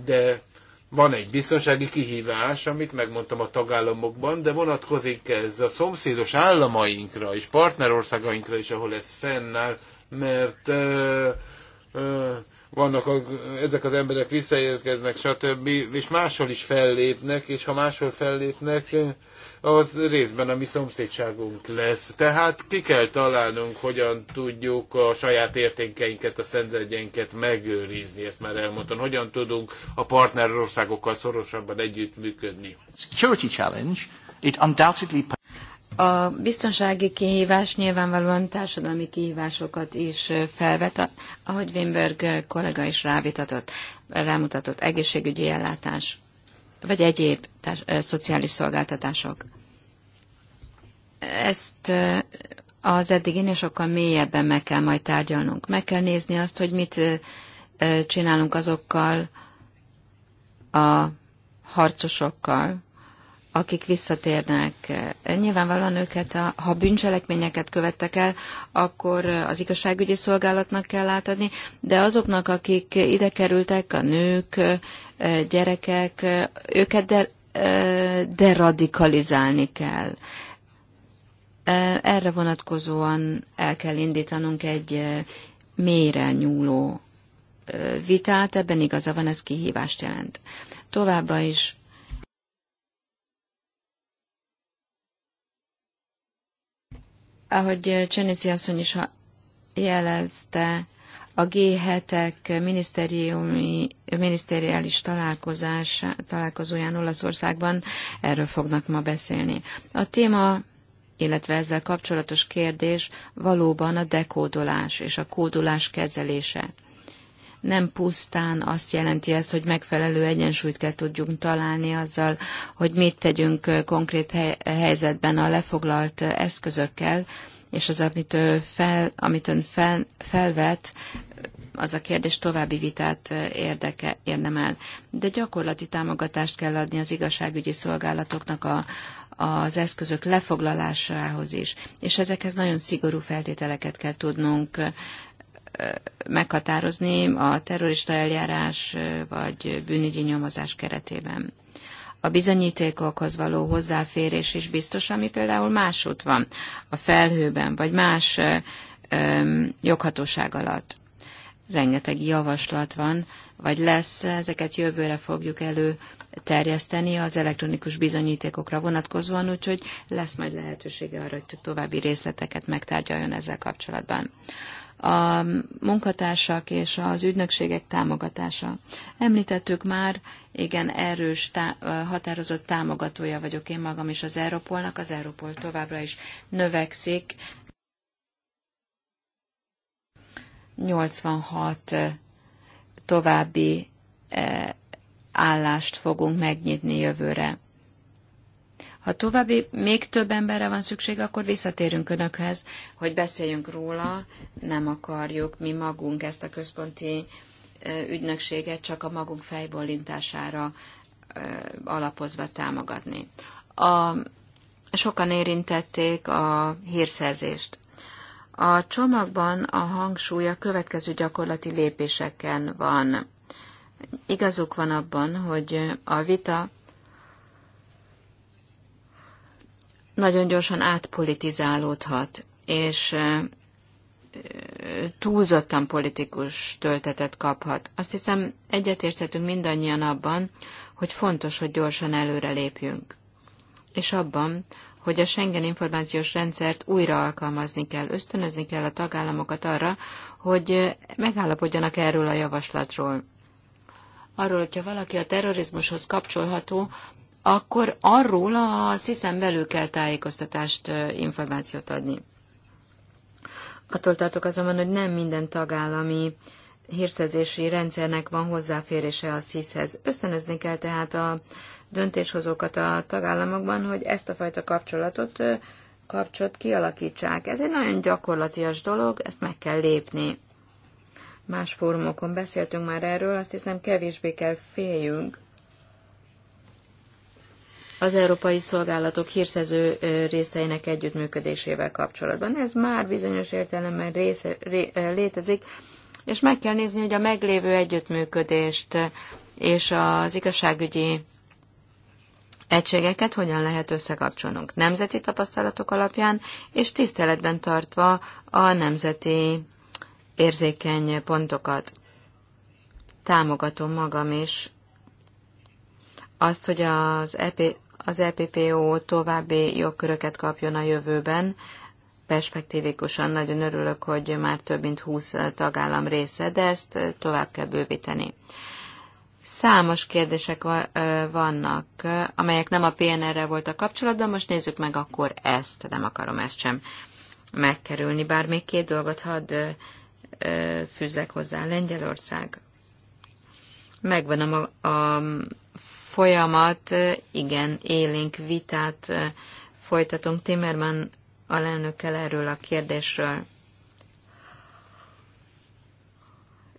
de van egy biztonsági kihívás, amit megmondtam a tagállamokban, de vonatkozik ez a szomszédos államainkra és partnerországainkra is, ahol ez fennáll, mert uh, vannak a, ezek az emberek visszaérkeznek, stb., és máshol is fellépnek, és ha máshol fellépnek, az részben a mi szomszédságunk lesz. Tehát ki kell találnunk, hogyan tudjuk a saját értékeinket, a sztenderdjeinket megőrizni, ezt már elmondtam, hogyan tudunk a partnerországokkal szorosabban együttműködni. Security challenge, it undoubtedly... A biztonsági kihívás nyilvánvalóan társadalmi kihívásokat is felvet, ahogy Wimberg kollega is rávitatott, rámutatott, egészségügyi ellátás, vagy egyéb társ- szociális szolgáltatások. Ezt az eddiginél sokkal mélyebben meg kell majd tárgyalnunk. Meg kell nézni azt, hogy mit csinálunk azokkal a harcosokkal, akik visszatérnek. Nyilvánvalóan őket, a, ha bűncselekményeket követtek el, akkor az igazságügyi szolgálatnak kell átadni, de azoknak, akik ide kerültek, a nők, gyerekek, őket de, deradikalizálni kell. Erre vonatkozóan el kell indítanunk egy mélyre nyúló vitát, ebben igaza van, ez kihívást jelent. Továbbá is Ahogy Cseniszi asszony is jelezte, a G7-ek minisztériumi, minisztériális találkozás, találkozóján Olaszországban erről fognak ma beszélni. A téma illetve ezzel kapcsolatos kérdés valóban a dekódolás és a kódolás kezelése nem pusztán azt jelenti ez, hogy megfelelő egyensúlyt kell tudjunk találni azzal, hogy mit tegyünk konkrét helyzetben a lefoglalt eszközökkel, és az, amit, fel, amit ön fel, felvet, az a kérdés további vitát érdeke, érdemel. De gyakorlati támogatást kell adni az igazságügyi szolgálatoknak a, az eszközök lefoglalásához is, és ezekhez nagyon szigorú feltételeket kell tudnunk meghatározni a terrorista eljárás vagy bűnügyi nyomozás keretében. A bizonyítékokhoz való hozzáférés is biztos, ami például másút van a felhőben, vagy más joghatóság alatt. Rengeteg javaslat van, vagy lesz, ezeket jövőre fogjuk elő terjeszteni az elektronikus bizonyítékokra vonatkozóan, úgyhogy lesz majd lehetősége arra, hogy további részleteket megtárgyaljon ezzel kapcsolatban a munkatársak és az ügynökségek támogatása. Említettük már, igen, erős, tá- határozott támogatója vagyok én magam is az Európolnak, az Európol továbbra is növekszik. 86 további állást fogunk megnyitni jövőre. Ha további még több emberre van szükség, akkor visszatérünk Önökhez, hogy beszéljünk róla. Nem akarjuk mi magunk ezt a központi ügynökséget csak a magunk fejbólintására alapozva támogatni. A, sokan érintették a hírszerzést. A csomagban a hangsúly a következő gyakorlati lépéseken van. Igazuk van abban, hogy a vita nagyon gyorsan átpolitizálódhat, és túlzottan politikus töltetet kaphat. Azt hiszem, egyetérthetünk mindannyian abban, hogy fontos, hogy gyorsan előre lépjünk. És abban, hogy a Schengen információs rendszert újra alkalmazni kell, ösztönözni kell a tagállamokat arra, hogy megállapodjanak erről a javaslatról. Arról, hogyha valaki a terrorizmushoz kapcsolható, akkor arról a sziszen belül kell tájékoztatást, információt adni. Attól tartok azonban, hogy nem minden tagállami hírszerzési rendszernek van hozzáférése a SZISZ-hez. Ösztönözni kell tehát a döntéshozókat a tagállamokban, hogy ezt a fajta kapcsolatot kapcsot kialakítsák. Ez egy nagyon gyakorlatias dolog, ezt meg kell lépni. Más fórumokon beszéltünk már erről, azt hiszem kevésbé kell féljünk az európai szolgálatok hírszerző részeinek együttműködésével kapcsolatban. Ez már bizonyos értelemben része, ré, létezik, és meg kell nézni, hogy a meglévő együttműködést és az igazságügyi egységeket hogyan lehet összekapcsolnunk nemzeti tapasztalatok alapján, és tiszteletben tartva a nemzeti érzékeny pontokat. Támogatom magam is azt, hogy az EP az EPPO további jogköröket kapjon a jövőben. Perspektívikusan nagyon örülök, hogy már több mint 20 tagállam része, de ezt tovább kell bővíteni. Számos kérdések vannak, amelyek nem a PNR-re voltak kapcsolatban, most nézzük meg akkor ezt, nem akarom ezt sem megkerülni, bár még két dolgot hadd fűzek hozzá. Lengyelország megvan a, a folyamat, igen, élénk vitát folytatunk Timmerman alelnökkel erről a kérdésről.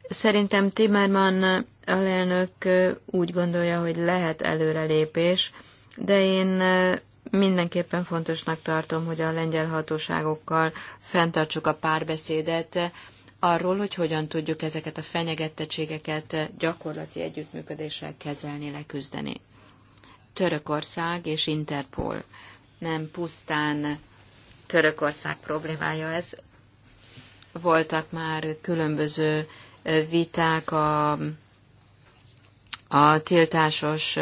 Szerintem Timmerman alelnök úgy gondolja, hogy lehet előrelépés, de én mindenképpen fontosnak tartom, hogy a lengyel hatóságokkal fenntartsuk a párbeszédet, arról, hogy hogyan tudjuk ezeket a fenyegettettségeket gyakorlati együttműködéssel kezelni, leküzdeni. Törökország és Interpol. Nem pusztán Törökország problémája ez. Voltak már különböző viták a, a tiltásos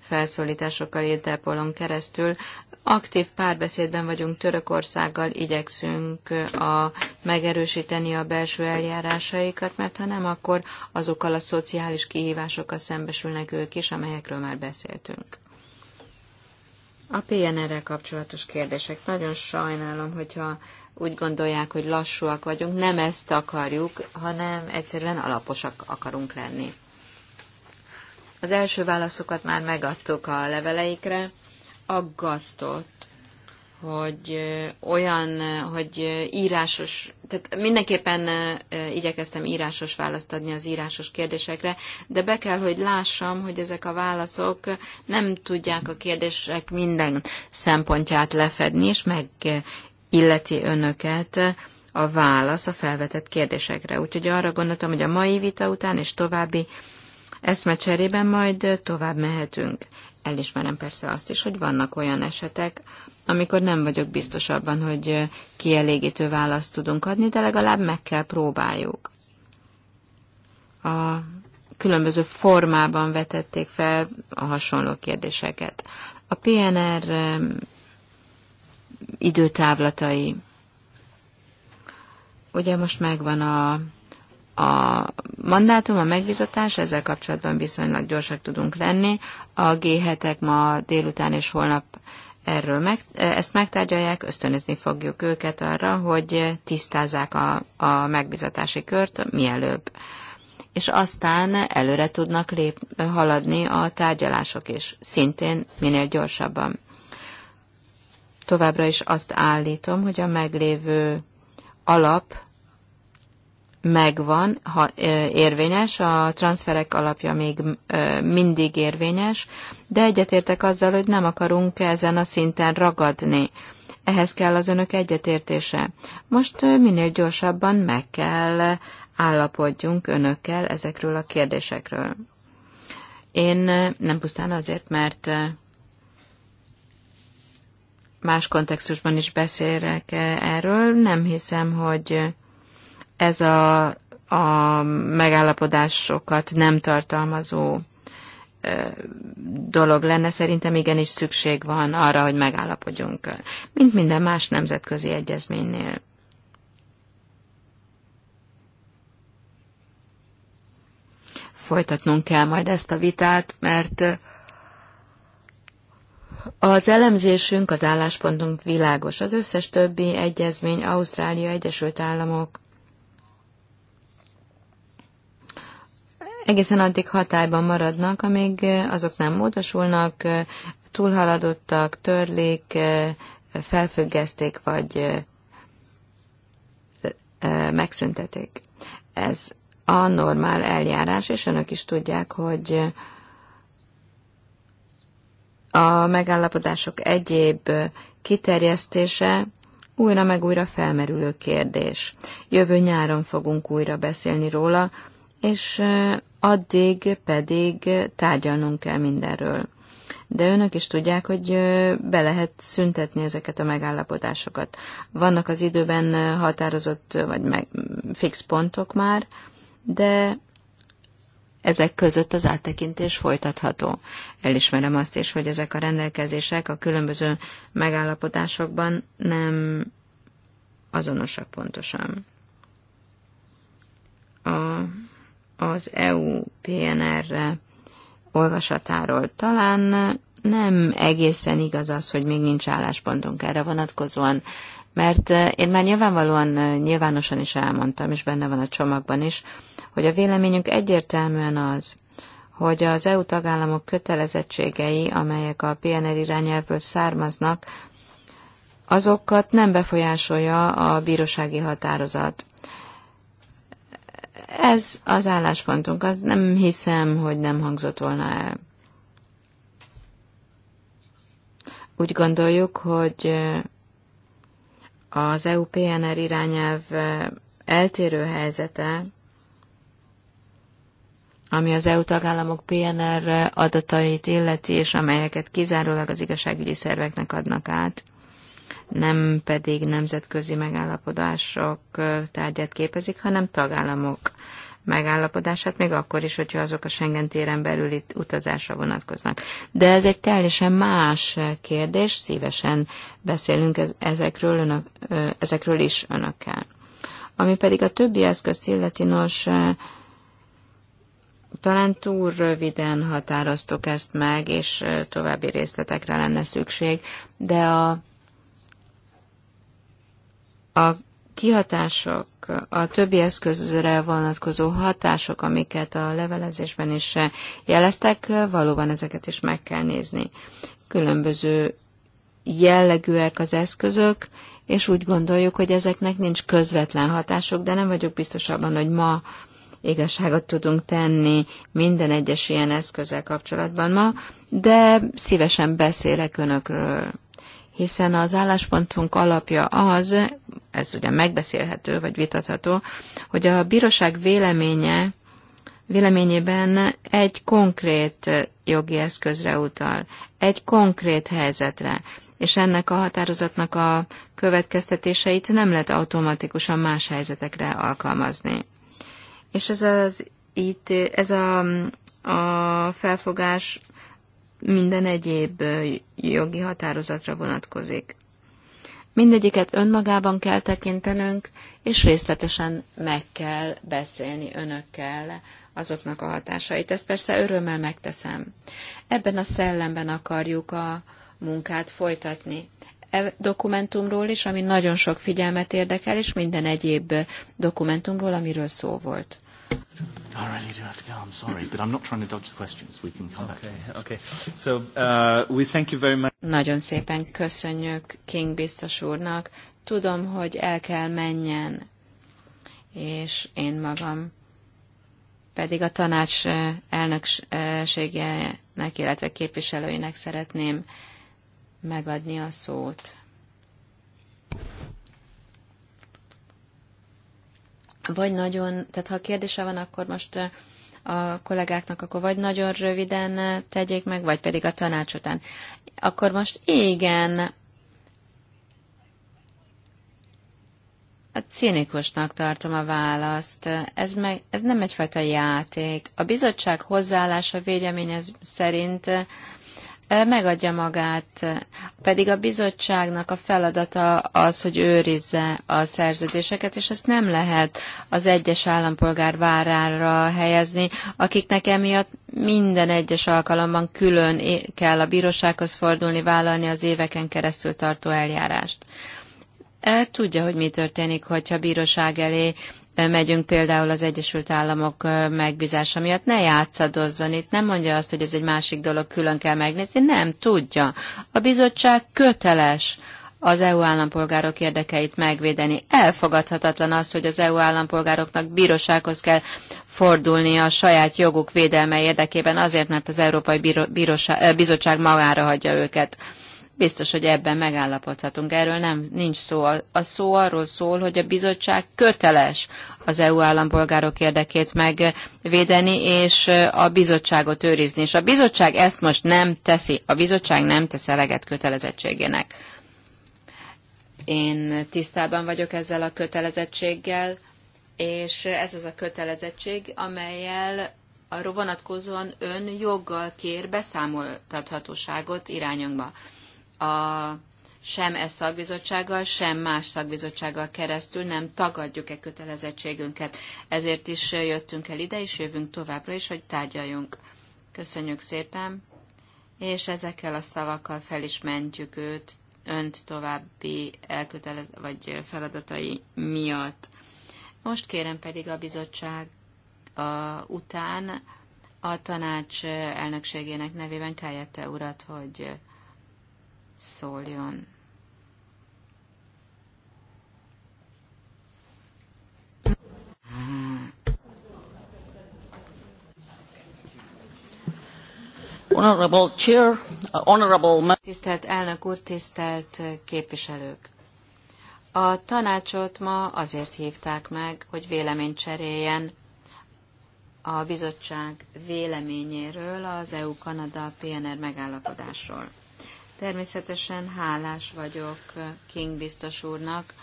felszólításokkal Interpolon keresztül, Aktív párbeszédben vagyunk Törökországgal, igyekszünk a, megerősíteni a belső eljárásaikat, mert ha nem, akkor azokkal a szociális kihívásokkal szembesülnek ők is, amelyekről már beszéltünk. A PNR-rel kapcsolatos kérdések. Nagyon sajnálom, hogyha úgy gondolják, hogy lassúak vagyunk, nem ezt akarjuk, hanem egyszerűen alaposak akarunk lenni. Az első válaszokat már megadtuk a leveleikre aggasztott, hogy olyan, hogy írásos, tehát mindenképpen igyekeztem írásos választ adni az írásos kérdésekre, de be kell, hogy lássam, hogy ezek a válaszok nem tudják a kérdések minden szempontját lefedni, és megilleti önöket a válasz a felvetett kérdésekre. Úgyhogy arra gondoltam, hogy a mai vita után és további eszmecserében majd tovább mehetünk elismerem persze azt is, hogy vannak olyan esetek, amikor nem vagyok biztos abban, hogy kielégítő választ tudunk adni, de legalább meg kell próbáljuk. A különböző formában vetették fel a hasonló kérdéseket. A PNR időtávlatai. Ugye most megvan a a mandátum, a megbizatás, ezzel kapcsolatban viszonylag gyorsak tudunk lenni. A G7-ek ma délután és holnap erről meg, ezt megtárgyalják, ösztönözni fogjuk őket arra, hogy tisztázzák a, a megbizatási kört mielőbb. És aztán előre tudnak lép, haladni a tárgyalások is, szintén minél gyorsabban. Továbbra is azt állítom, hogy a meglévő alap megvan, ha érvényes, a transferek alapja még mindig érvényes, de egyetértek azzal, hogy nem akarunk ezen a szinten ragadni. Ehhez kell az önök egyetértése. Most minél gyorsabban meg kell állapodjunk önökkel ezekről a kérdésekről. Én nem pusztán azért, mert más kontextusban is beszélek erről, nem hiszem, hogy ez a, a megállapodásokat nem tartalmazó dolog lenne, szerintem igenis szükség van arra, hogy megállapodjunk, mint minden más nemzetközi egyezménynél. Folytatnunk kell majd ezt a vitát, mert az elemzésünk, az álláspontunk világos. Az összes többi egyezmény, Ausztrália, Egyesült Államok, egészen addig hatályban maradnak, amíg azok nem módosulnak, túlhaladottak, törlik, felfüggeszték, vagy megszüntetik. Ez a normál eljárás, és önök is tudják, hogy a megállapodások egyéb kiterjesztése újra meg újra felmerülő kérdés. Jövő nyáron fogunk újra beszélni róla, és addig pedig tárgyalnunk kell mindenről. De önök is tudják, hogy be lehet szüntetni ezeket a megállapodásokat. Vannak az időben határozott vagy meg, fix pontok már, de ezek között az áttekintés folytatható. Elismerem azt is, hogy ezek a rendelkezések a különböző megállapodásokban nem azonosak pontosan. A az EU PNR olvasatáról talán nem egészen igaz az, hogy még nincs álláspontunk erre vonatkozóan, mert én már nyilvánvalóan nyilvánosan is elmondtam, és benne van a csomagban is, hogy a véleményünk egyértelműen az, hogy az EU tagállamok kötelezettségei, amelyek a PNR irányelvből származnak, azokat nem befolyásolja a bírósági határozat. Ez az álláspontunk, az nem hiszem, hogy nem hangzott volna el. Úgy gondoljuk, hogy eh, az EU-PNR irányelv eh, eltérő helyzete, ami az EU tagállamok PNR adatait illeti, és amelyeket kizárólag az igazságügyi szerveknek adnak át, nem pedig nemzetközi megállapodások eh, tárgyát képezik, hanem tagállamok megállapodását, még akkor is, hogyha azok a Schengen téren belüli utazásra vonatkoznak. De ez egy teljesen más kérdés, szívesen beszélünk ezekről, önök, ezekről is önökkel. Ami pedig a többi eszközt illeti, nos, talán túl röviden határoztuk ezt meg, és további részletekre lenne szükség, de a, a kihatások, a többi eszközre vonatkozó hatások, amiket a levelezésben is jeleztek, valóban ezeket is meg kell nézni. Különböző jellegűek az eszközök, és úgy gondoljuk, hogy ezeknek nincs közvetlen hatások, de nem vagyok biztos abban, hogy ma igazságot tudunk tenni minden egyes ilyen eszközzel kapcsolatban ma, de szívesen beszélek önökről hiszen az álláspontunk alapja az, ez ugye megbeszélhető vagy vitatható, hogy a bíróság véleménye véleményében egy konkrét jogi eszközre utal, egy konkrét helyzetre, és ennek a határozatnak a következtetéseit nem lehet automatikusan más helyzetekre alkalmazni. És ez az itt, ez a, a felfogás minden egyéb jogi határozatra vonatkozik. Mindegyiket önmagában kell tekintenünk, és részletesen meg kell beszélni önökkel azoknak a hatásait. Ezt persze örömmel megteszem. Ebben a szellemben akarjuk a munkát folytatni. E dokumentumról is, ami nagyon sok figyelmet érdekel, és minden egyéb dokumentumról, amiről szó volt. I really do have to go. I'm sorry, but I'm not trying to dodge the questions. We can come back. Okay, okay. So uh, we thank you very much. Nagyon szépen köszönjük King biztos úrnak. Tudom, hogy el kell menjen, és én magam pedig a tanács elnökségének, illetve képviselőinek szeretném megadni a szót. vagy nagyon, tehát ha kérdése van, akkor most a kollégáknak, akkor vagy nagyon röviden tegyék meg, vagy pedig a tanács után. Akkor most igen, A cínikusnak tartom a választ. Ez, meg, ez nem egyfajta játék. A bizottság hozzáállása véleménye szerint megadja magát, pedig a bizottságnak a feladata az, hogy őrizze a szerződéseket, és ezt nem lehet az egyes állampolgár várára helyezni, akiknek emiatt minden egyes alkalommal külön kell a bírósághoz fordulni, vállalni az éveken keresztül tartó eljárást. E, tudja, hogy mi történik, hogyha bíróság elé megyünk például az Egyesült Államok megbízása miatt, ne játszadozzon itt, nem mondja azt, hogy ez egy másik dolog, külön kell megnézni, nem tudja. A bizottság köteles az EU állampolgárok érdekeit megvédeni. Elfogadhatatlan az, hogy az EU állampolgároknak bírósághoz kell fordulni a saját joguk védelme érdekében azért, mert az Európai Bíróság, Bizottság magára hagyja őket. Biztos, hogy ebben megállapodhatunk, erről nem nincs szó. A szó arról szól, hogy a bizottság köteles az EU állampolgárok érdekét megvédeni, és a bizottságot őrizni. És a bizottság ezt most nem teszi. A bizottság nem tesz eleget kötelezettségének. Én tisztában vagyok ezzel a kötelezettséggel, és ez az a kötelezettség, amelyel arról vonatkozóan ön joggal kér beszámoltathatóságot irányunkba a sem e szakbizottsággal, sem más szakbizottsággal keresztül nem tagadjuk-e kötelezettségünket. Ezért is jöttünk el ide, és jövünk továbbra is, hogy tárgyaljunk. Köszönjük szépen, és ezekkel a szavakkal fel is mentjük őt, önt további elkötelez vagy feladatai miatt. Most kérem pedig a bizottság a, után a tanács elnökségének nevében Kájette urat, hogy szóljon. Honorable Chair, honorable... Tisztelt elnök úr, tisztelt képviselők! A tanácsot ma azért hívták meg, hogy véleményt cseréljen a bizottság véleményéről az EU-Kanada PNR megállapodásról. Természetesen hálás vagyok King biztos úrnak,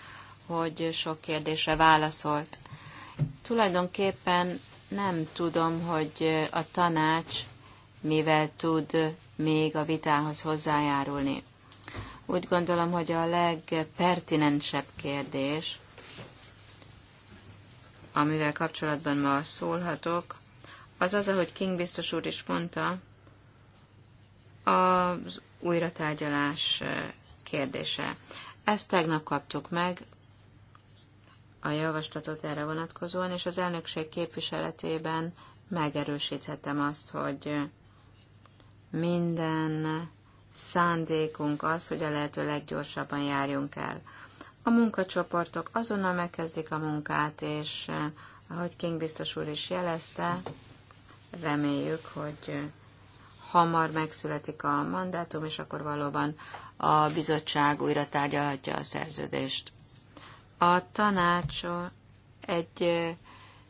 hogy sok kérdésre válaszolt. Tulajdonképpen nem tudom, hogy a tanács mivel tud még a vitához hozzájárulni. Úgy gondolom, hogy a legpertinensebb kérdés, amivel kapcsolatban ma szólhatok, az az, ahogy King biztos úr is mondta, az újratárgyalás kérdése. Ezt tegnap kaptuk meg, a javaslatot erre vonatkozóan, és az elnökség képviseletében megerősíthetem azt, hogy minden szándékunk az, hogy a lehető leggyorsabban járjunk el. A munkacsoportok azonnal megkezdik a munkát, és ahogy King biztos úr is jelezte, reméljük, hogy hamar megszületik a mandátum, és akkor valóban a bizottság újra tárgyalhatja a szerződést. A tanács egy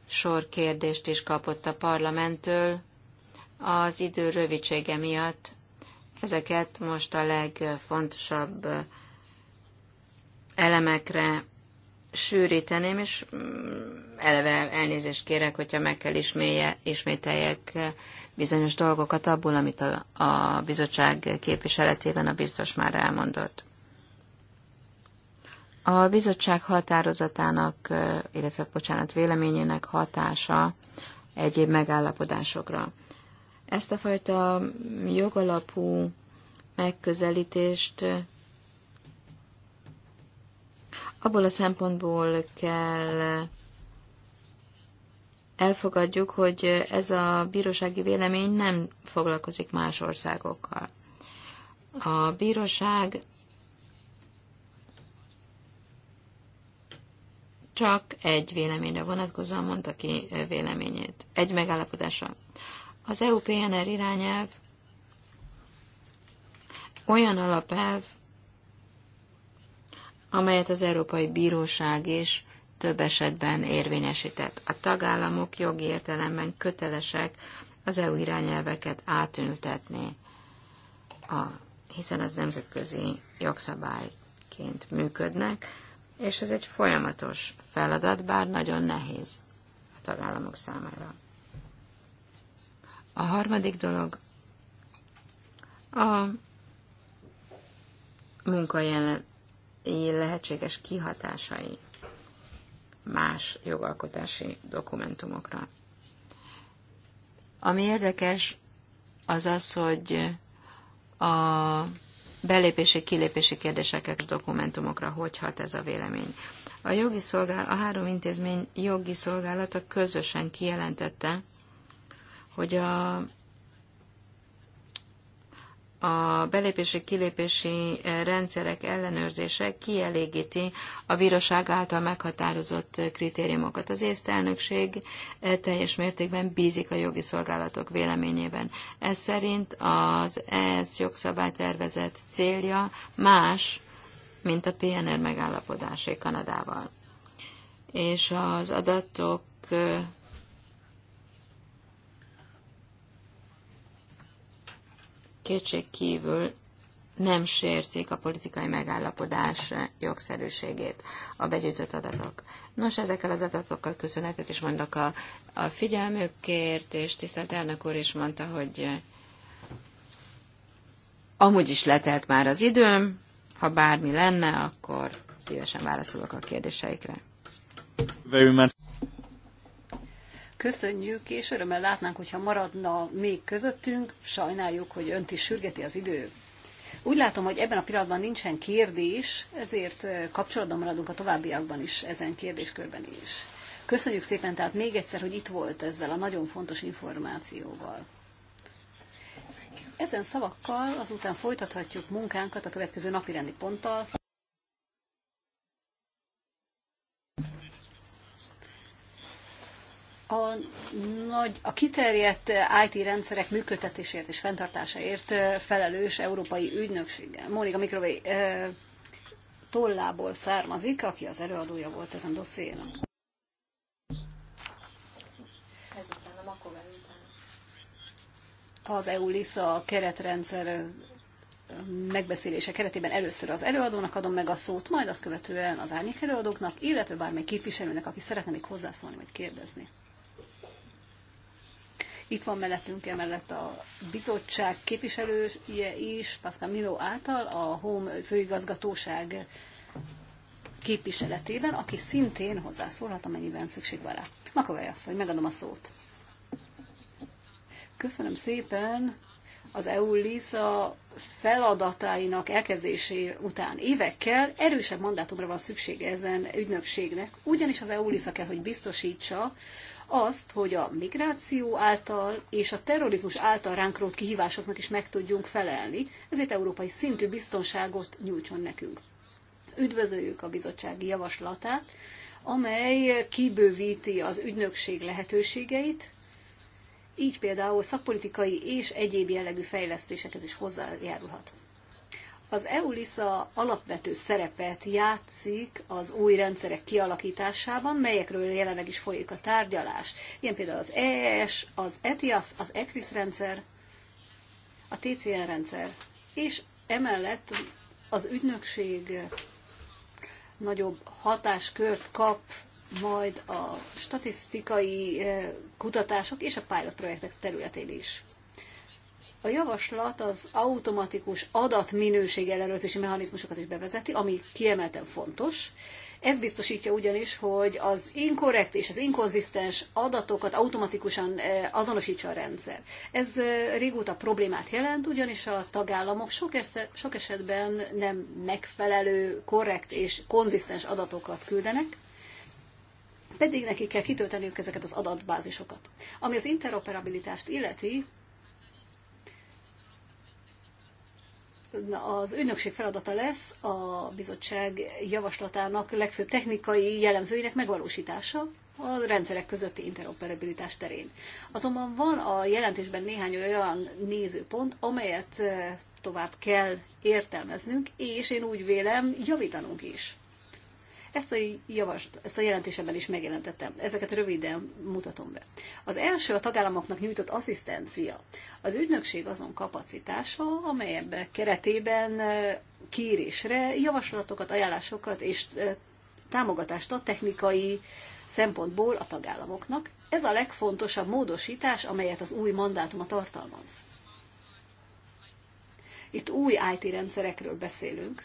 sor kérdést is kapott a parlamenttől az idő rövidsége miatt. Ezeket most a legfontosabb elemekre sűríteném, és mm, eleve elnézést kérek, hogyha meg kell ismélje, ismételjek bizonyos dolgokat abból, amit a, a bizottság képviseletében a biztos már elmondott. A bizottság határozatának, illetve bocsánat, véleményének hatása egyéb megállapodásokra. Ezt a fajta jogalapú megközelítést abból a szempontból kell elfogadjuk, hogy ez a bírósági vélemény nem foglalkozik más országokkal. A bíróság csak egy véleményre vonatkozóan mondta ki véleményét. Egy megállapodása. Az EU-PNR irányelv olyan alapelv, amelyet az Európai Bíróság is több esetben érvényesített. A tagállamok jogi értelemben kötelesek az EU irányelveket átültetni, a, hiszen az nemzetközi jogszabályként működnek, és ez egy folyamatos feladat, bár nagyon nehéz a tagállamok számára. A harmadik dolog a munkajelen lehetséges kihatásai más jogalkotási dokumentumokra. Ami érdekes, az az, hogy a belépési, kilépési kérdésekes dokumentumokra hogy hat ez a vélemény. A, jogi szolgál, a három intézmény jogi szolgálata közösen kijelentette, hogy a a belépési-kilépési eh, rendszerek ellenőrzése kielégíti a bíróság által meghatározott eh, kritériumokat. Az észtelnökség eh, teljes mértékben bízik a jogi szolgálatok véleményében. Ez szerint az ESZ jogszabálytervezet célja más, mint a PNR megállapodásé Kanadával. És az adatok kétség kívül nem sértik a politikai megállapodás jogszerűségét a begyűjtött adatok. Nos, ezekkel az adatokkal köszönetet is mondok a, a figyelmükért, és tisztelt elnök úr is mondta, hogy amúgy is letelt már az időm, ha bármi lenne, akkor szívesen válaszolok a kérdéseikre köszönjük, és örömmel látnánk, hogyha maradna még közöttünk. Sajnáljuk, hogy önt is sürgeti az idő. Úgy látom, hogy ebben a pillanatban nincsen kérdés, ezért kapcsolatban maradunk a továbbiakban is, ezen kérdéskörben is. Köszönjük szépen tehát még egyszer, hogy itt volt ezzel a nagyon fontos információval. Ezen szavakkal azután folytathatjuk munkánkat a következő napirendi ponttal. a, nagy, a kiterjedt IT rendszerek működtetésért és fenntartásáért felelős európai ügynökség. Mónika Mikrové e, tollából származik, aki az előadója volt ezen dossziénak. Ezután a Maková az EU-LISA keretrendszer megbeszélése keretében először az előadónak adom meg a szót, majd azt követően az árnyék előadóknak, illetve bármely képviselőnek, aki szeretne még hozzászólni vagy kérdezni. Itt van mellettünk emellett a bizottság képviselője is, Pascal Milo által, a Home főigazgatóság képviseletében, aki szintén hozzászólhat, amennyiben szükség van rá. Makovály asszony, megadom a szót. Köszönöm szépen az EU LISA feladatáinak elkezdésé után évekkel erősebb mandátumra van szüksége ezen ügynökségnek, ugyanis az EU LISA kell, hogy biztosítsa, azt, hogy a migráció által és a terrorizmus által ránk rót kihívásoknak is meg tudjunk felelni, ezért európai szintű biztonságot nyújtson nekünk. Üdvözöljük a bizottsági javaslatát, amely kibővíti az ügynökség lehetőségeit, így például szakpolitikai és egyéb jellegű fejlesztésekhez is hozzájárulhat. Az EULISA alapvető szerepet játszik az új rendszerek kialakításában, melyekről jelenleg is folyik a tárgyalás. Ilyen például az EES, az ETIAS, az ECRIS rendszer, a TCN rendszer, és emellett az ügynökség nagyobb hatáskört kap majd a statisztikai eh, kutatások és a pilot projektek területén is. A javaslat az automatikus adatminőség ellenőrzési mechanizmusokat is bevezeti, ami kiemelten fontos. Ez biztosítja ugyanis, hogy az inkorrekt és az inkonzisztens adatokat automatikusan eh, azonosítsa a rendszer. Ez eh, régóta problémát jelent, ugyanis a tagállamok sok, esetben nem megfelelő, korrekt és konzisztens adatokat küldenek, pedig nekik kell kitölteniük ezeket az adatbázisokat. Ami az interoperabilitást illeti, az ügynökség feladata lesz a bizottság javaslatának legfőbb technikai jellemzőinek megvalósítása a rendszerek közötti interoperabilitás terén. Azonban van a jelentésben néhány olyan nézőpont, amelyet eh, tovább kell értelmeznünk, és én úgy vélem, javítanunk is. Ezt a, javasl- ezt a jelentésemben is megjelentettem. Ezeket röviden mutatom be. Az első a tagállamoknak nyújtott asszisztencia. Az ügynökség azon kapacitása, amely ebbe keretében kérésre javaslatokat, ajánlásokat és támogatást ad technikai szempontból a tagállamoknak. Ez a legfontosabb módosítás, amelyet az új mandátuma tartalmaz. Itt új IT rendszerekről beszélünk,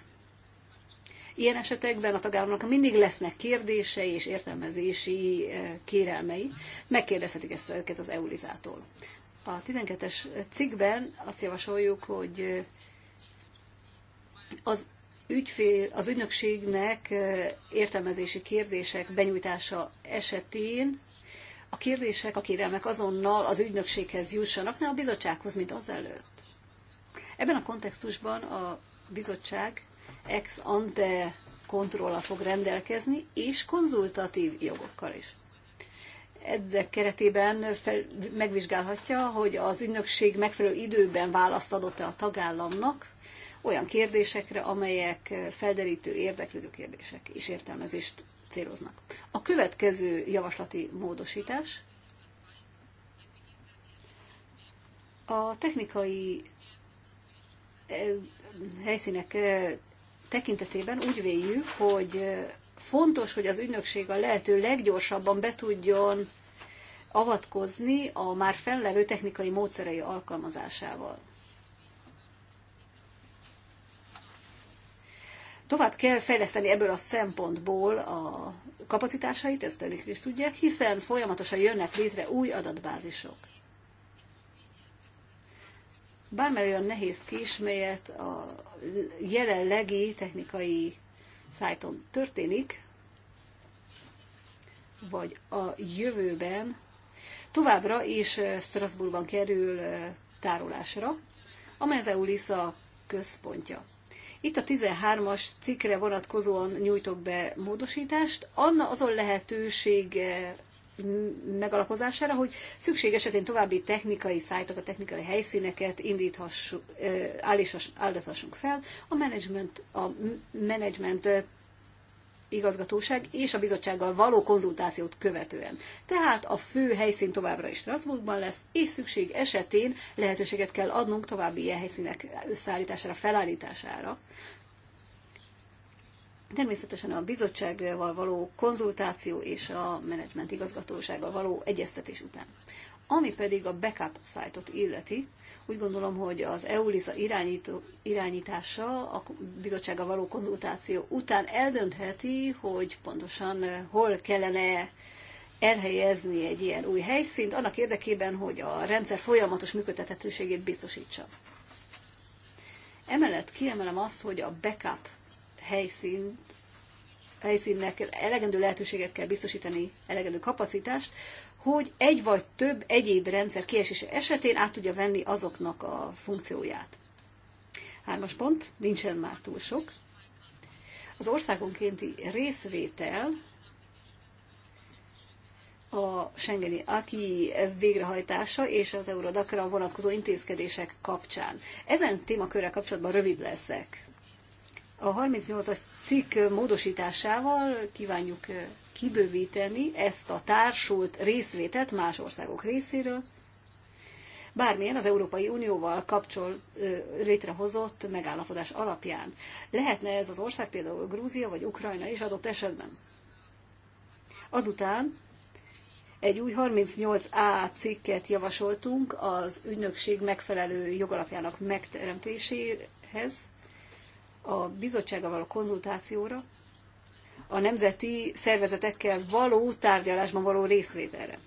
Ilyen esetekben a tagállamnak mindig lesznek kérdései és értelmezési eh, kérelmei. Megkérdezhetik ezeket az EULIZától. A 12-es cikkben azt javasoljuk, hogy eh, az ügyfél, az ügynökségnek eh, értelmezési kérdések benyújtása esetén a kérdések, a kérelmek azonnal az ügynökséghez jussanak, ne a bizottsághoz, mint azelőtt. Ebben a kontextusban a bizottság ex ante kontrolla fog rendelkezni, és konzultatív jogokkal is. Ezek keretében fel, megvizsgálhatja, hogy az ügynökség megfelelő időben választ adott-e a tagállamnak olyan kérdésekre, amelyek felderítő, érdeklődő kérdések és értelmezést céloznak. A következő javaslati módosítás a technikai eh, helyszínek eh, tekintetében úgy véljük, hogy fontos, hogy az ügynökség a lehető leggyorsabban be tudjon avatkozni a már fennlevő technikai módszerei alkalmazásával. Tovább kell fejleszteni ebből a szempontból a kapacitásait, ezt önök is tudják, hiszen folyamatosan jönnek létre új adatbázisok bármely olyan nehéz kis, melyet a jelenlegi technikai szájton történik, vagy a jövőben továbbra is Strasbourgban kerül tárolásra, amely az EULISA központja. Itt a 13-as cikkre vonatkozóan nyújtok be módosítást. Anna azon lehetőség megalapozására, hogy szükség esetén további technikai szájtokat, technikai helyszíneket indíthassuk, állíthassunk fel. A menedzsment, a menedzsment igazgatóság és a bizottsággal való konzultációt követően. Tehát a fő helyszín továbbra is Strasbourgban lesz, és szükség esetén lehetőséget kell adnunk további ilyen helyszínek összeállítására, felállítására, Természetesen a bizottsággal való konzultáció és a menedzsment igazgatósággal való egyeztetés után. Ami pedig a backup szájtot illeti, úgy gondolom, hogy az EULISA irányító, irányítása a bizottsága való konzultáció után eldöntheti, hogy pontosan hol kellene elhelyezni egy ilyen új helyszínt, annak érdekében, hogy a rendszer folyamatos működtethetőségét biztosítsa. Emellett kiemelem azt, hogy a backup helyszín helyszínnek elegendő lehetőséget kell biztosítani, elegendő kapacitást, hogy egy vagy több egyéb rendszer kiesése esetén át tudja venni azoknak a funkcióját. Hármas pont, nincsen már túl sok. Az országonkénti részvétel a Schengeni aki végrehajtása és az Eurodakra vonatkozó intézkedések kapcsán. Ezen témakörrel kapcsolatban rövid leszek. A 38-as cikk módosításával kívánjuk kibővíteni ezt a társult részvételt más országok részéről, bármilyen az Európai Unióval kapcsol létrehozott megállapodás alapján. Lehetne ez az ország például Grúzia vagy Ukrajna is adott esetben. Azután egy új 38A cikket javasoltunk az ügynökség megfelelő jogalapjának megteremtéséhez, a bizottsággal való konzultációra, a nemzeti szervezetekkel való tárgyalásban való részvételre.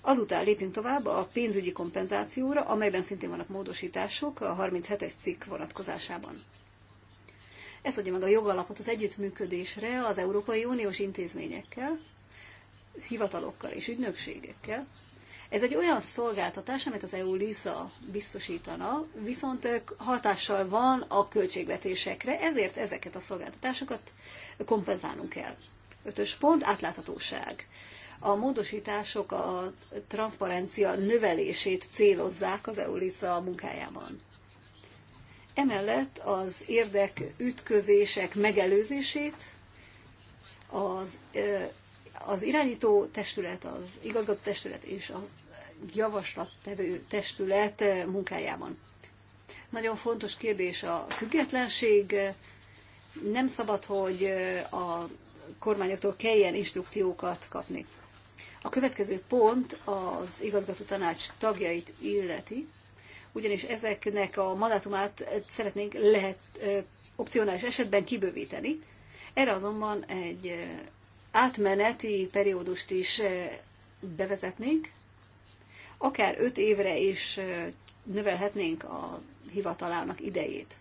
Azután lépünk tovább a pénzügyi kompenzációra, amelyben szintén vannak módosítások a 37-es cikk vonatkozásában. Ez adja meg a jogalapot az együttműködésre az Európai Uniós intézményekkel, hivatalokkal és ügynökségekkel, ez egy olyan szolgáltatás, amit az EU LISA biztosítana, viszont hatással van a költségvetésekre, ezért ezeket a szolgáltatásokat kompenzálnunk kell. Ötös pont, átláthatóság. A módosítások a transzparencia növelését célozzák az EULISA munkájában. Emellett az érdek ütközések megelőzését, az az irányító testület, az igazgató testület és az javaslattevő testület eh, munkájában. Nagyon fontos kérdés a függetlenség. Nem szabad, hogy eh, a kormányoktól kelljen instrukciókat kapni. A következő pont az igazgató tanács tagjait illeti, ugyanis ezeknek a mandátumát szeretnénk lehet eh, opcionális esetben kibővíteni. Erre azonban egy átmeneti periódust is bevezetnénk, akár öt évre is növelhetnénk a hivatalának idejét.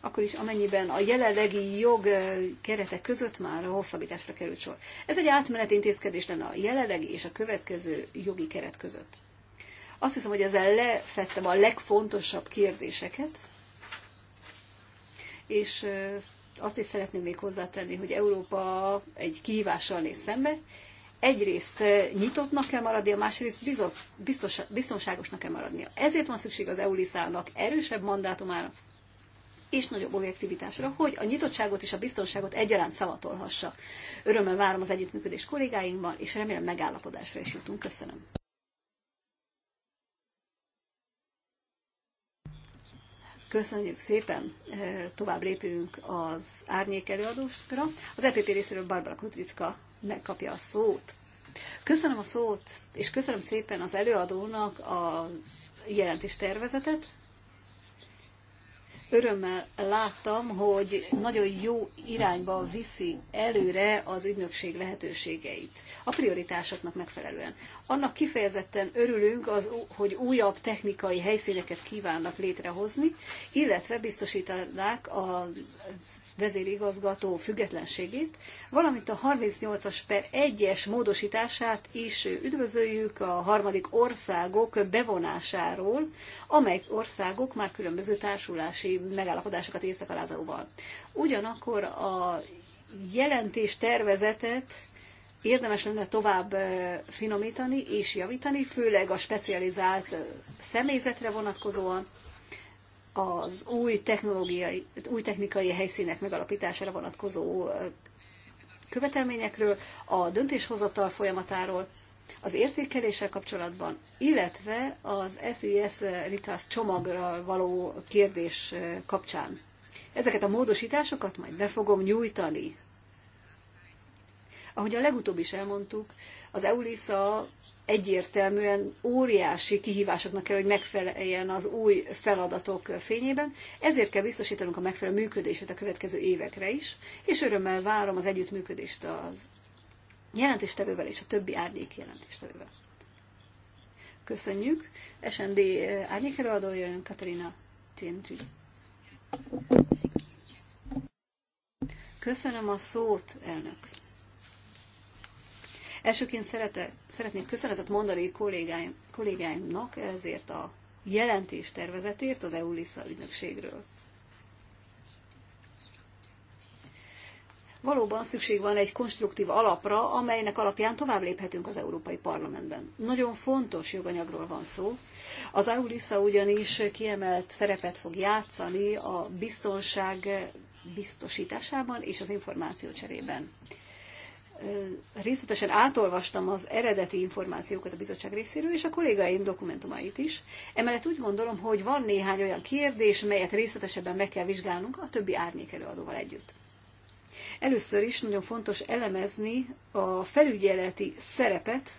Akkor is amennyiben a jelenlegi jog kerete között már a hosszabbításra került sor. Ez egy átmeneti intézkedés lenne a jelenlegi és a következő jogi keret között. Azt hiszem, hogy ezzel lefettem a legfontosabb kérdéseket, és azt is szeretném még hozzátenni, hogy Európa egy kihívással néz szembe. Egyrészt eh, nyitottnak kell maradnia, másrészt bizot, biztos, biztonságosnak kell maradnia. Ezért van szükség az eu nak erősebb mandátumára és nagyobb objektivitásra, hogy a nyitottságot és a biztonságot egyaránt szavatolhassa. Örömmel várom az együttműködés kollégáinkban, és remélem megállapodásra is jutunk. Köszönöm. Köszönjük szépen, tovább lépünk az árnyék előadósra. Az EPP részéről Barbara Kutricka megkapja a szót. Köszönöm a szót, és köszönöm szépen az előadónak a jelentés tervezetet. Örömmel láttam, hogy nagyon jó irányba viszi előre az ügynökség lehetőségeit, a prioritásoknak megfelelően. Annak kifejezetten örülünk, az, hogy újabb technikai helyszíneket kívánnak létrehozni, illetve biztosítanák a vezérigazgató függetlenségét, valamint a 38-as per 1-es módosítását is üdvözöljük a harmadik országok bevonásáról, amely országok már különböző társulási megállapodásokat írtak alá az Ugyanakkor a jelentés tervezetet érdemes lenne tovább finomítani és javítani, főleg a specializált személyzetre vonatkozóan, az új, technológiai, új technikai helyszínek megalapítására vonatkozó követelményekről, a döntéshozatal folyamatáról, az értékeléssel kapcsolatban, illetve az SIS Ritas csomagra való kérdés kapcsán. Ezeket a módosításokat majd be fogom nyújtani ahogy a legutóbb is elmondtuk, az EULISA egyértelműen óriási kihívásoknak kell, hogy megfeleljen az új feladatok fényében, ezért kell biztosítanunk a megfelelő működését a következő évekre is, és örömmel várom az együttműködést az jelentéstevővel és a többi árnyék jelentéstevővel. Köszönjük. SND árnyékelőadója jön Katarina Tientű. Köszönöm a szót, elnök. Elsőként szerete, szeretnék köszönetet mondani kollégáim, kollégáimnak ezért a jelentés tervezetért az EULISZA ügynökségről. Valóban szükség van egy konstruktív alapra, amelynek alapján tovább léphetünk az Európai Parlamentben. Nagyon fontos joganyagról van szó. Az EULISZA ugyanis kiemelt szerepet fog játszani a biztonság biztosításában és az információ cserében részletesen átolvastam az eredeti információkat a bizottság részéről, és a kollégáim dokumentumait is. Emellett úgy gondolom, hogy van néhány olyan kérdés, melyet részletesebben meg kell vizsgálnunk a többi árnyékelőadóval együtt. Először is nagyon fontos elemezni a felügyeleti szerepet,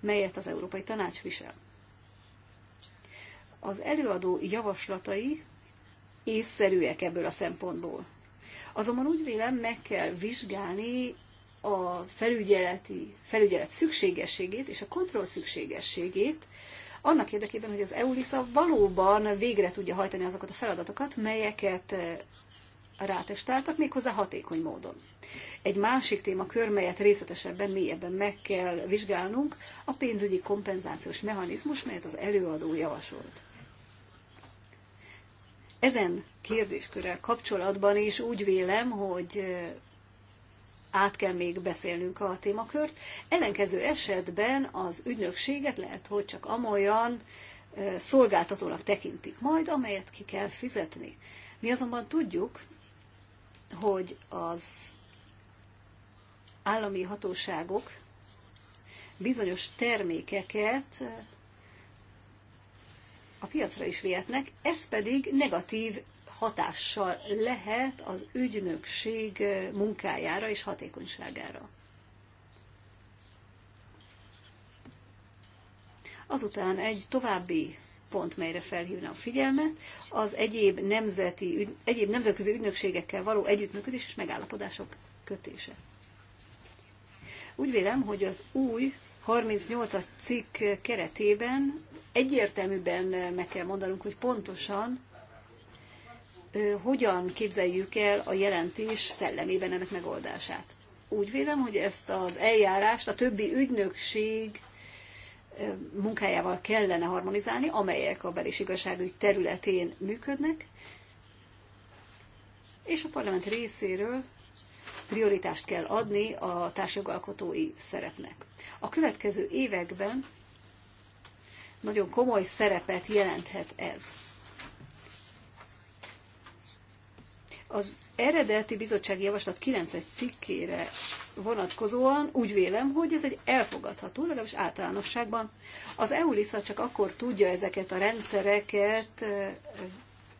melyet az Európai Tanács visel. Az előadó javaslatai észszerűek ebből a szempontból. Azonban úgy vélem, meg kell vizsgálni a felügyeleti, felügyelet szükségességét és a kontroll szükségességét, annak érdekében, hogy az EULISA valóban végre tudja hajtani azokat a feladatokat, melyeket eh, rátestáltak, méghozzá hatékony módon. Egy másik témakör, melyet részletesebben, mélyebben meg kell vizsgálnunk, a pénzügyi kompenzációs mechanizmus, melyet az előadó javasolt. Ezen kérdéskörrel kapcsolatban is úgy vélem, hogy eh, át kell még beszélnünk a témakört. Ellenkező esetben az ügynökséget lehet, hogy csak amolyan szolgáltatónak tekintik majd, amelyet ki kell fizetni. Mi azonban tudjuk, hogy az állami hatóságok bizonyos termékeket a piacra is vihetnek, ez pedig negatív hatással lehet az ügynökség munkájára és hatékonyságára. Azután egy további pont, melyre felhívna a figyelmet, az egyéb, nemzeti, egyéb nemzetközi ügynökségekkel való együttműködés és megállapodások kötése. Úgy vélem, hogy az új 38-as cikk keretében egyértelműben meg kell mondanunk, hogy pontosan hogyan képzeljük el a jelentés szellemében ennek megoldását. Úgy vélem, hogy ezt az eljárást a többi ügynökség munkájával kellene harmonizálni, amelyek a bel- igazságügy területén működnek, és a parlament részéről prioritást kell adni a társjogalkotói szerepnek. A következő években nagyon komoly szerepet jelenthet ez. Az eredeti bizottsági javaslat 9-es cikkére vonatkozóan úgy vélem, hogy ez egy elfogadható, legalábbis általánosságban. Az EULISA csak akkor tudja ezeket a rendszereket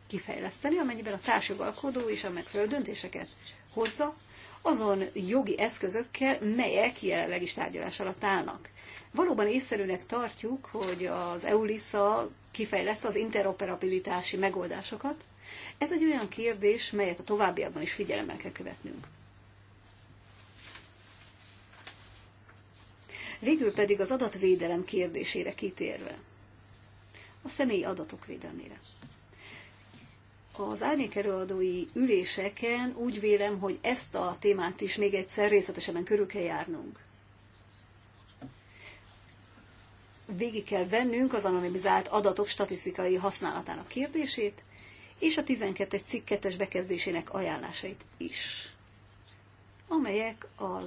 kifejleszteni, amennyiben a társjogalkodó is a megfelelő döntéseket hozza, azon jogi eszközökkel, melyek jelenleg is tárgyalás alatt állnak. Valóban észszerűnek tartjuk, hogy az EULISZA kifejleszt az interoperabilitási megoldásokat, ez egy olyan kérdés, melyet a továbbiakban is figyelemmel kell követnünk. Végül pedig az adatvédelem kérdésére kitérve. A személyi adatok védelmére. Az árnyékelőadói üléseken úgy vélem, hogy ezt a témát is még egyszer részletesebben körül kell járnunk. Végig kell vennünk az anonimizált adatok statisztikai használatának kérdését, és a 12-es cikk 2 bekezdésének ajánlásait is, amelyek az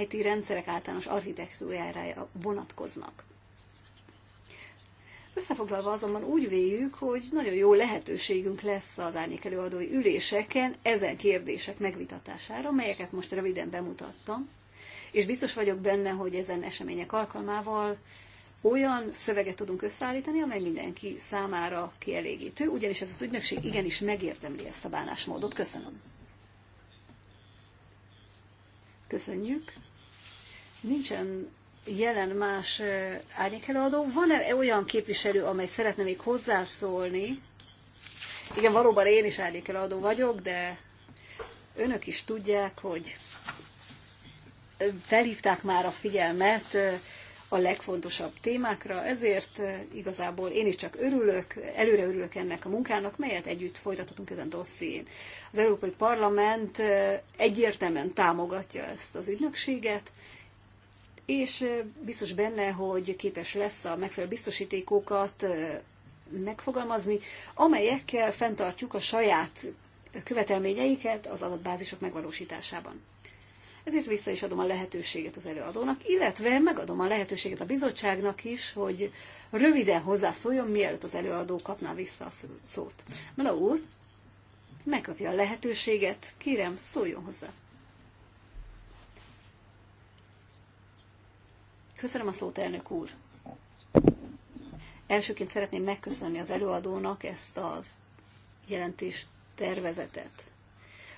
IT rendszerek általános architektúrájára vonatkoznak. Összefoglalva azonban úgy véljük, hogy nagyon jó lehetőségünk lesz az árnyékelőadói üléseken ezen kérdések megvitatására, melyeket most röviden bemutattam, és biztos vagyok benne, hogy ezen események alkalmával olyan szöveget tudunk összeállítani, amely mindenki számára kielégítő, ugyanis ez az ügynökség igenis megérdemli ezt a bánásmódot. Köszönöm. Köszönjük. Nincsen jelen más árnyékelőadó. Van-e olyan képviselő, amely szeretne még hozzászólni? Igen, valóban én is árnyékelőadó vagyok, de önök is tudják, hogy felhívták már a figyelmet a legfontosabb témákra, ezért eh, igazából én is csak örülök, előre örülök ennek a munkának, melyet együtt folytathatunk ezen dosszién. Az Európai Parlament eh, egyértelműen támogatja ezt az ügynökséget, és eh, biztos benne, hogy képes lesz a megfelelő biztosítékokat megfogalmazni, amelyekkel fenntartjuk a saját követelményeiket az adatbázisok megvalósításában ezért vissza is adom a lehetőséget az előadónak, illetve megadom a lehetőséget a bizottságnak is, hogy röviden hozzászóljon, mielőtt az előadó kapná vissza a szót. Mela úr, megkapja a lehetőséget, kérem, szóljon hozzá. Köszönöm a szót, elnök úr. Elsőként szeretném megköszönni az előadónak ezt az jelentést tervezetet.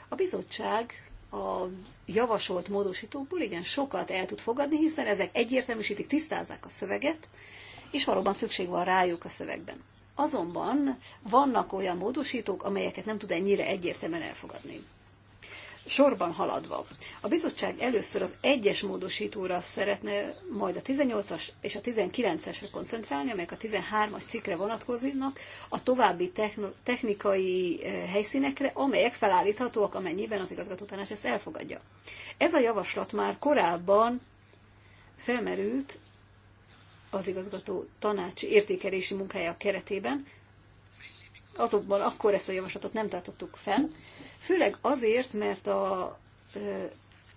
A bizottság a javasolt módosítókból igen sokat el tud fogadni, hiszen ezek egyértelműsítik, tisztázzák a szöveget, és valóban szükség van rájuk a szövegben. Azonban vannak olyan módosítók, amelyeket nem tud ennyire egyértelműen elfogadni sorban haladva. A bizottság először az egyes módosítóra szeretne majd a 18-as és a 19-esre koncentrálni, amelyek a 13-as cikkre vonatkoznak, a további technikai eh, helyszínekre, amelyek felállíthatóak, amennyiben az igazgatótanács ezt elfogadja. Ez a javaslat már korábban felmerült az igazgató tanács értékelési munkája keretében, azokban akkor ezt a javaslatot nem tartottuk fenn, főleg azért, mert a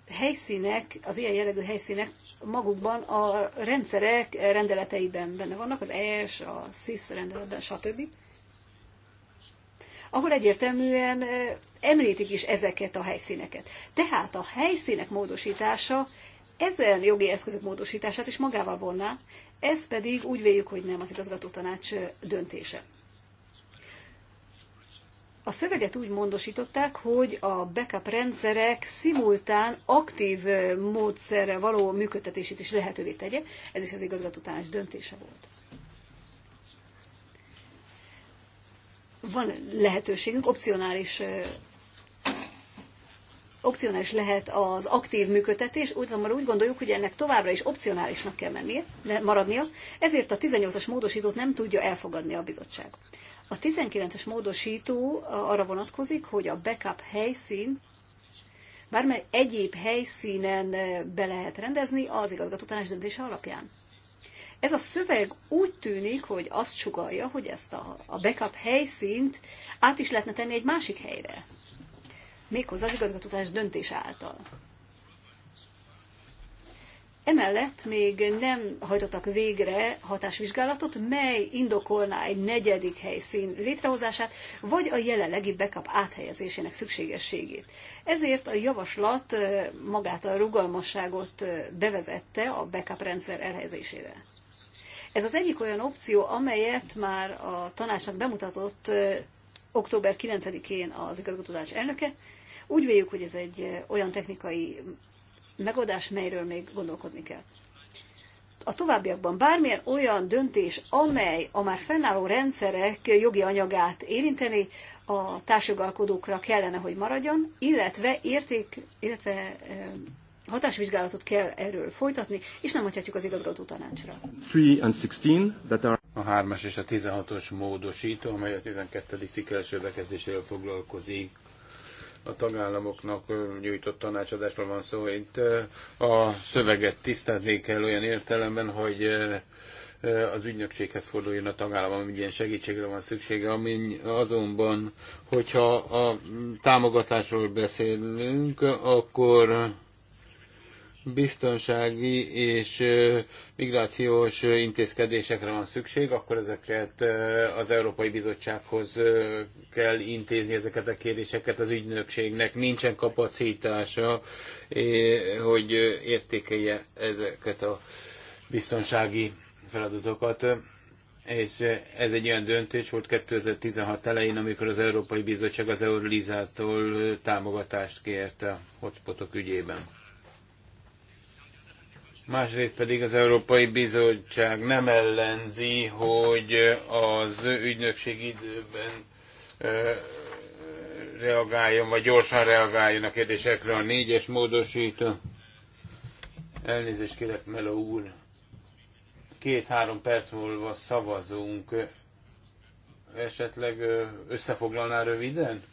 helyszínek, az ilyen jellegű helyszínek magukban a rendszerek rendeleteiben benne vannak, az ES, a SIS rendeletben, stb. Ahol egyértelműen említik is ezeket a helyszíneket. Tehát a helyszínek módosítása ezen jogi eszközök módosítását is magával vonná, ez pedig úgy véljük, hogy nem az igazgató tanács döntése. A szöveget úgy módosították, hogy a backup rendszerek szimultán aktív eh, módszerre való működtetését is lehetővé tegye. Ez is az igazgatótanács döntése volt. Van lehetőségünk, opcionális eh, opcionális lehet az aktív működtetés, úgy már úgy gondoljuk, hogy ennek továbbra is opcionálisnak kell mennie, maradnia, ezért a 18-as módosítót nem tudja elfogadni a bizottság. A 19-es módosító arra vonatkozik, hogy a backup helyszín bármely egyéb helyszínen e, be lehet rendezni az igazgató tanács döntése alapján. Ez a szöveg úgy tűnik, hogy azt sugalja, hogy ezt a, a backup helyszínt át is lehetne tenni egy másik helyre. Méghozzá az igazgató tanács döntése által. Emellett még nem hajtottak végre hatásvizsgálatot, mely indokolná egy negyedik helyszín létrehozását, vagy a jelenlegi backup áthelyezésének szükségességét. Ezért a javaslat magát a rugalmasságot bevezette a backup rendszer elhelyezésére. Ez az egyik olyan opció, amelyet már a tanácsnak bemutatott október 9-én az igazgatózás elnöke, úgy véljük, hogy ez egy olyan technikai megoldás, melyről még gondolkodni kell. A továbbiakban bármilyen olyan döntés, amely a már fennálló rendszerek jogi anyagát érinteni, a társjogalkodókra kellene, hogy maradjon, illetve érték, illetve eh, hatásvizsgálatot kell erről folytatni, és nem hagyhatjuk az igazgató tanácsra. A 3 és a 16-os módosító, amely a 12. cikk első bekezdésével foglalkozik, a tagállamoknak nyújtott tanácsadásról van szó. Itt a szöveget tisztázni kell olyan értelemben, hogy az ügynökséghez forduljon a tagállam, ilyen segítségre van szüksége, amin azonban, hogyha a támogatásról beszélünk, akkor biztonsági és migrációs intézkedésekre van szükség, akkor ezeket az Európai Bizottsághoz kell intézni ezeket a kérdéseket az ügynökségnek. Nincsen kapacitása, hogy értékelje ezeket a biztonsági feladatokat. És ez egy olyan döntés volt 2016 elején, amikor az Európai Bizottság az Eurolizától támogatást kérte a hotspotok ügyében Másrészt pedig az Európai Bizottság nem ellenzi, hogy az ügynökség időben reagáljon, vagy gyorsan reagáljon a kérdésekre a négyes módosító. Elnézést kérek, Melo úr. Két-három perc múlva szavazunk. Esetleg összefoglalná röviden?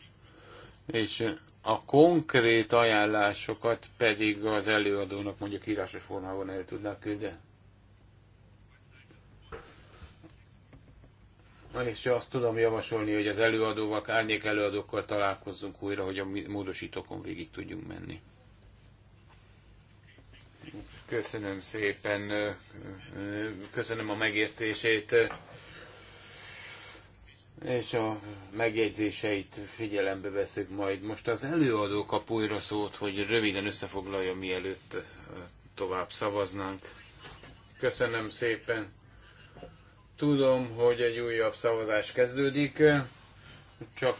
És a konkrét ajánlásokat pedig az előadónak mondjuk írásos formában el tudnák küldeni. És azt tudom javasolni, hogy az előadóval, árnyék előadókkal találkozzunk újra, hogy a módosítókon végig tudjunk menni. Köszönöm szépen, köszönöm a megértését és a megjegyzéseit figyelembe veszük majd. Most az előadó kap újra szót, hogy röviden összefoglalja, mielőtt eh, tovább szavaznánk. Köszönöm szépen. Tudom, hogy egy újabb szavazás kezdődik. Csak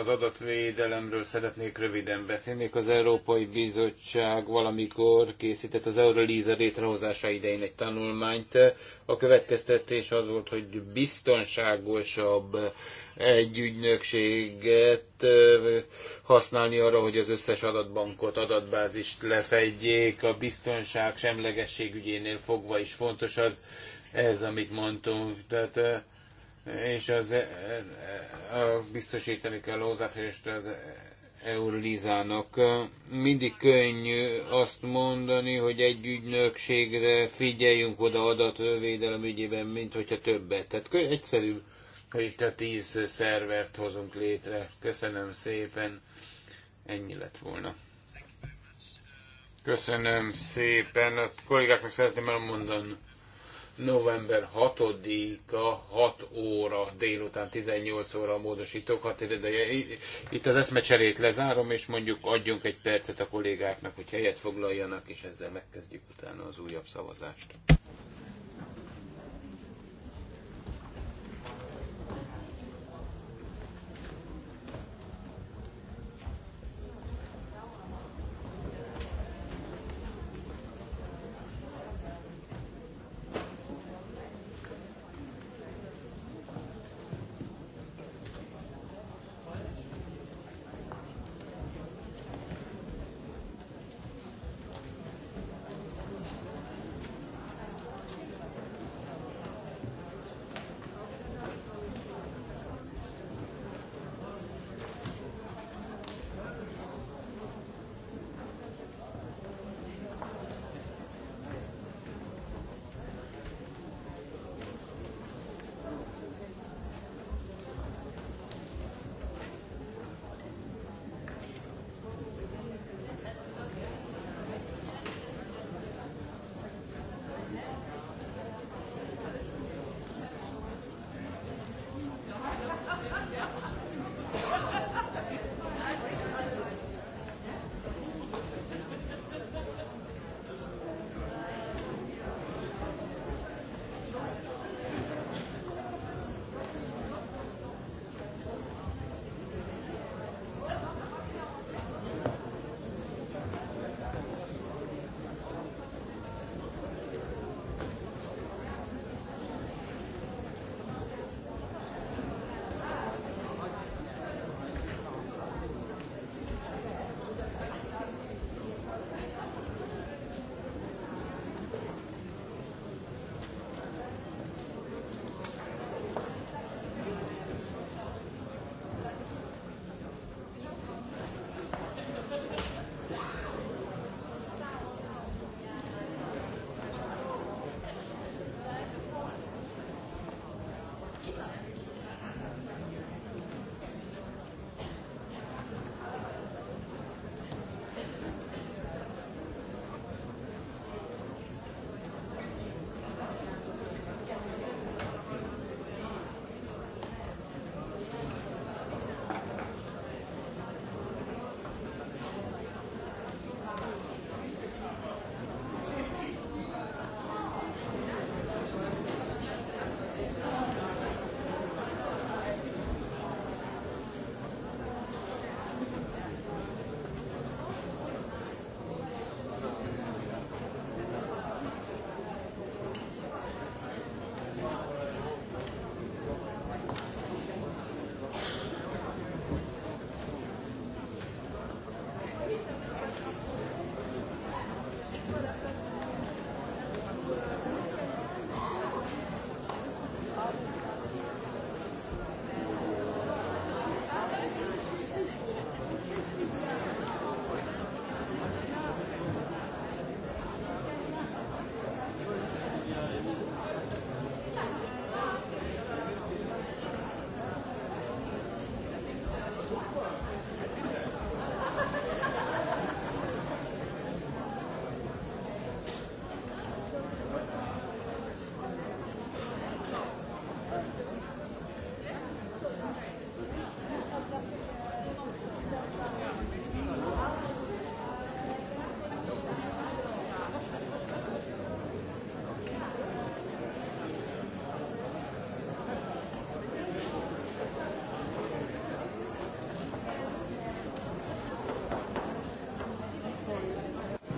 az adatvédelemről szeretnék röviden beszélni. Az Európai Bizottság valamikor készített az Euroliza létrehozása idején egy tanulmányt. A következtetés az volt, hogy biztonságosabb egy ügynökséget használni arra, hogy az összes adatbankot, adatbázist lefedjék. A biztonság semlegesség ügyénél fogva is fontos az, ez, amit mondtunk. Tehát és az, e- e- e- a biztosítani kell hozzáférést az Eurlizának. Mindig könnyű azt mondani, hogy egy ügynökségre figyeljünk oda adatvédelem ügyében, mint hogyha többet. Tehát egyszerű, hogy itt a tíz szervert hozunk létre. Köszönöm szépen. Ennyi lett volna. Köszönöm szépen. A kollégáknak szeretném elmondani, november 6-a 6 óra, délután 18 óra a módosítók határideje. Itt az eszmecserét lezárom, és mondjuk adjunk egy percet a kollégáknak, hogy helyet foglaljanak, és ezzel megkezdjük utána az újabb szavazást.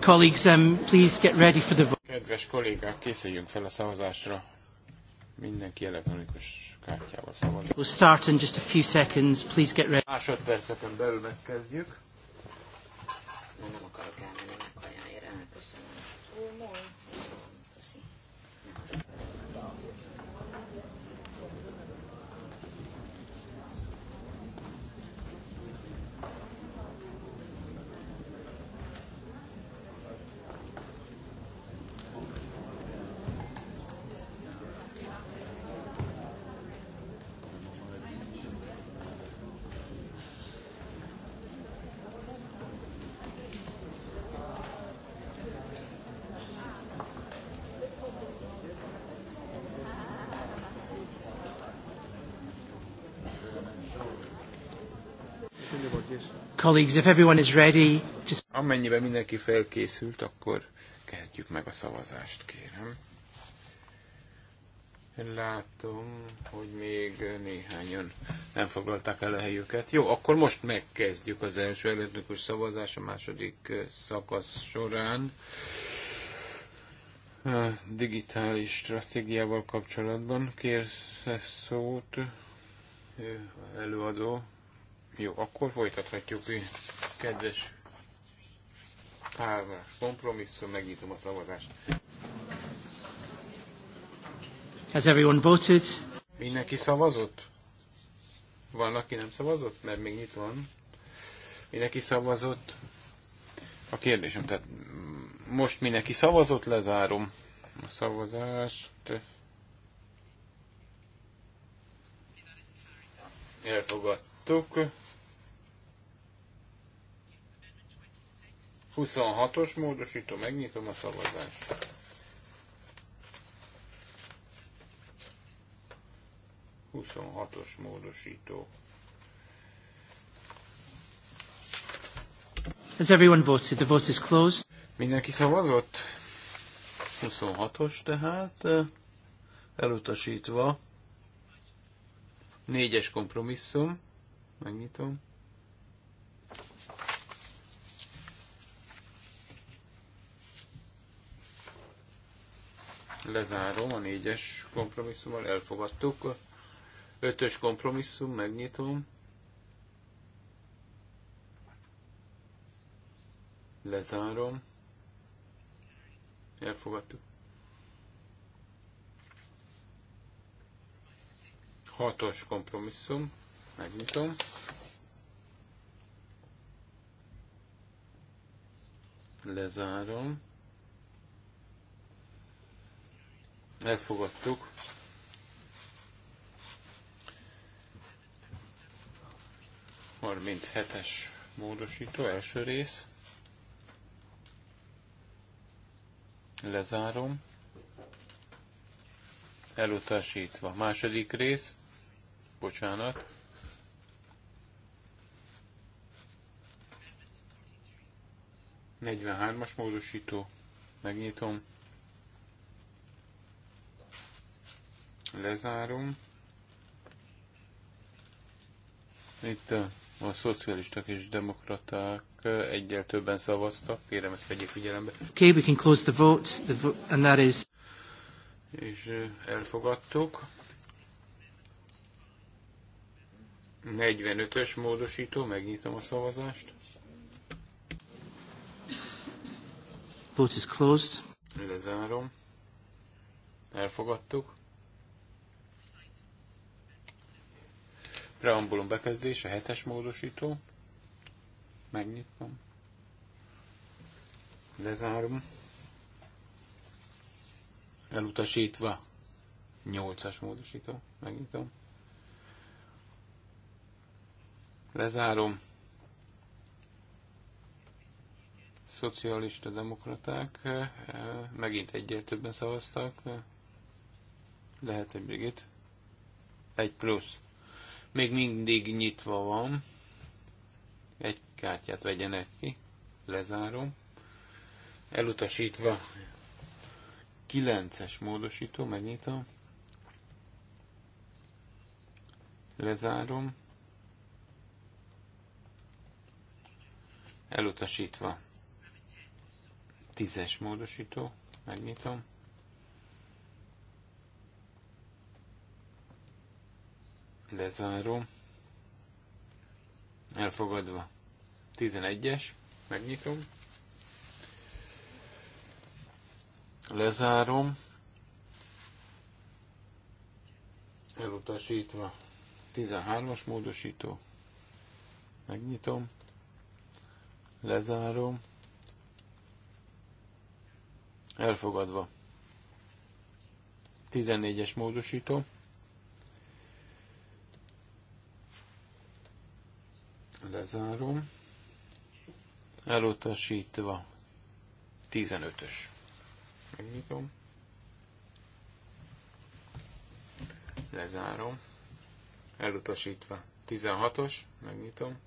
Colleagues, um, please get ready for the vote. Kedves kollégák, készüljünk fel a szavazásra. Mindenki elektronikus kártyával szavazik. We'll start in just a few seconds. Please get ready. Másodperceken belül megkezdjük. Colleagues, if everyone is ready, just... Amennyiben mindenki felkészült, akkor kezdjük meg a szavazást, kérem. Látom, hogy még néhányan nem foglalták el a helyüket. Jó, akkor most megkezdjük az első elektronikus szavazás a második szakasz során. A digitális stratégiával kapcsolatban kérsz szót előadó jó, akkor folytathatjuk, kedves hármas kompromisszum, megnyitom a szavazást. Has everyone voted? Mindenki szavazott? Van, aki nem szavazott, mert még nyitva van. Mindenki szavazott. A kérdésem, tehát most mindenki szavazott, lezárom a szavazást. Elfogadtuk. 26-os módosító, megnyitom a szavazást. Huszonhatos módosító. Has everyone voted? The vote is closed. Mindenki szavazott? 26-os tehát, eh, elutasítva. Négyes kompromisszum. Megnyitom. Lezárom a négyes kompromisszummal, elfogadtuk. Ötös kompromisszum, megnyitom. Lezárom. Elfogadtuk. Hatos kompromisszum, megnyitom. Lezárom elfogadtuk. 37 hetes módosító, első rész. Lezárom. Elutasítva. Második rész. Bocsánat. Negyvenhármas módosító. Megnyitom. lezárom. Itt a, szocialisták és demokraták egyel többen szavaztak, kérem ezt vegyék figyelembe. Okay, we can close the vote, the vo- and that is... És elfogadtuk. 45-ös módosító, megnyitom a szavazást. Vote is closed. Lezárom. Elfogadtuk. Preambulum bekezdés, a hetes módosító. Megnyitom. Lezárom. Elutasítva. Nyolcas módosító. Megnyitom. Lezárom. Szocialista demokraták eh, megint egyel többen szavaztak. Lehet, hogy itt. Egy plusz még mindig nyitva van. Egy kártyát vegyenek ki, lezárom. Elutasítva 9-es módosító, megnyitom. Lezárom. Elutasítva 10-es módosító, megnyitom. Lezárom. Elfogadva. 11-es. Megnyitom. Lezárom. Elutasítva. 13-as módosító. Megnyitom. Lezárom. Elfogadva. 14-es módosító. Lezárom. Elutasítva. 15-ös. Megnyitom. Lezárom. Elutasítva. 16-os. Megnyitom.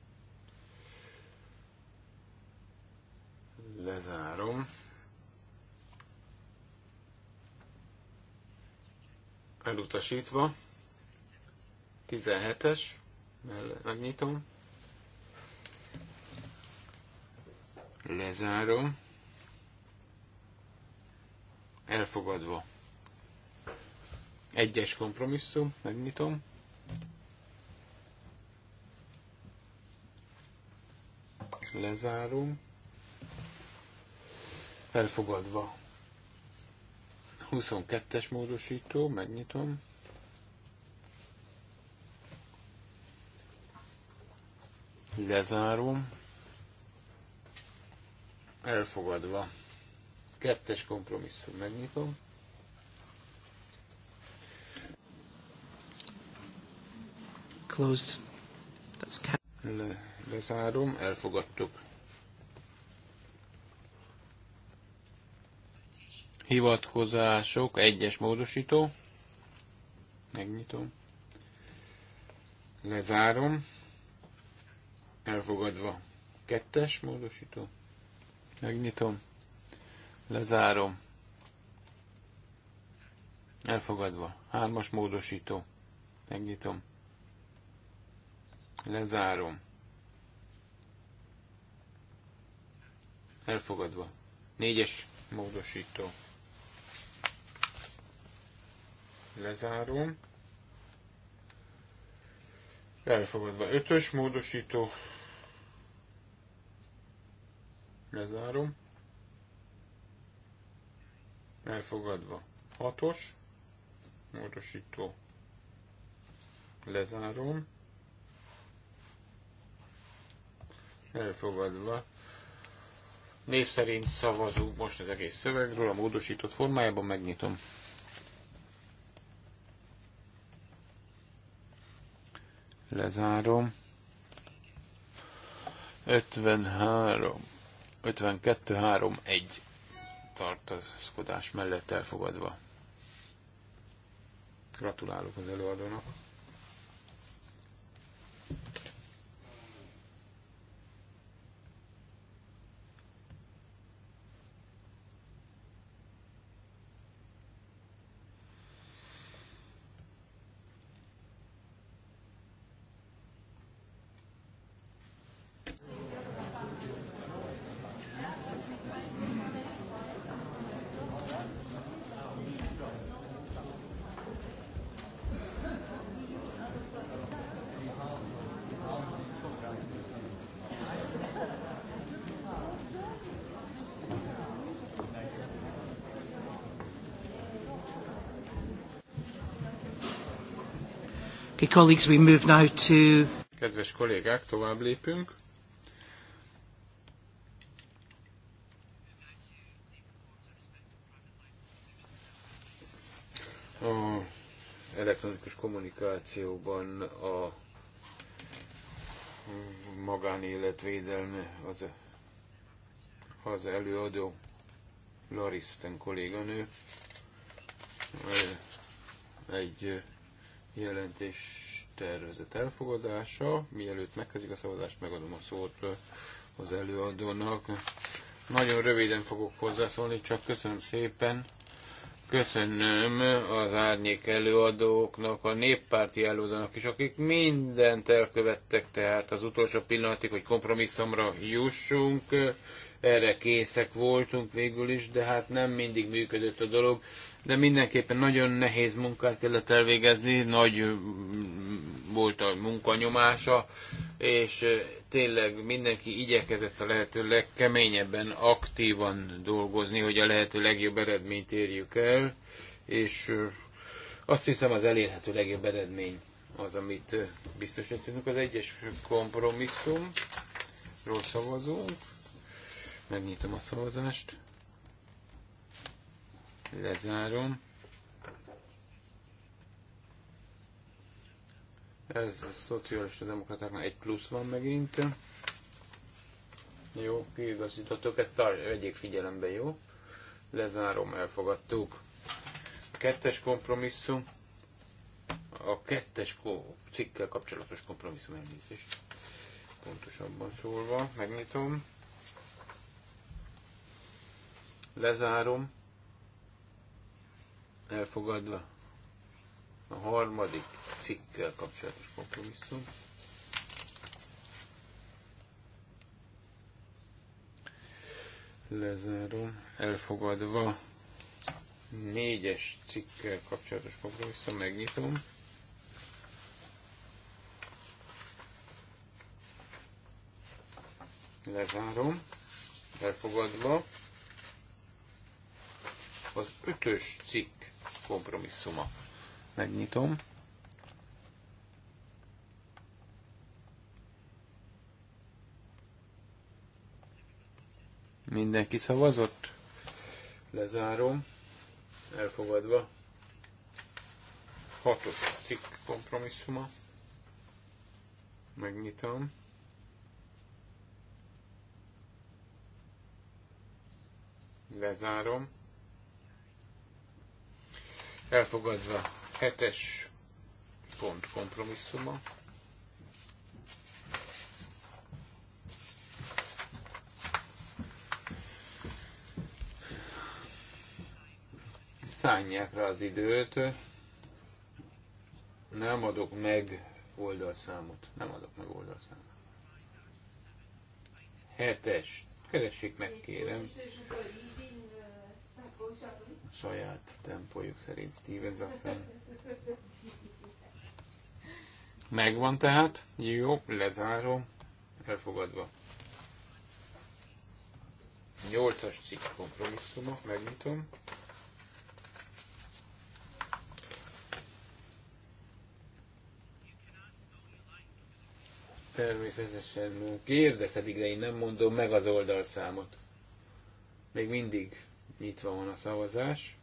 Lezárom. Elutasítva. 17-es. Megnyitom Lezárom. Elfogadva. Egyes kompromisszum, megnyitom. Lezárom. Elfogadva. 22-es módosító, megnyitom. Lezárom elfogadva. Kettes kompromisszum, megnyitom. Closed. That's Le, lezárom, elfogadtuk. Hivatkozások, egyes módosító. Megnyitom. Lezárom. Elfogadva. Kettes módosító. Megnyitom. Lezárom. Elfogadva. Hármas módosító. Megnyitom. Lezárom. Elfogadva. Négyes módosító. Lezárom. Elfogadva. Ötös módosító. Lezárom. Elfogadva. Hatos. Módosító. Lezárom. Elfogadva. Név szerint szavazunk most az egész szövegről, a módosított formájában megnyitom. Lezárom. 53 52-3-1 tartaszkodás mellett elfogadva. Gratulálok az előadónak. Colleagues, we move now to... Kedves kollégák, tovább lépünk. A elektronikus kommunikációban a magánélet védelme az, az előadó Laristen kolléganő egy jelentés tervezet elfogadása. Mielőtt megkezdik a szavazást, megadom a szót az előadónak. Nagyon röviden fogok hozzászólni, csak köszönöm szépen. Köszönöm az árnyék előadóknak, a néppárti előadónak is, akik mindent elkövettek, tehát az utolsó pillanatig, hogy kompromisszumra jussunk erre készek voltunk végül is, de hát nem mindig működött a dolog. De mindenképpen nagyon nehéz munkát kellett elvégezni, nagy mm, volt a munkanyomása, és tényleg mindenki igyekezett a lehető legkeményebben, aktívan dolgozni, hogy a lehető legjobb eredményt érjük el, és azt hiszem az elérhető legjobb eredmény az, amit biztosítunk, az egyes kompromisszumról szavazunk. Megnyitom a szavazást. Lezárom. Ez a szociális demokratáknak egy plusz van megint. Jó, kiigazítottuk, ezt tar- vegyék figyelembe, jó? Lezárom, elfogadtuk. Kettes kompromisszum. A kettes ko- cikkel kapcsolatos kompromisszum elnézést. Pontosabban szólva, megnyitom. Lezárom. Elfogadva. A harmadik cikkkel kapcsolatos kompromisszum. Lezárom. Elfogadva. Négyes cikkkel kapcsolatos kompromisszum. Megnyitom. lezárom, elfogadva. Az ötös cikk kompromisszuma. Megnyitom. Mindenki szavazott? Lezárom. Elfogadva. Hatos cikk kompromisszuma. Megnyitom. Lezárom elfogadva. Hetes pont kompromisszuma. Szánják rá az időt. Nem adok meg oldalszámot. Nem adok meg oldalszámot. Hetes. Keressék meg, kérem saját tempójuk szerint Steven Zasson. Megvan tehát, jó, lezárom, elfogadva. 8-as cikk kompromisszuma, megnyitom. Természetesen kérdezhetik, de én nem mondom meg az oldalszámot. Még mindig Nyitva van a szavazás.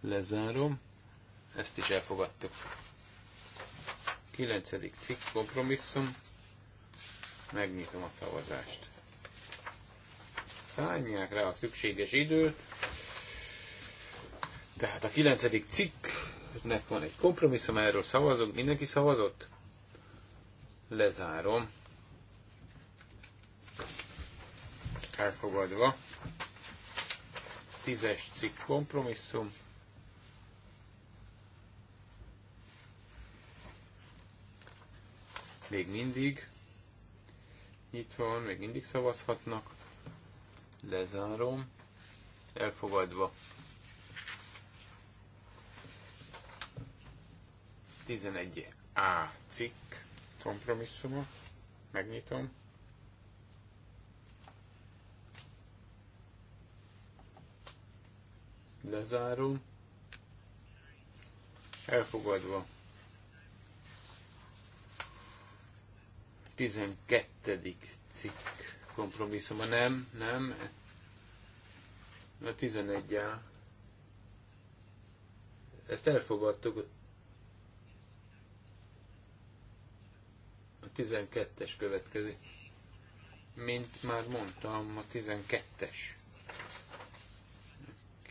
Lezárom. Ezt is elfogadtuk. 9. cikk kompromisszum. Megnyitom a szavazást. Szállják rá a szükséges időt. Tehát a 9. cikknek van egy kompromisszum, erről szavazunk. Mindenki szavazott? Lezárom. Elfogadva. Tízes cikk kompromisszum. Még mindig nyitva van, még mindig szavazhatnak. Lezárom. Elfogadva. 11 A cikk kompromisszuma. Megnyitom. Lezárom. Elfogadva. 12. cikk kompromisszuma. Nem, nem. A 11 -á. Ezt elfogadtuk. A 12-es következik. Mint már mondtam, a 12-es.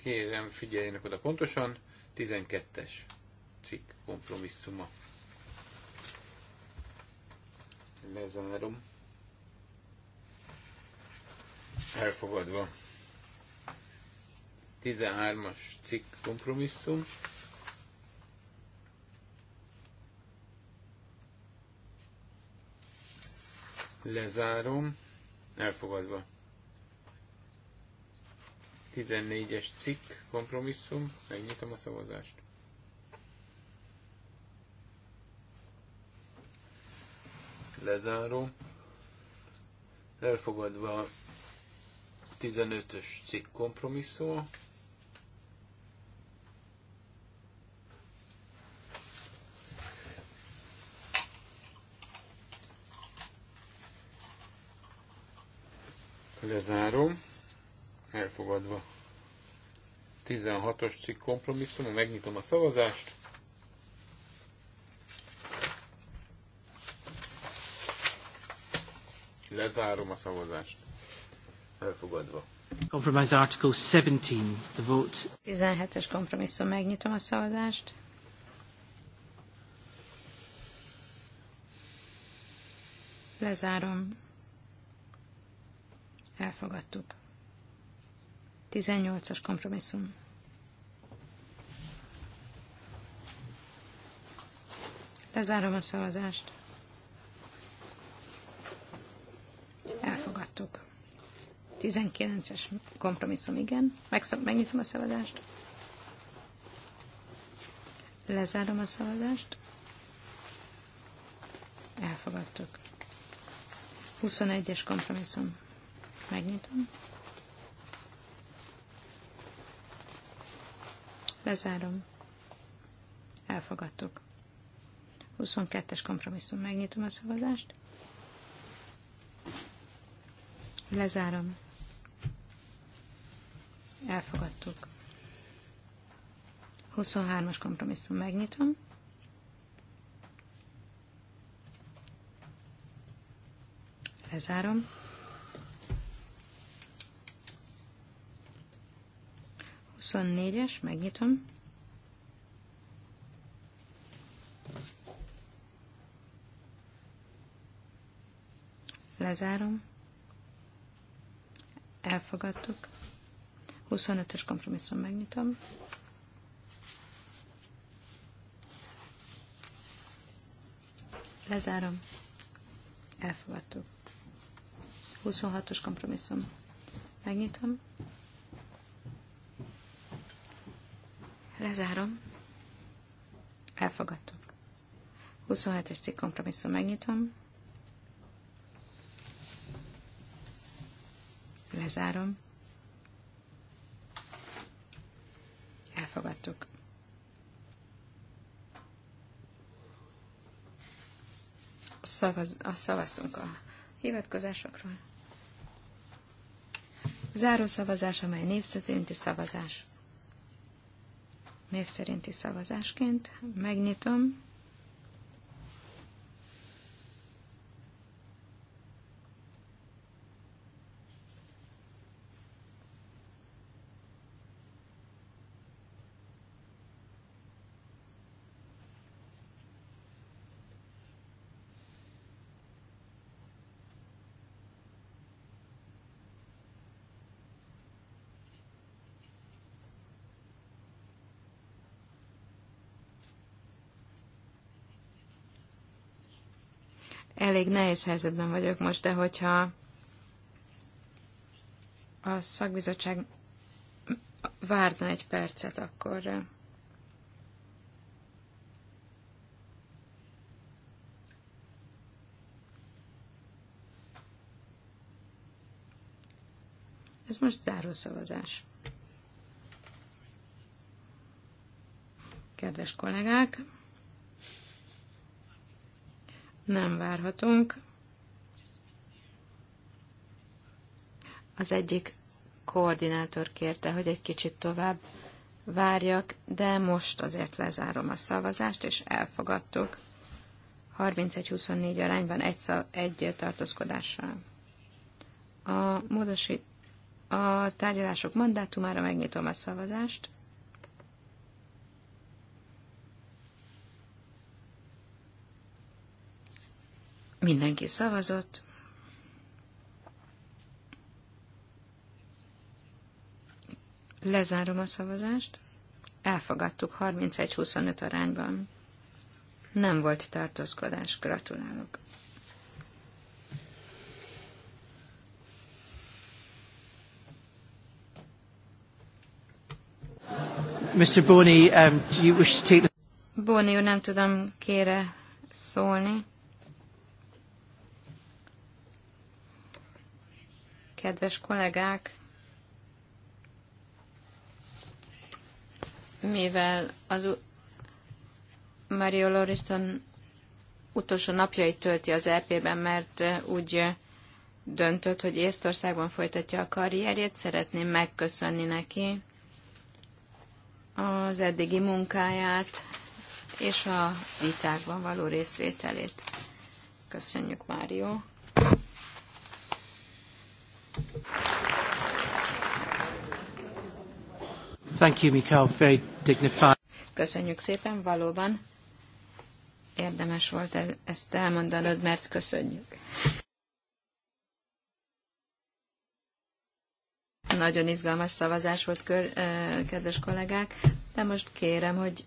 Kérem, figyeljenek oda pontosan. 12-es cikk kompromisszuma. Lezárom. Elfogadva. 13-as cikk kompromisszum. Lezárom. Elfogadva. 14-es cikk, kompromisszum, megnyitom a szavazást. Lezárom. Elfogadva 15-ös cikk kompromisszum. Lezárom elfogadva. 16-os cikk kompromisszum, megnyitom a szavazást. Lezárom a szavazást. Elfogadva. Compromise Article 17, the vote. 17-es kompromisszum, megnyitom a szavazást. Lezárom. Elfogadtuk. 18-as kompromisszum. Lezárom a szavazást. Elfogadtuk. 19-es kompromisszum, igen. Megszab- megnyitom a szavazást. Lezárom a szavazást. Elfogadtuk. 21-es kompromisszum. Megnyitom. Lezárom. Elfogadtuk. 22-es kompromisszum. Megnyitom a szavazást. Lezárom. Elfogadtuk. 23-as kompromisszum. Megnyitom. Lezárom. 24-es, megnyitom. Lezárom. Elfogadtuk. 25-ös kompromisszum megnyitom. Lezárom. Elfogadtuk. 26-os kompromisszum. Megnyitom. Lezárom. Elfogadtuk. 27-es cikk kompromisszum megnyitom. Lezárom. Elfogadtuk. Szavaz, azt szavaztunk a hivatkozásokról. Záró szavazás, amely név szavazás név szerinti szavazásként. Megnyitom. elég nehéz helyzetben vagyok most, de hogyha a szakbizottság várna egy percet, akkor... Eh, Ez most záró szavazás. Kedves kollégák! nem várhatunk. Az egyik koordinátor kérte, hogy egy kicsit tovább várjak, de most azért lezárom a szavazást, és elfogadtuk. 31-24 arányban egy, szav, egy tartózkodással. A módosít a tárgyalások mandátumára megnyitom a szavazást. Mindenki szavazott. Lezárom a szavazást. Elfogadtuk 31-25 arányban. Nem volt tartózkodás. Gratulálok. Mr. Boni, um, do you wish to take the... Boni, nem tudom, kére szólni. Kedves kollégák, mivel az Mario Loriston utolsó napjait tölti az lp e ben mert eh, úgy eh, döntött, hogy Észtországban folytatja a karrierjét, szeretném megköszönni neki az eddigi munkáját és a vitákban való részvételét. Köszönjük, Mário! Thank you, Very dignified. Köszönjük szépen, valóban érdemes volt ezt elmondanod, mert köszönjük. Nagyon izgalmas szavazás volt, kör, kedves kollégák, de most kérem, hogy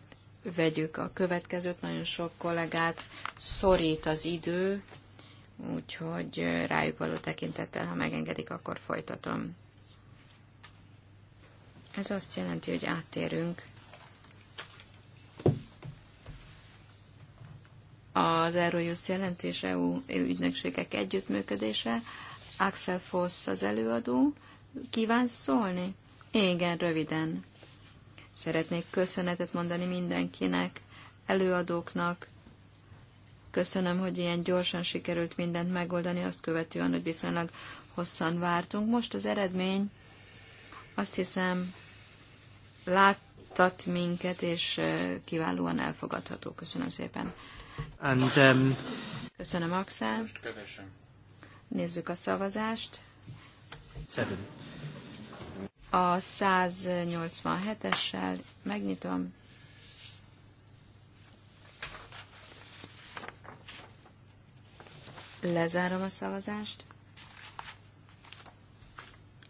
vegyük a következőt, nagyon sok kollégát szorít az idő, úgyhogy rájuk való tekintettel, ha megengedik, akkor folytatom. Ez azt jelenti, hogy áttérünk az Eurojust jelentés EU ügynökségek együttműködése. Axel Foss az előadó. Kíván szólni? Igen, röviden. Szeretnék köszönetet mondani mindenkinek, előadóknak, Köszönöm, hogy ilyen gyorsan sikerült mindent megoldani, azt követően, hogy viszonylag hosszan vártunk. Most az eredmény azt hiszem láttat minket, és kiválóan elfogadható. Köszönöm szépen. And, um... Köszönöm, Axel. Nézzük a szavazást. Seven. A 187-essel megnyitom. Lezárom a szavazást.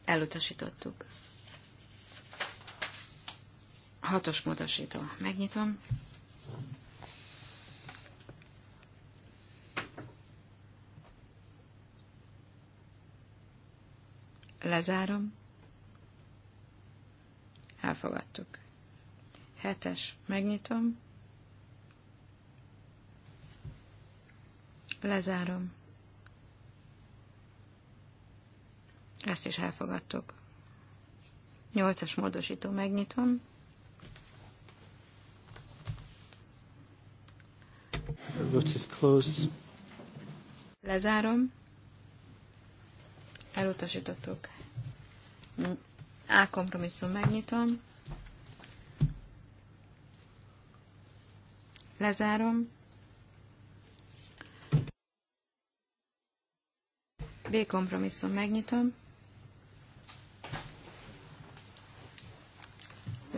Elutasítottuk. Hatos módosító. Megnyitom. Lezárom. Elfogadtuk. Hetes. Megnyitom. Lezárom. Ezt is elfogadtuk. Nyolcas módosító megnyitom. vote is closed. Lezárom. Elutasítottuk. A kompromisszum megnyitom. Lezárom. B kompromisszum megnyitom.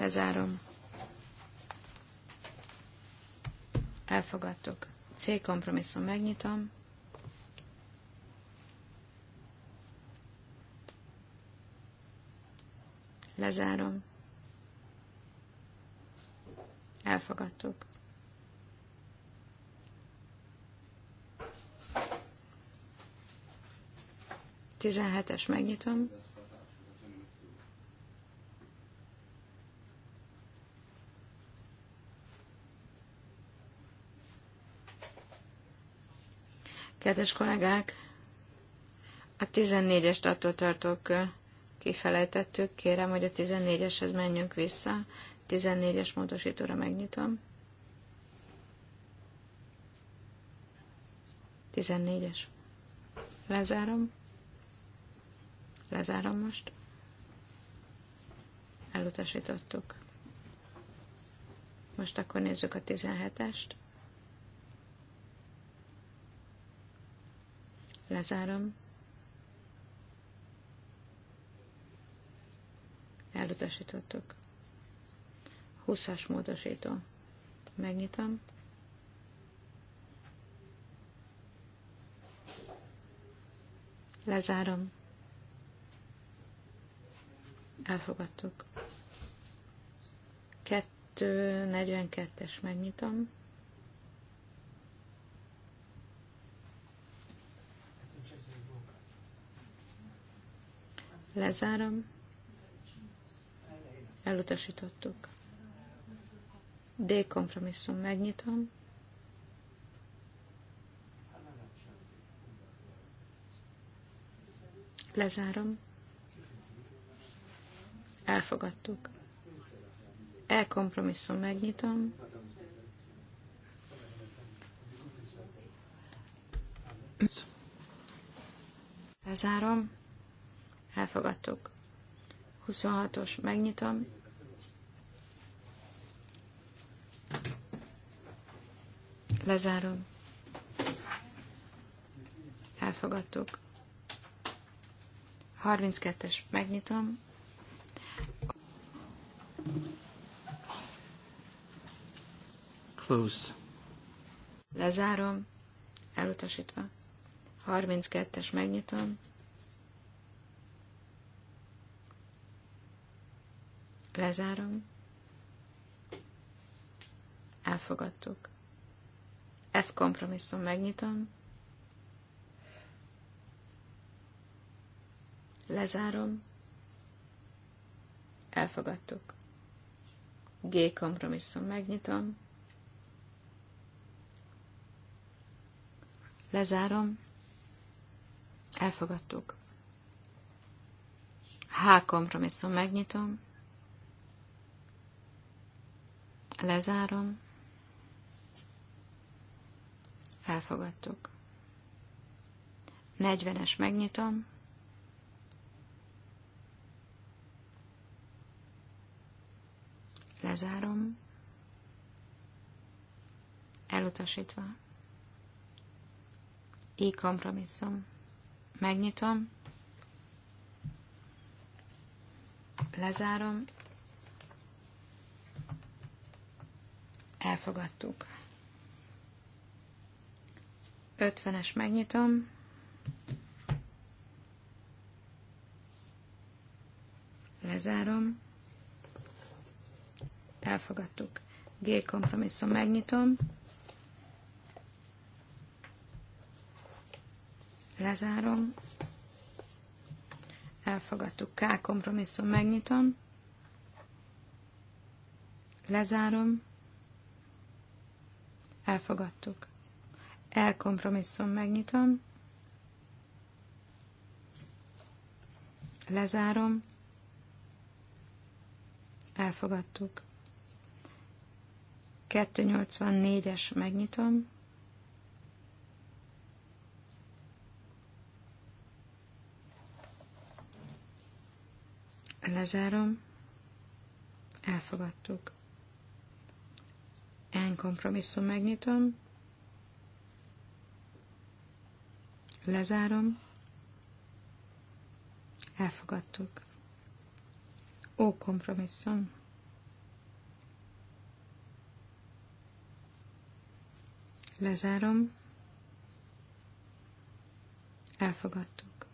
Lezárom. elfogadtok. C kompromisszum megnyitom. Lezárom. Elfogadtok. Tizenhetes megnyitom. Kedves kollégák, a 14-est attól tartok, kifelejtettük, kérem, hogy a 14-eshez menjünk vissza. 14-es módosítóra megnyitom. 14-es. Lezárom. Lezárom most. Elutasítottuk. Most akkor nézzük a 17-est. Lezárom. Elutasítottuk. 20-as módosító. Megnyitom. Lezárom. Elfogadtuk. 242-es megnyitom. Lezárom. Elutasítottuk. D kompromisszum megnyitom. Lezárom. Elfogadtuk. E kompromisszum megnyitom. Lezárom. Elfogadtuk. 26-os, megnyitom. Lezárom. Elfogadtuk. 32-es, megnyitom. Closed. Lezárom. Elutasítva. 32-es, megnyitom. Lezárom. Elfogadtuk. F kompromisszum megnyitom. Lezárom. Elfogadtuk. G kompromisszum megnyitom. Lezárom. Elfogadtuk. H kompromisszum megnyitom. Lezárom. Elfogadtuk. 40-es megnyitom. Lezárom. Elutasítva. Így kompromisszum. Megnyitom. Lezárom. Elfogadtuk. 50-es megnyitom. Lezárom. Elfogadtuk. G kompromisszum megnyitom. Lezárom. Elfogadtuk. K kompromisszum megnyitom. Lezárom. Elfogadtuk. Elkompromisszum megnyitom. Lezárom. Elfogadtuk. 284-es megnyitom. Lezárom. Elfogadtuk. N kompromisszum megnyitom. Lezárom. Elfogadtuk. O kompromisszum. Lezárom. Elfogadtuk.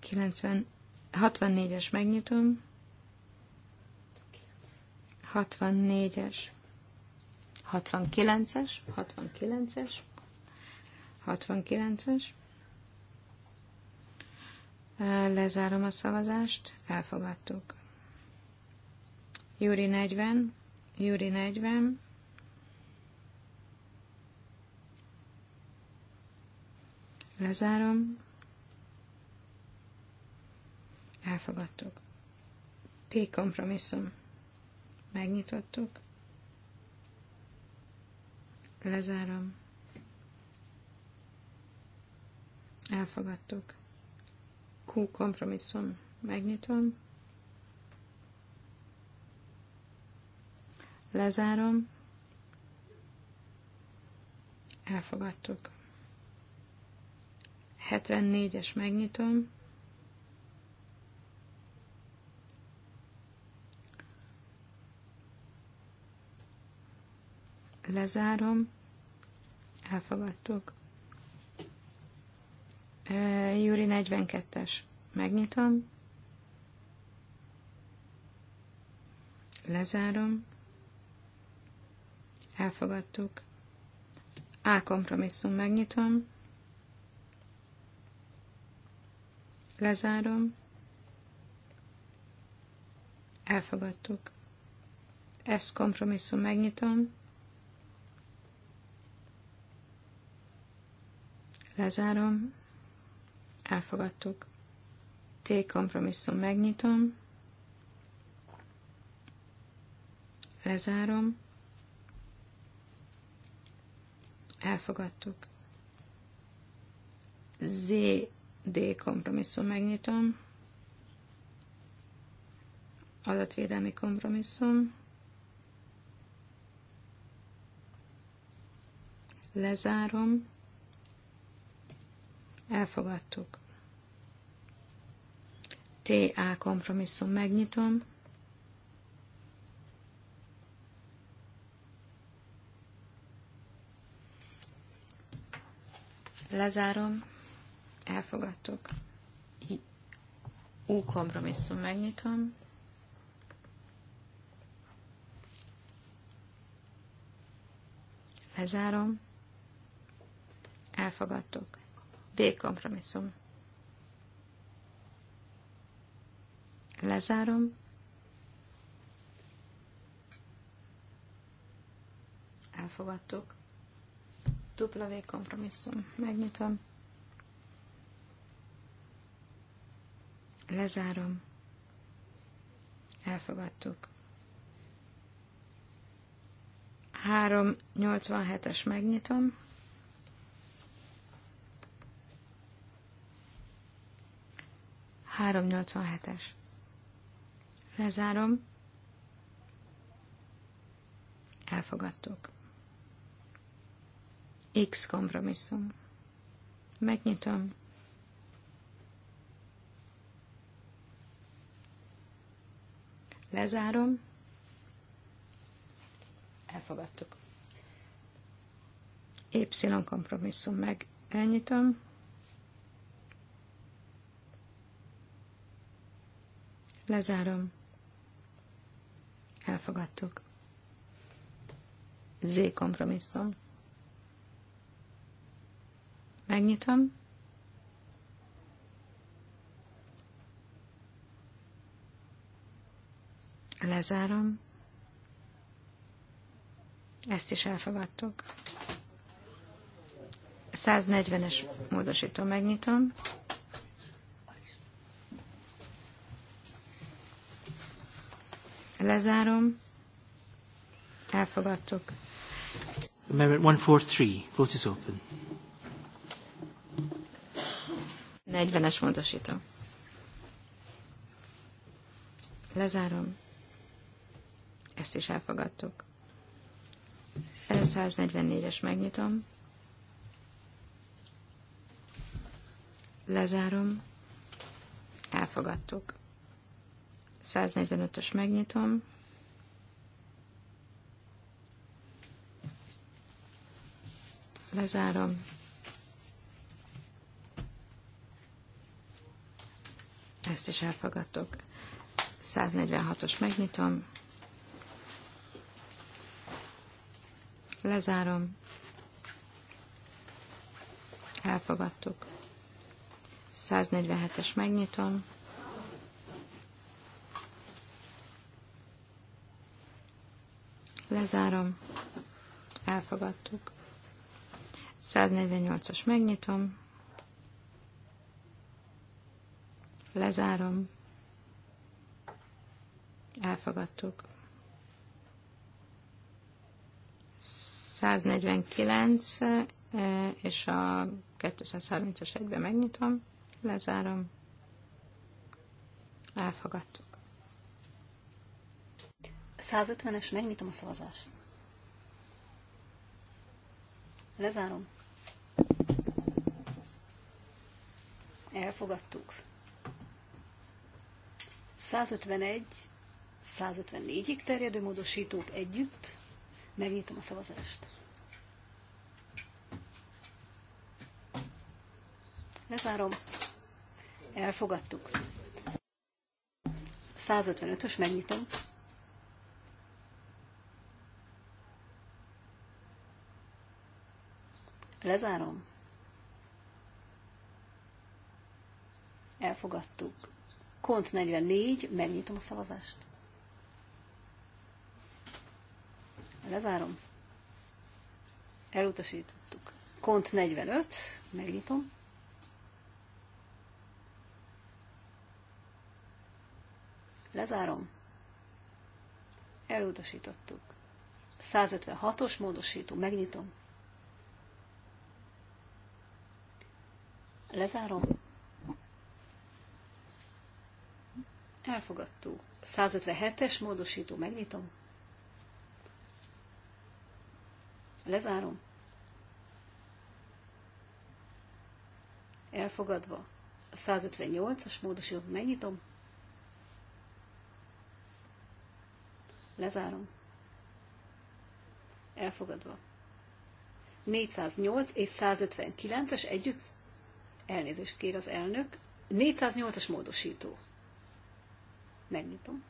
90, 64-es megnyitom. 64-es. 69-es, 69-es, 69-es. Lezárom a szavazást, elfogadtuk. Júri 40, Júri 40, Lezárom. Elfogadtuk. P kompromisszum. Megnyitottuk. Lezárom. Elfogadtuk. Q kompromisszum. Megnyitom. Lezárom. Elfogadtuk. 74-es megnyitom. Lezárom. Elfogadtuk. Júri 42-es. Megnyitom. Lezárom. Elfogadtuk. A kompromisszum megnyitom. Lezárom. Elfogadtuk. Ezt kompromisszum megnyitom. Lezárom. Elfogadtuk. T kompromisszum megnyitom. Lezárom. Elfogadtuk. Z D kompromisszum megnyitom. Adatvédelmi kompromisszum. Lezárom. Elfogadtuk. TA kompromisszum megnyitom. Lezárom. Elfogadtuk. U kompromisszum megnyitom. Lezárom. Elfogadtuk. B kompromisszum. Lezárom. Elfogadtuk. W kompromisszum. Megnyitom. Lezárom. Elfogadtuk. 387-es megnyitom. 387-es. Lezárom. Elfogadtuk. X kompromisszum. Megnyitom. Lezárom. Elfogadtuk. Y kompromisszum. elnyitom. Lezárom. Elfogadtuk. Z kompromisszum. Megnyitom. Lezárom. Ezt is elfogadtuk. 140-es módosító megnyitom. Lezárom. Elfogadtok. Amendment 143. Vote is open. 40-es módosító. Lezárom. Ezt is elfogadtuk. 144-es megnyitom. Lezárom. Elfogadtuk. 145-ös megnyitom. Lezárom. Ezt is elfogadtok. 146-os megnyitom. Lezárom. Elfogadtuk. 147-es megnyitom. Lezárom. Elfogadtuk. 148-as megnyitom. Lezárom. Elfogadtuk. 149 e, és a 230-as egybe megnyitom. Lezárom. Elfogadtuk. 150-es, megnyitom a szavazást. Lezárom. Elfogadtuk. 151, 154-ig terjedő módosítók együtt. Megnyitom a szavazást. Lezárom. Elfogadtuk. 155-ös, megnyitom. Lezárom. Elfogadtuk. Kont 44, megnyitom a szavazást. Lezárom. Elutasítottuk. Kont 45, megnyitom. Lezárom. Elutasítottuk. 156-os módosító, megnyitom. Lezárom. Elfogadtó. 157-es módosító, megnyitom. Lezárom. Elfogadva. 158-as módosító, megnyitom. Lezárom. Elfogadva. 408 és 159-es együtt Elnézést kér az elnök. 408-as módosító. Megnyitom.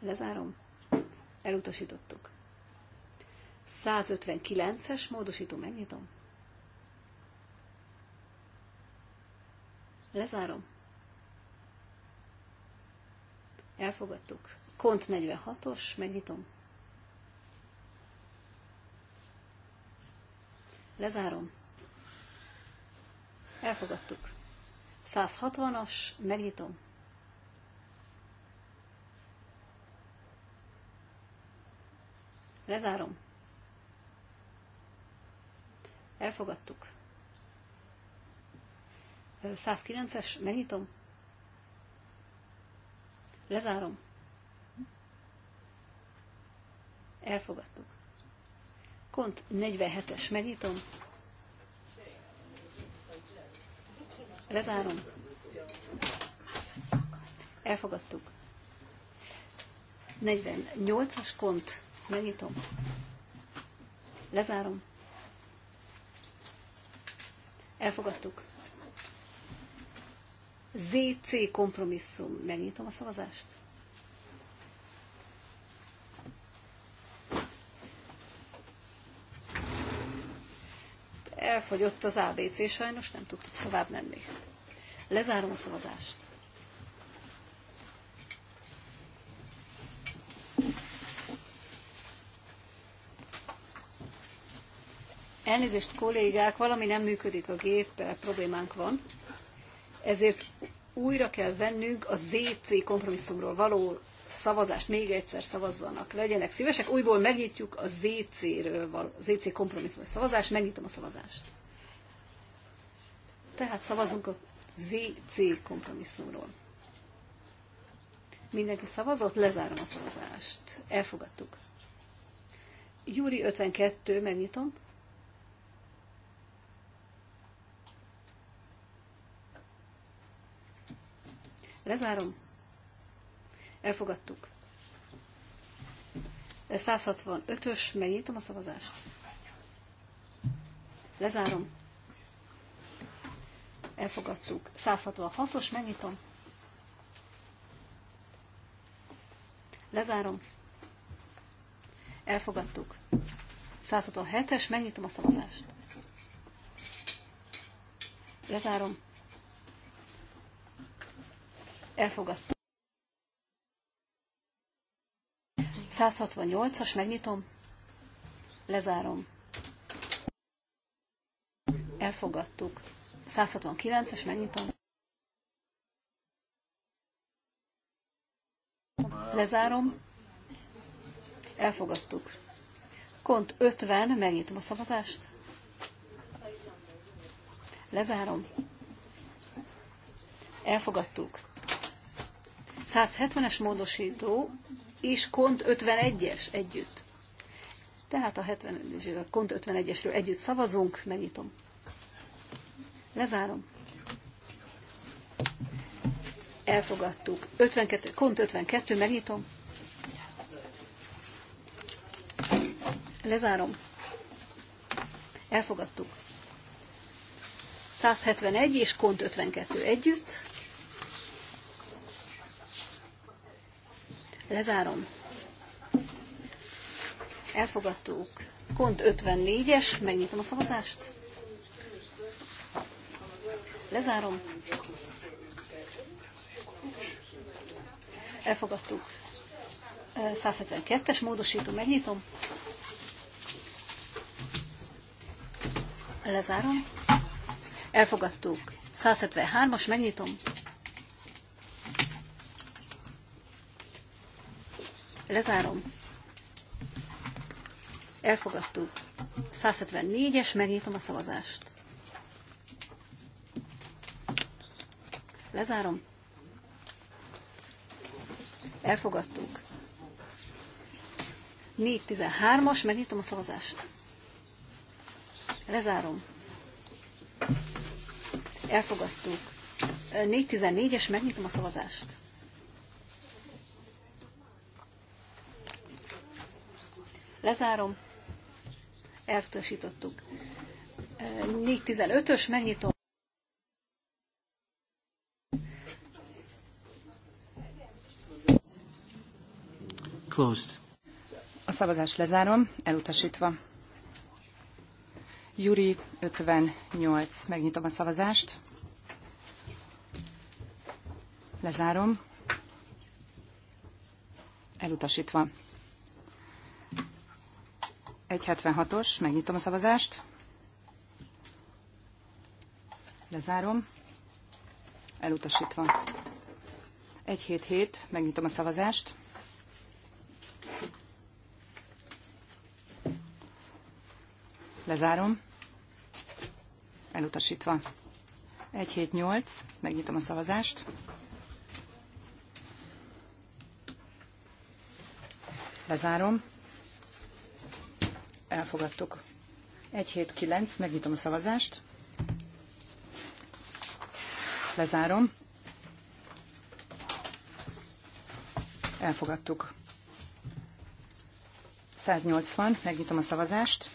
Lezárom. Elutasítottuk. 159-es módosító. Megnyitom. Lezárom. Elfogadtuk. Kont 46-os. Megnyitom. Lezárom. Elfogadtuk. 160-as, megnyitom. Lezárom. Elfogadtuk. 109-es, megnyitom. Lezárom. Elfogadtuk. Kont 47-es, megnyitom. Lezárom. Elfogadtuk. 48-as kont, megnyitom. Lezárom. Elfogadtuk. ZC kompromisszum. Megnyitom a szavazást. elfogyott az ABC, sajnos nem tudtuk tovább menni. Lezárom a szavazást. Elnézést, kollégák, valami nem működik a géppel, eh, problémánk van. Ezért újra kell vennünk a ZC kompromisszumról való szavazást még egyszer szavazzanak, legyenek szívesek. Újból megnyitjuk a ZC-ről való, ZC kompromisszumos szavazást, megnyitom a szavazást. Tehát szavazunk a ZC kompromisszumról. Mindenki szavazott, lezárom a szavazást. Elfogadtuk. Júri 52, megnyitom. Lezárom. Elfogadtuk. 165-ös, megnyitom a szavazást. Lezárom. Elfogadtuk. 166-os, megnyitom. Lezárom. Elfogadtuk. 167-es, megnyitom a szavazást. Lezárom. Elfogadtuk. 168-as, megnyitom, lezárom. Elfogadtuk. 169-es, megnyitom. Lezárom. Elfogadtuk. Kont 50, megnyitom a szavazást. Lezárom. Elfogadtuk. 170-es módosító és Kont 51-es együtt. Tehát a 70 a Kont 51-esről együtt szavazunk, megnyitom. Lezárom. Elfogadtuk. 52, kont 52, megnyitom. Lezárom. Elfogadtuk. 171 és kont 52 együtt. Lezárom. Elfogadtuk. Kont 54-es, megnyitom a szavazást. Lezárom. Elfogadtuk. 172-es módosító, megnyitom. Lezárom. Elfogadtuk. 173-as, megnyitom. Lezárom. Elfogadtuk. 174-es, megnyitom a szavazást. Lezárom. Elfogadtuk. 4.13-as, megnyitom a szavazást. Lezárom. Elfogadtuk. 4.14-es, megnyitom a szavazást. Lezárom. Elutasítottuk. 4.15-ös, megnyitom. Closed. A szavazást lezárom, elutasítva. Juri 58. Megnyitom a szavazást. Lezárom. Elutasítva. 176-os, megnyitom a szavazást. Lezárom. Elutasítva. 177, megnyitom a szavazást. Lezárom. Elutasítva. 178, megnyitom a szavazást. Lezárom elfogadtuk. 179, megnyitom a szavazást. Lezárom. Elfogadtuk. 180, megnyitom a szavazást.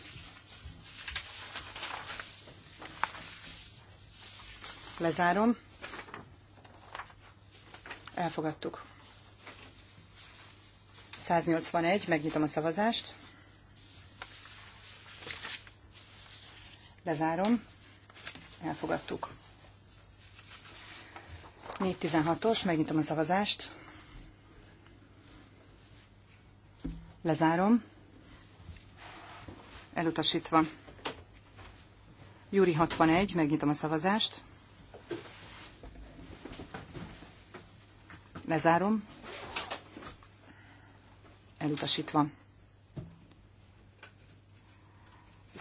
Lezárom. Elfogadtuk. 181, megnyitom a szavazást. Lezárom. Elfogadtuk. 416-os, megnyitom a szavazást. Lezárom. Elutasítva. Júri 61, megnyitom a szavazást. Lezárom. Elutasítva.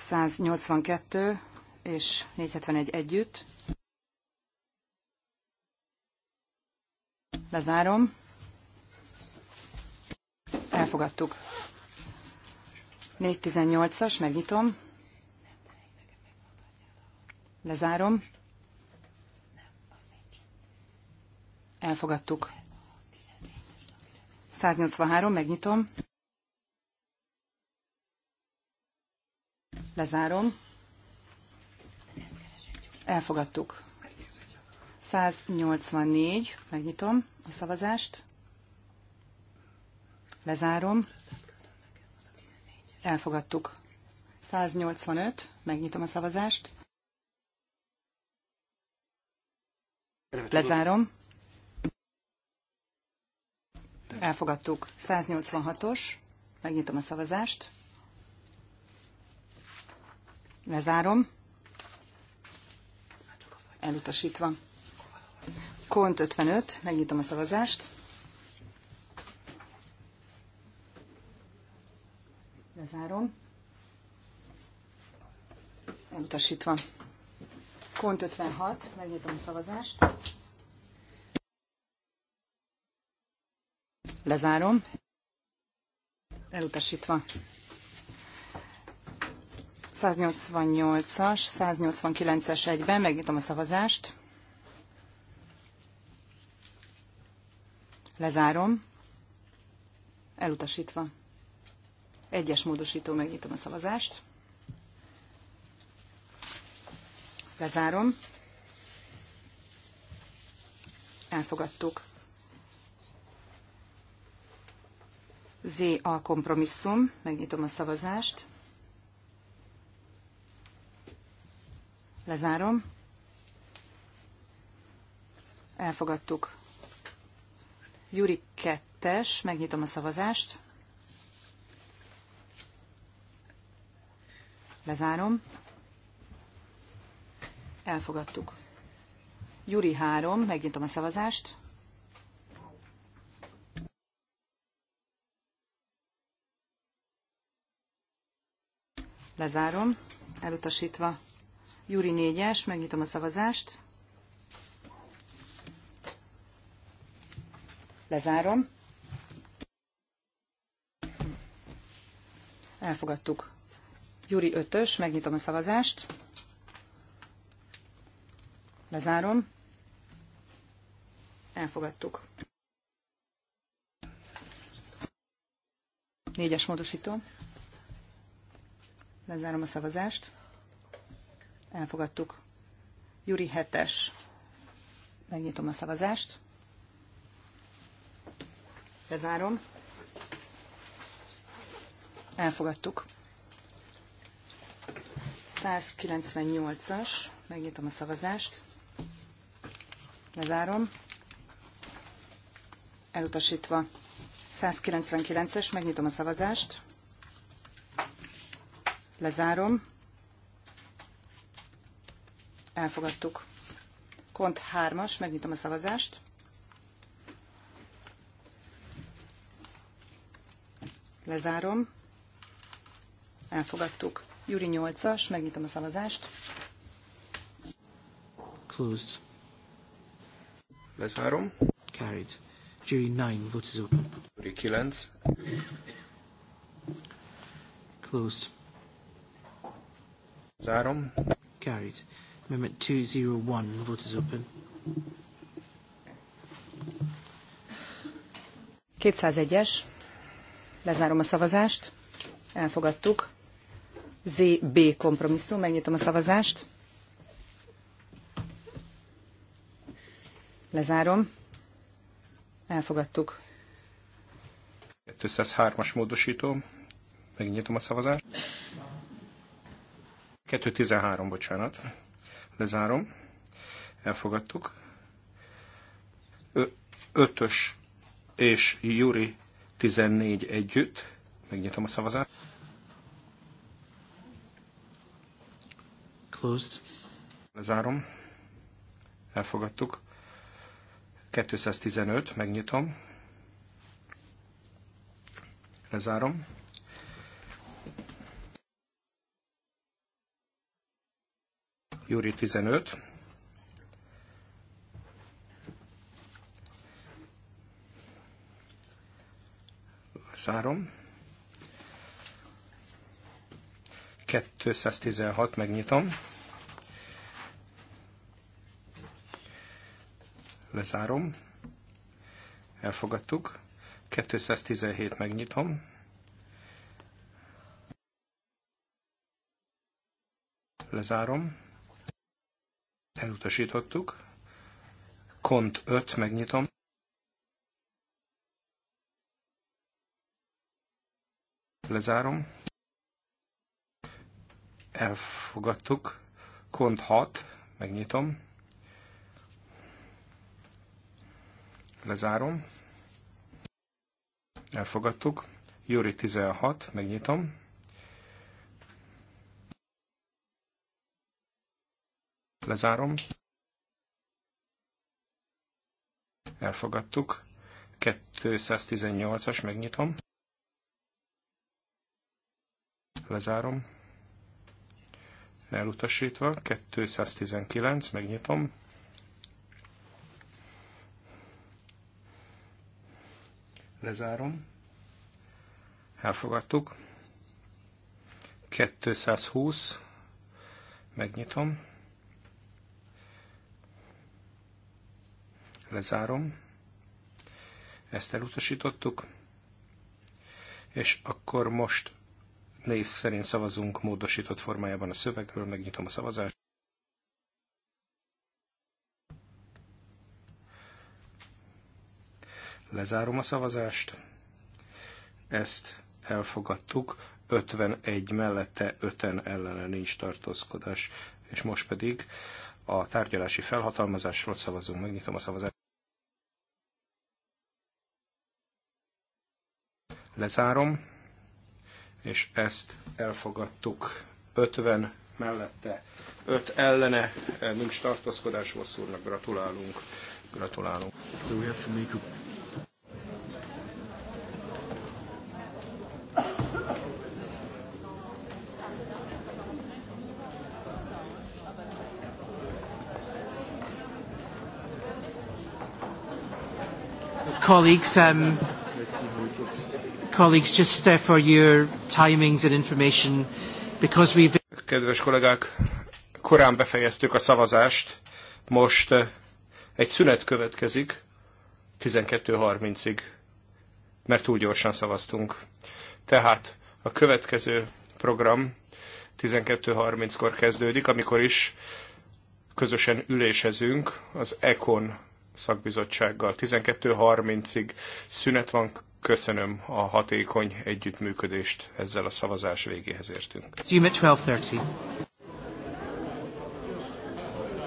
182 és 471 együtt. Lezárom. Elfogadtuk. 418-as, megnyitom. Lezárom. Elfogadtuk. 183, megnyitom. Lezárom. Elfogadtuk. 184. Megnyitom a szavazást. Lezárom. Elfogadtuk. 185. Megnyitom a szavazást. Lezárom. Elfogadtuk. 186-os. Megnyitom a szavazást. Lezárom. Elutasítva. Kont 55, megnyitom a szavazást. Lezárom. Elutasítva. Kont 56, megnyitom a szavazást. Lezárom. Elutasítva. 188-as, 189-es egyben, megnyitom a szavazást. Lezárom. Elutasítva. Egyes módosító, megnyitom a szavazást. Lezárom. Elfogadtuk. Z a kompromisszum, megnyitom a szavazást. Lezárom. Elfogadtuk. Juri kettes, megnyitom a szavazást. Lezárom. Elfogadtuk. Juri három. megnyitom a szavazást. Lezárom, elutasítva. Júri négyes, megnyitom a szavazást. Lezárom. Elfogadtuk. Júri ötös, megnyitom a szavazást. Lezárom. Elfogadtuk. Négyes módosító. Lezárom a szavazást. Elfogadtuk. Juri 7-es. Megnyitom a szavazást. Bezárom. Elfogadtuk. 198-as. Megnyitom a szavazást. Lezárom. Elutasítva. 199-es. Megnyitom a szavazást. Lezárom Elfogadtuk. Kont 3-as, megnyitom a szavazást. Lezárom. Elfogadtuk. Júri 8-as, megnyitom a szavazást. Closed. Lezárom. Carried. Júri 9, vote is open. Júri 9. Closed. Zárom. Carried. Amendment 201. Vote is open. 201-es. Lezárom a szavazást. Elfogadtuk. ZB kompromisszum. Megnyitom a szavazást. Lezárom. Elfogadtuk. 203-as módosító. Megnyitom a szavazást. 213, bocsánat. Lezárom. Elfogadtuk. Ö, ötös és Juri 14 együtt. Megnyitom a szavazást. Closed. Lezárom. Elfogadtuk. 215, megnyitom. Lezárom Júri 15. Zárom. 216, megnyitom. Lezárom. Elfogadtuk. 217, megnyitom. Lezárom. Elutasítottuk. Kont 5, megnyitom. Lezárom. Elfogadtuk. Kont 6, megnyitom. Lezárom. Elfogadtuk. Júri 16, megnyitom. Lezárom. Elfogadtuk. 218-as, megnyitom. Lezárom. Elutasítva. 219, megnyitom. Lezárom. Elfogadtuk. 220, megnyitom. lezárom, ezt elutasítottuk, és akkor most név szerint szavazunk módosított formájában a szövegről, megnyitom a szavazást. Lezárom a szavazást, ezt elfogadtuk, 51 mellette 5-en ellene nincs tartózkodás, és most pedig a tárgyalási felhatalmazásról szavazunk. Megnyitom a szavazást. Lezárom, és ezt elfogadtuk 50 mellette, 5 ellene, nincs tartózkodás, hosszúrnak gratulálunk. Gratulálunk. So we have to make a colleagues, um, colleagues, just uh, for your timings and information, because Kedves kollégák, korán befejeztük a szavazást, most uh, egy szünet következik 12.30-ig, mert túl gyorsan szavaztunk. Tehát a következő program 12.30-kor kezdődik, amikor is közösen ülésezünk az ECON szakbizottsággal. 12.30-ig szünet van, köszönöm a hatékony együttműködést, ezzel a szavazás végéhez értünk.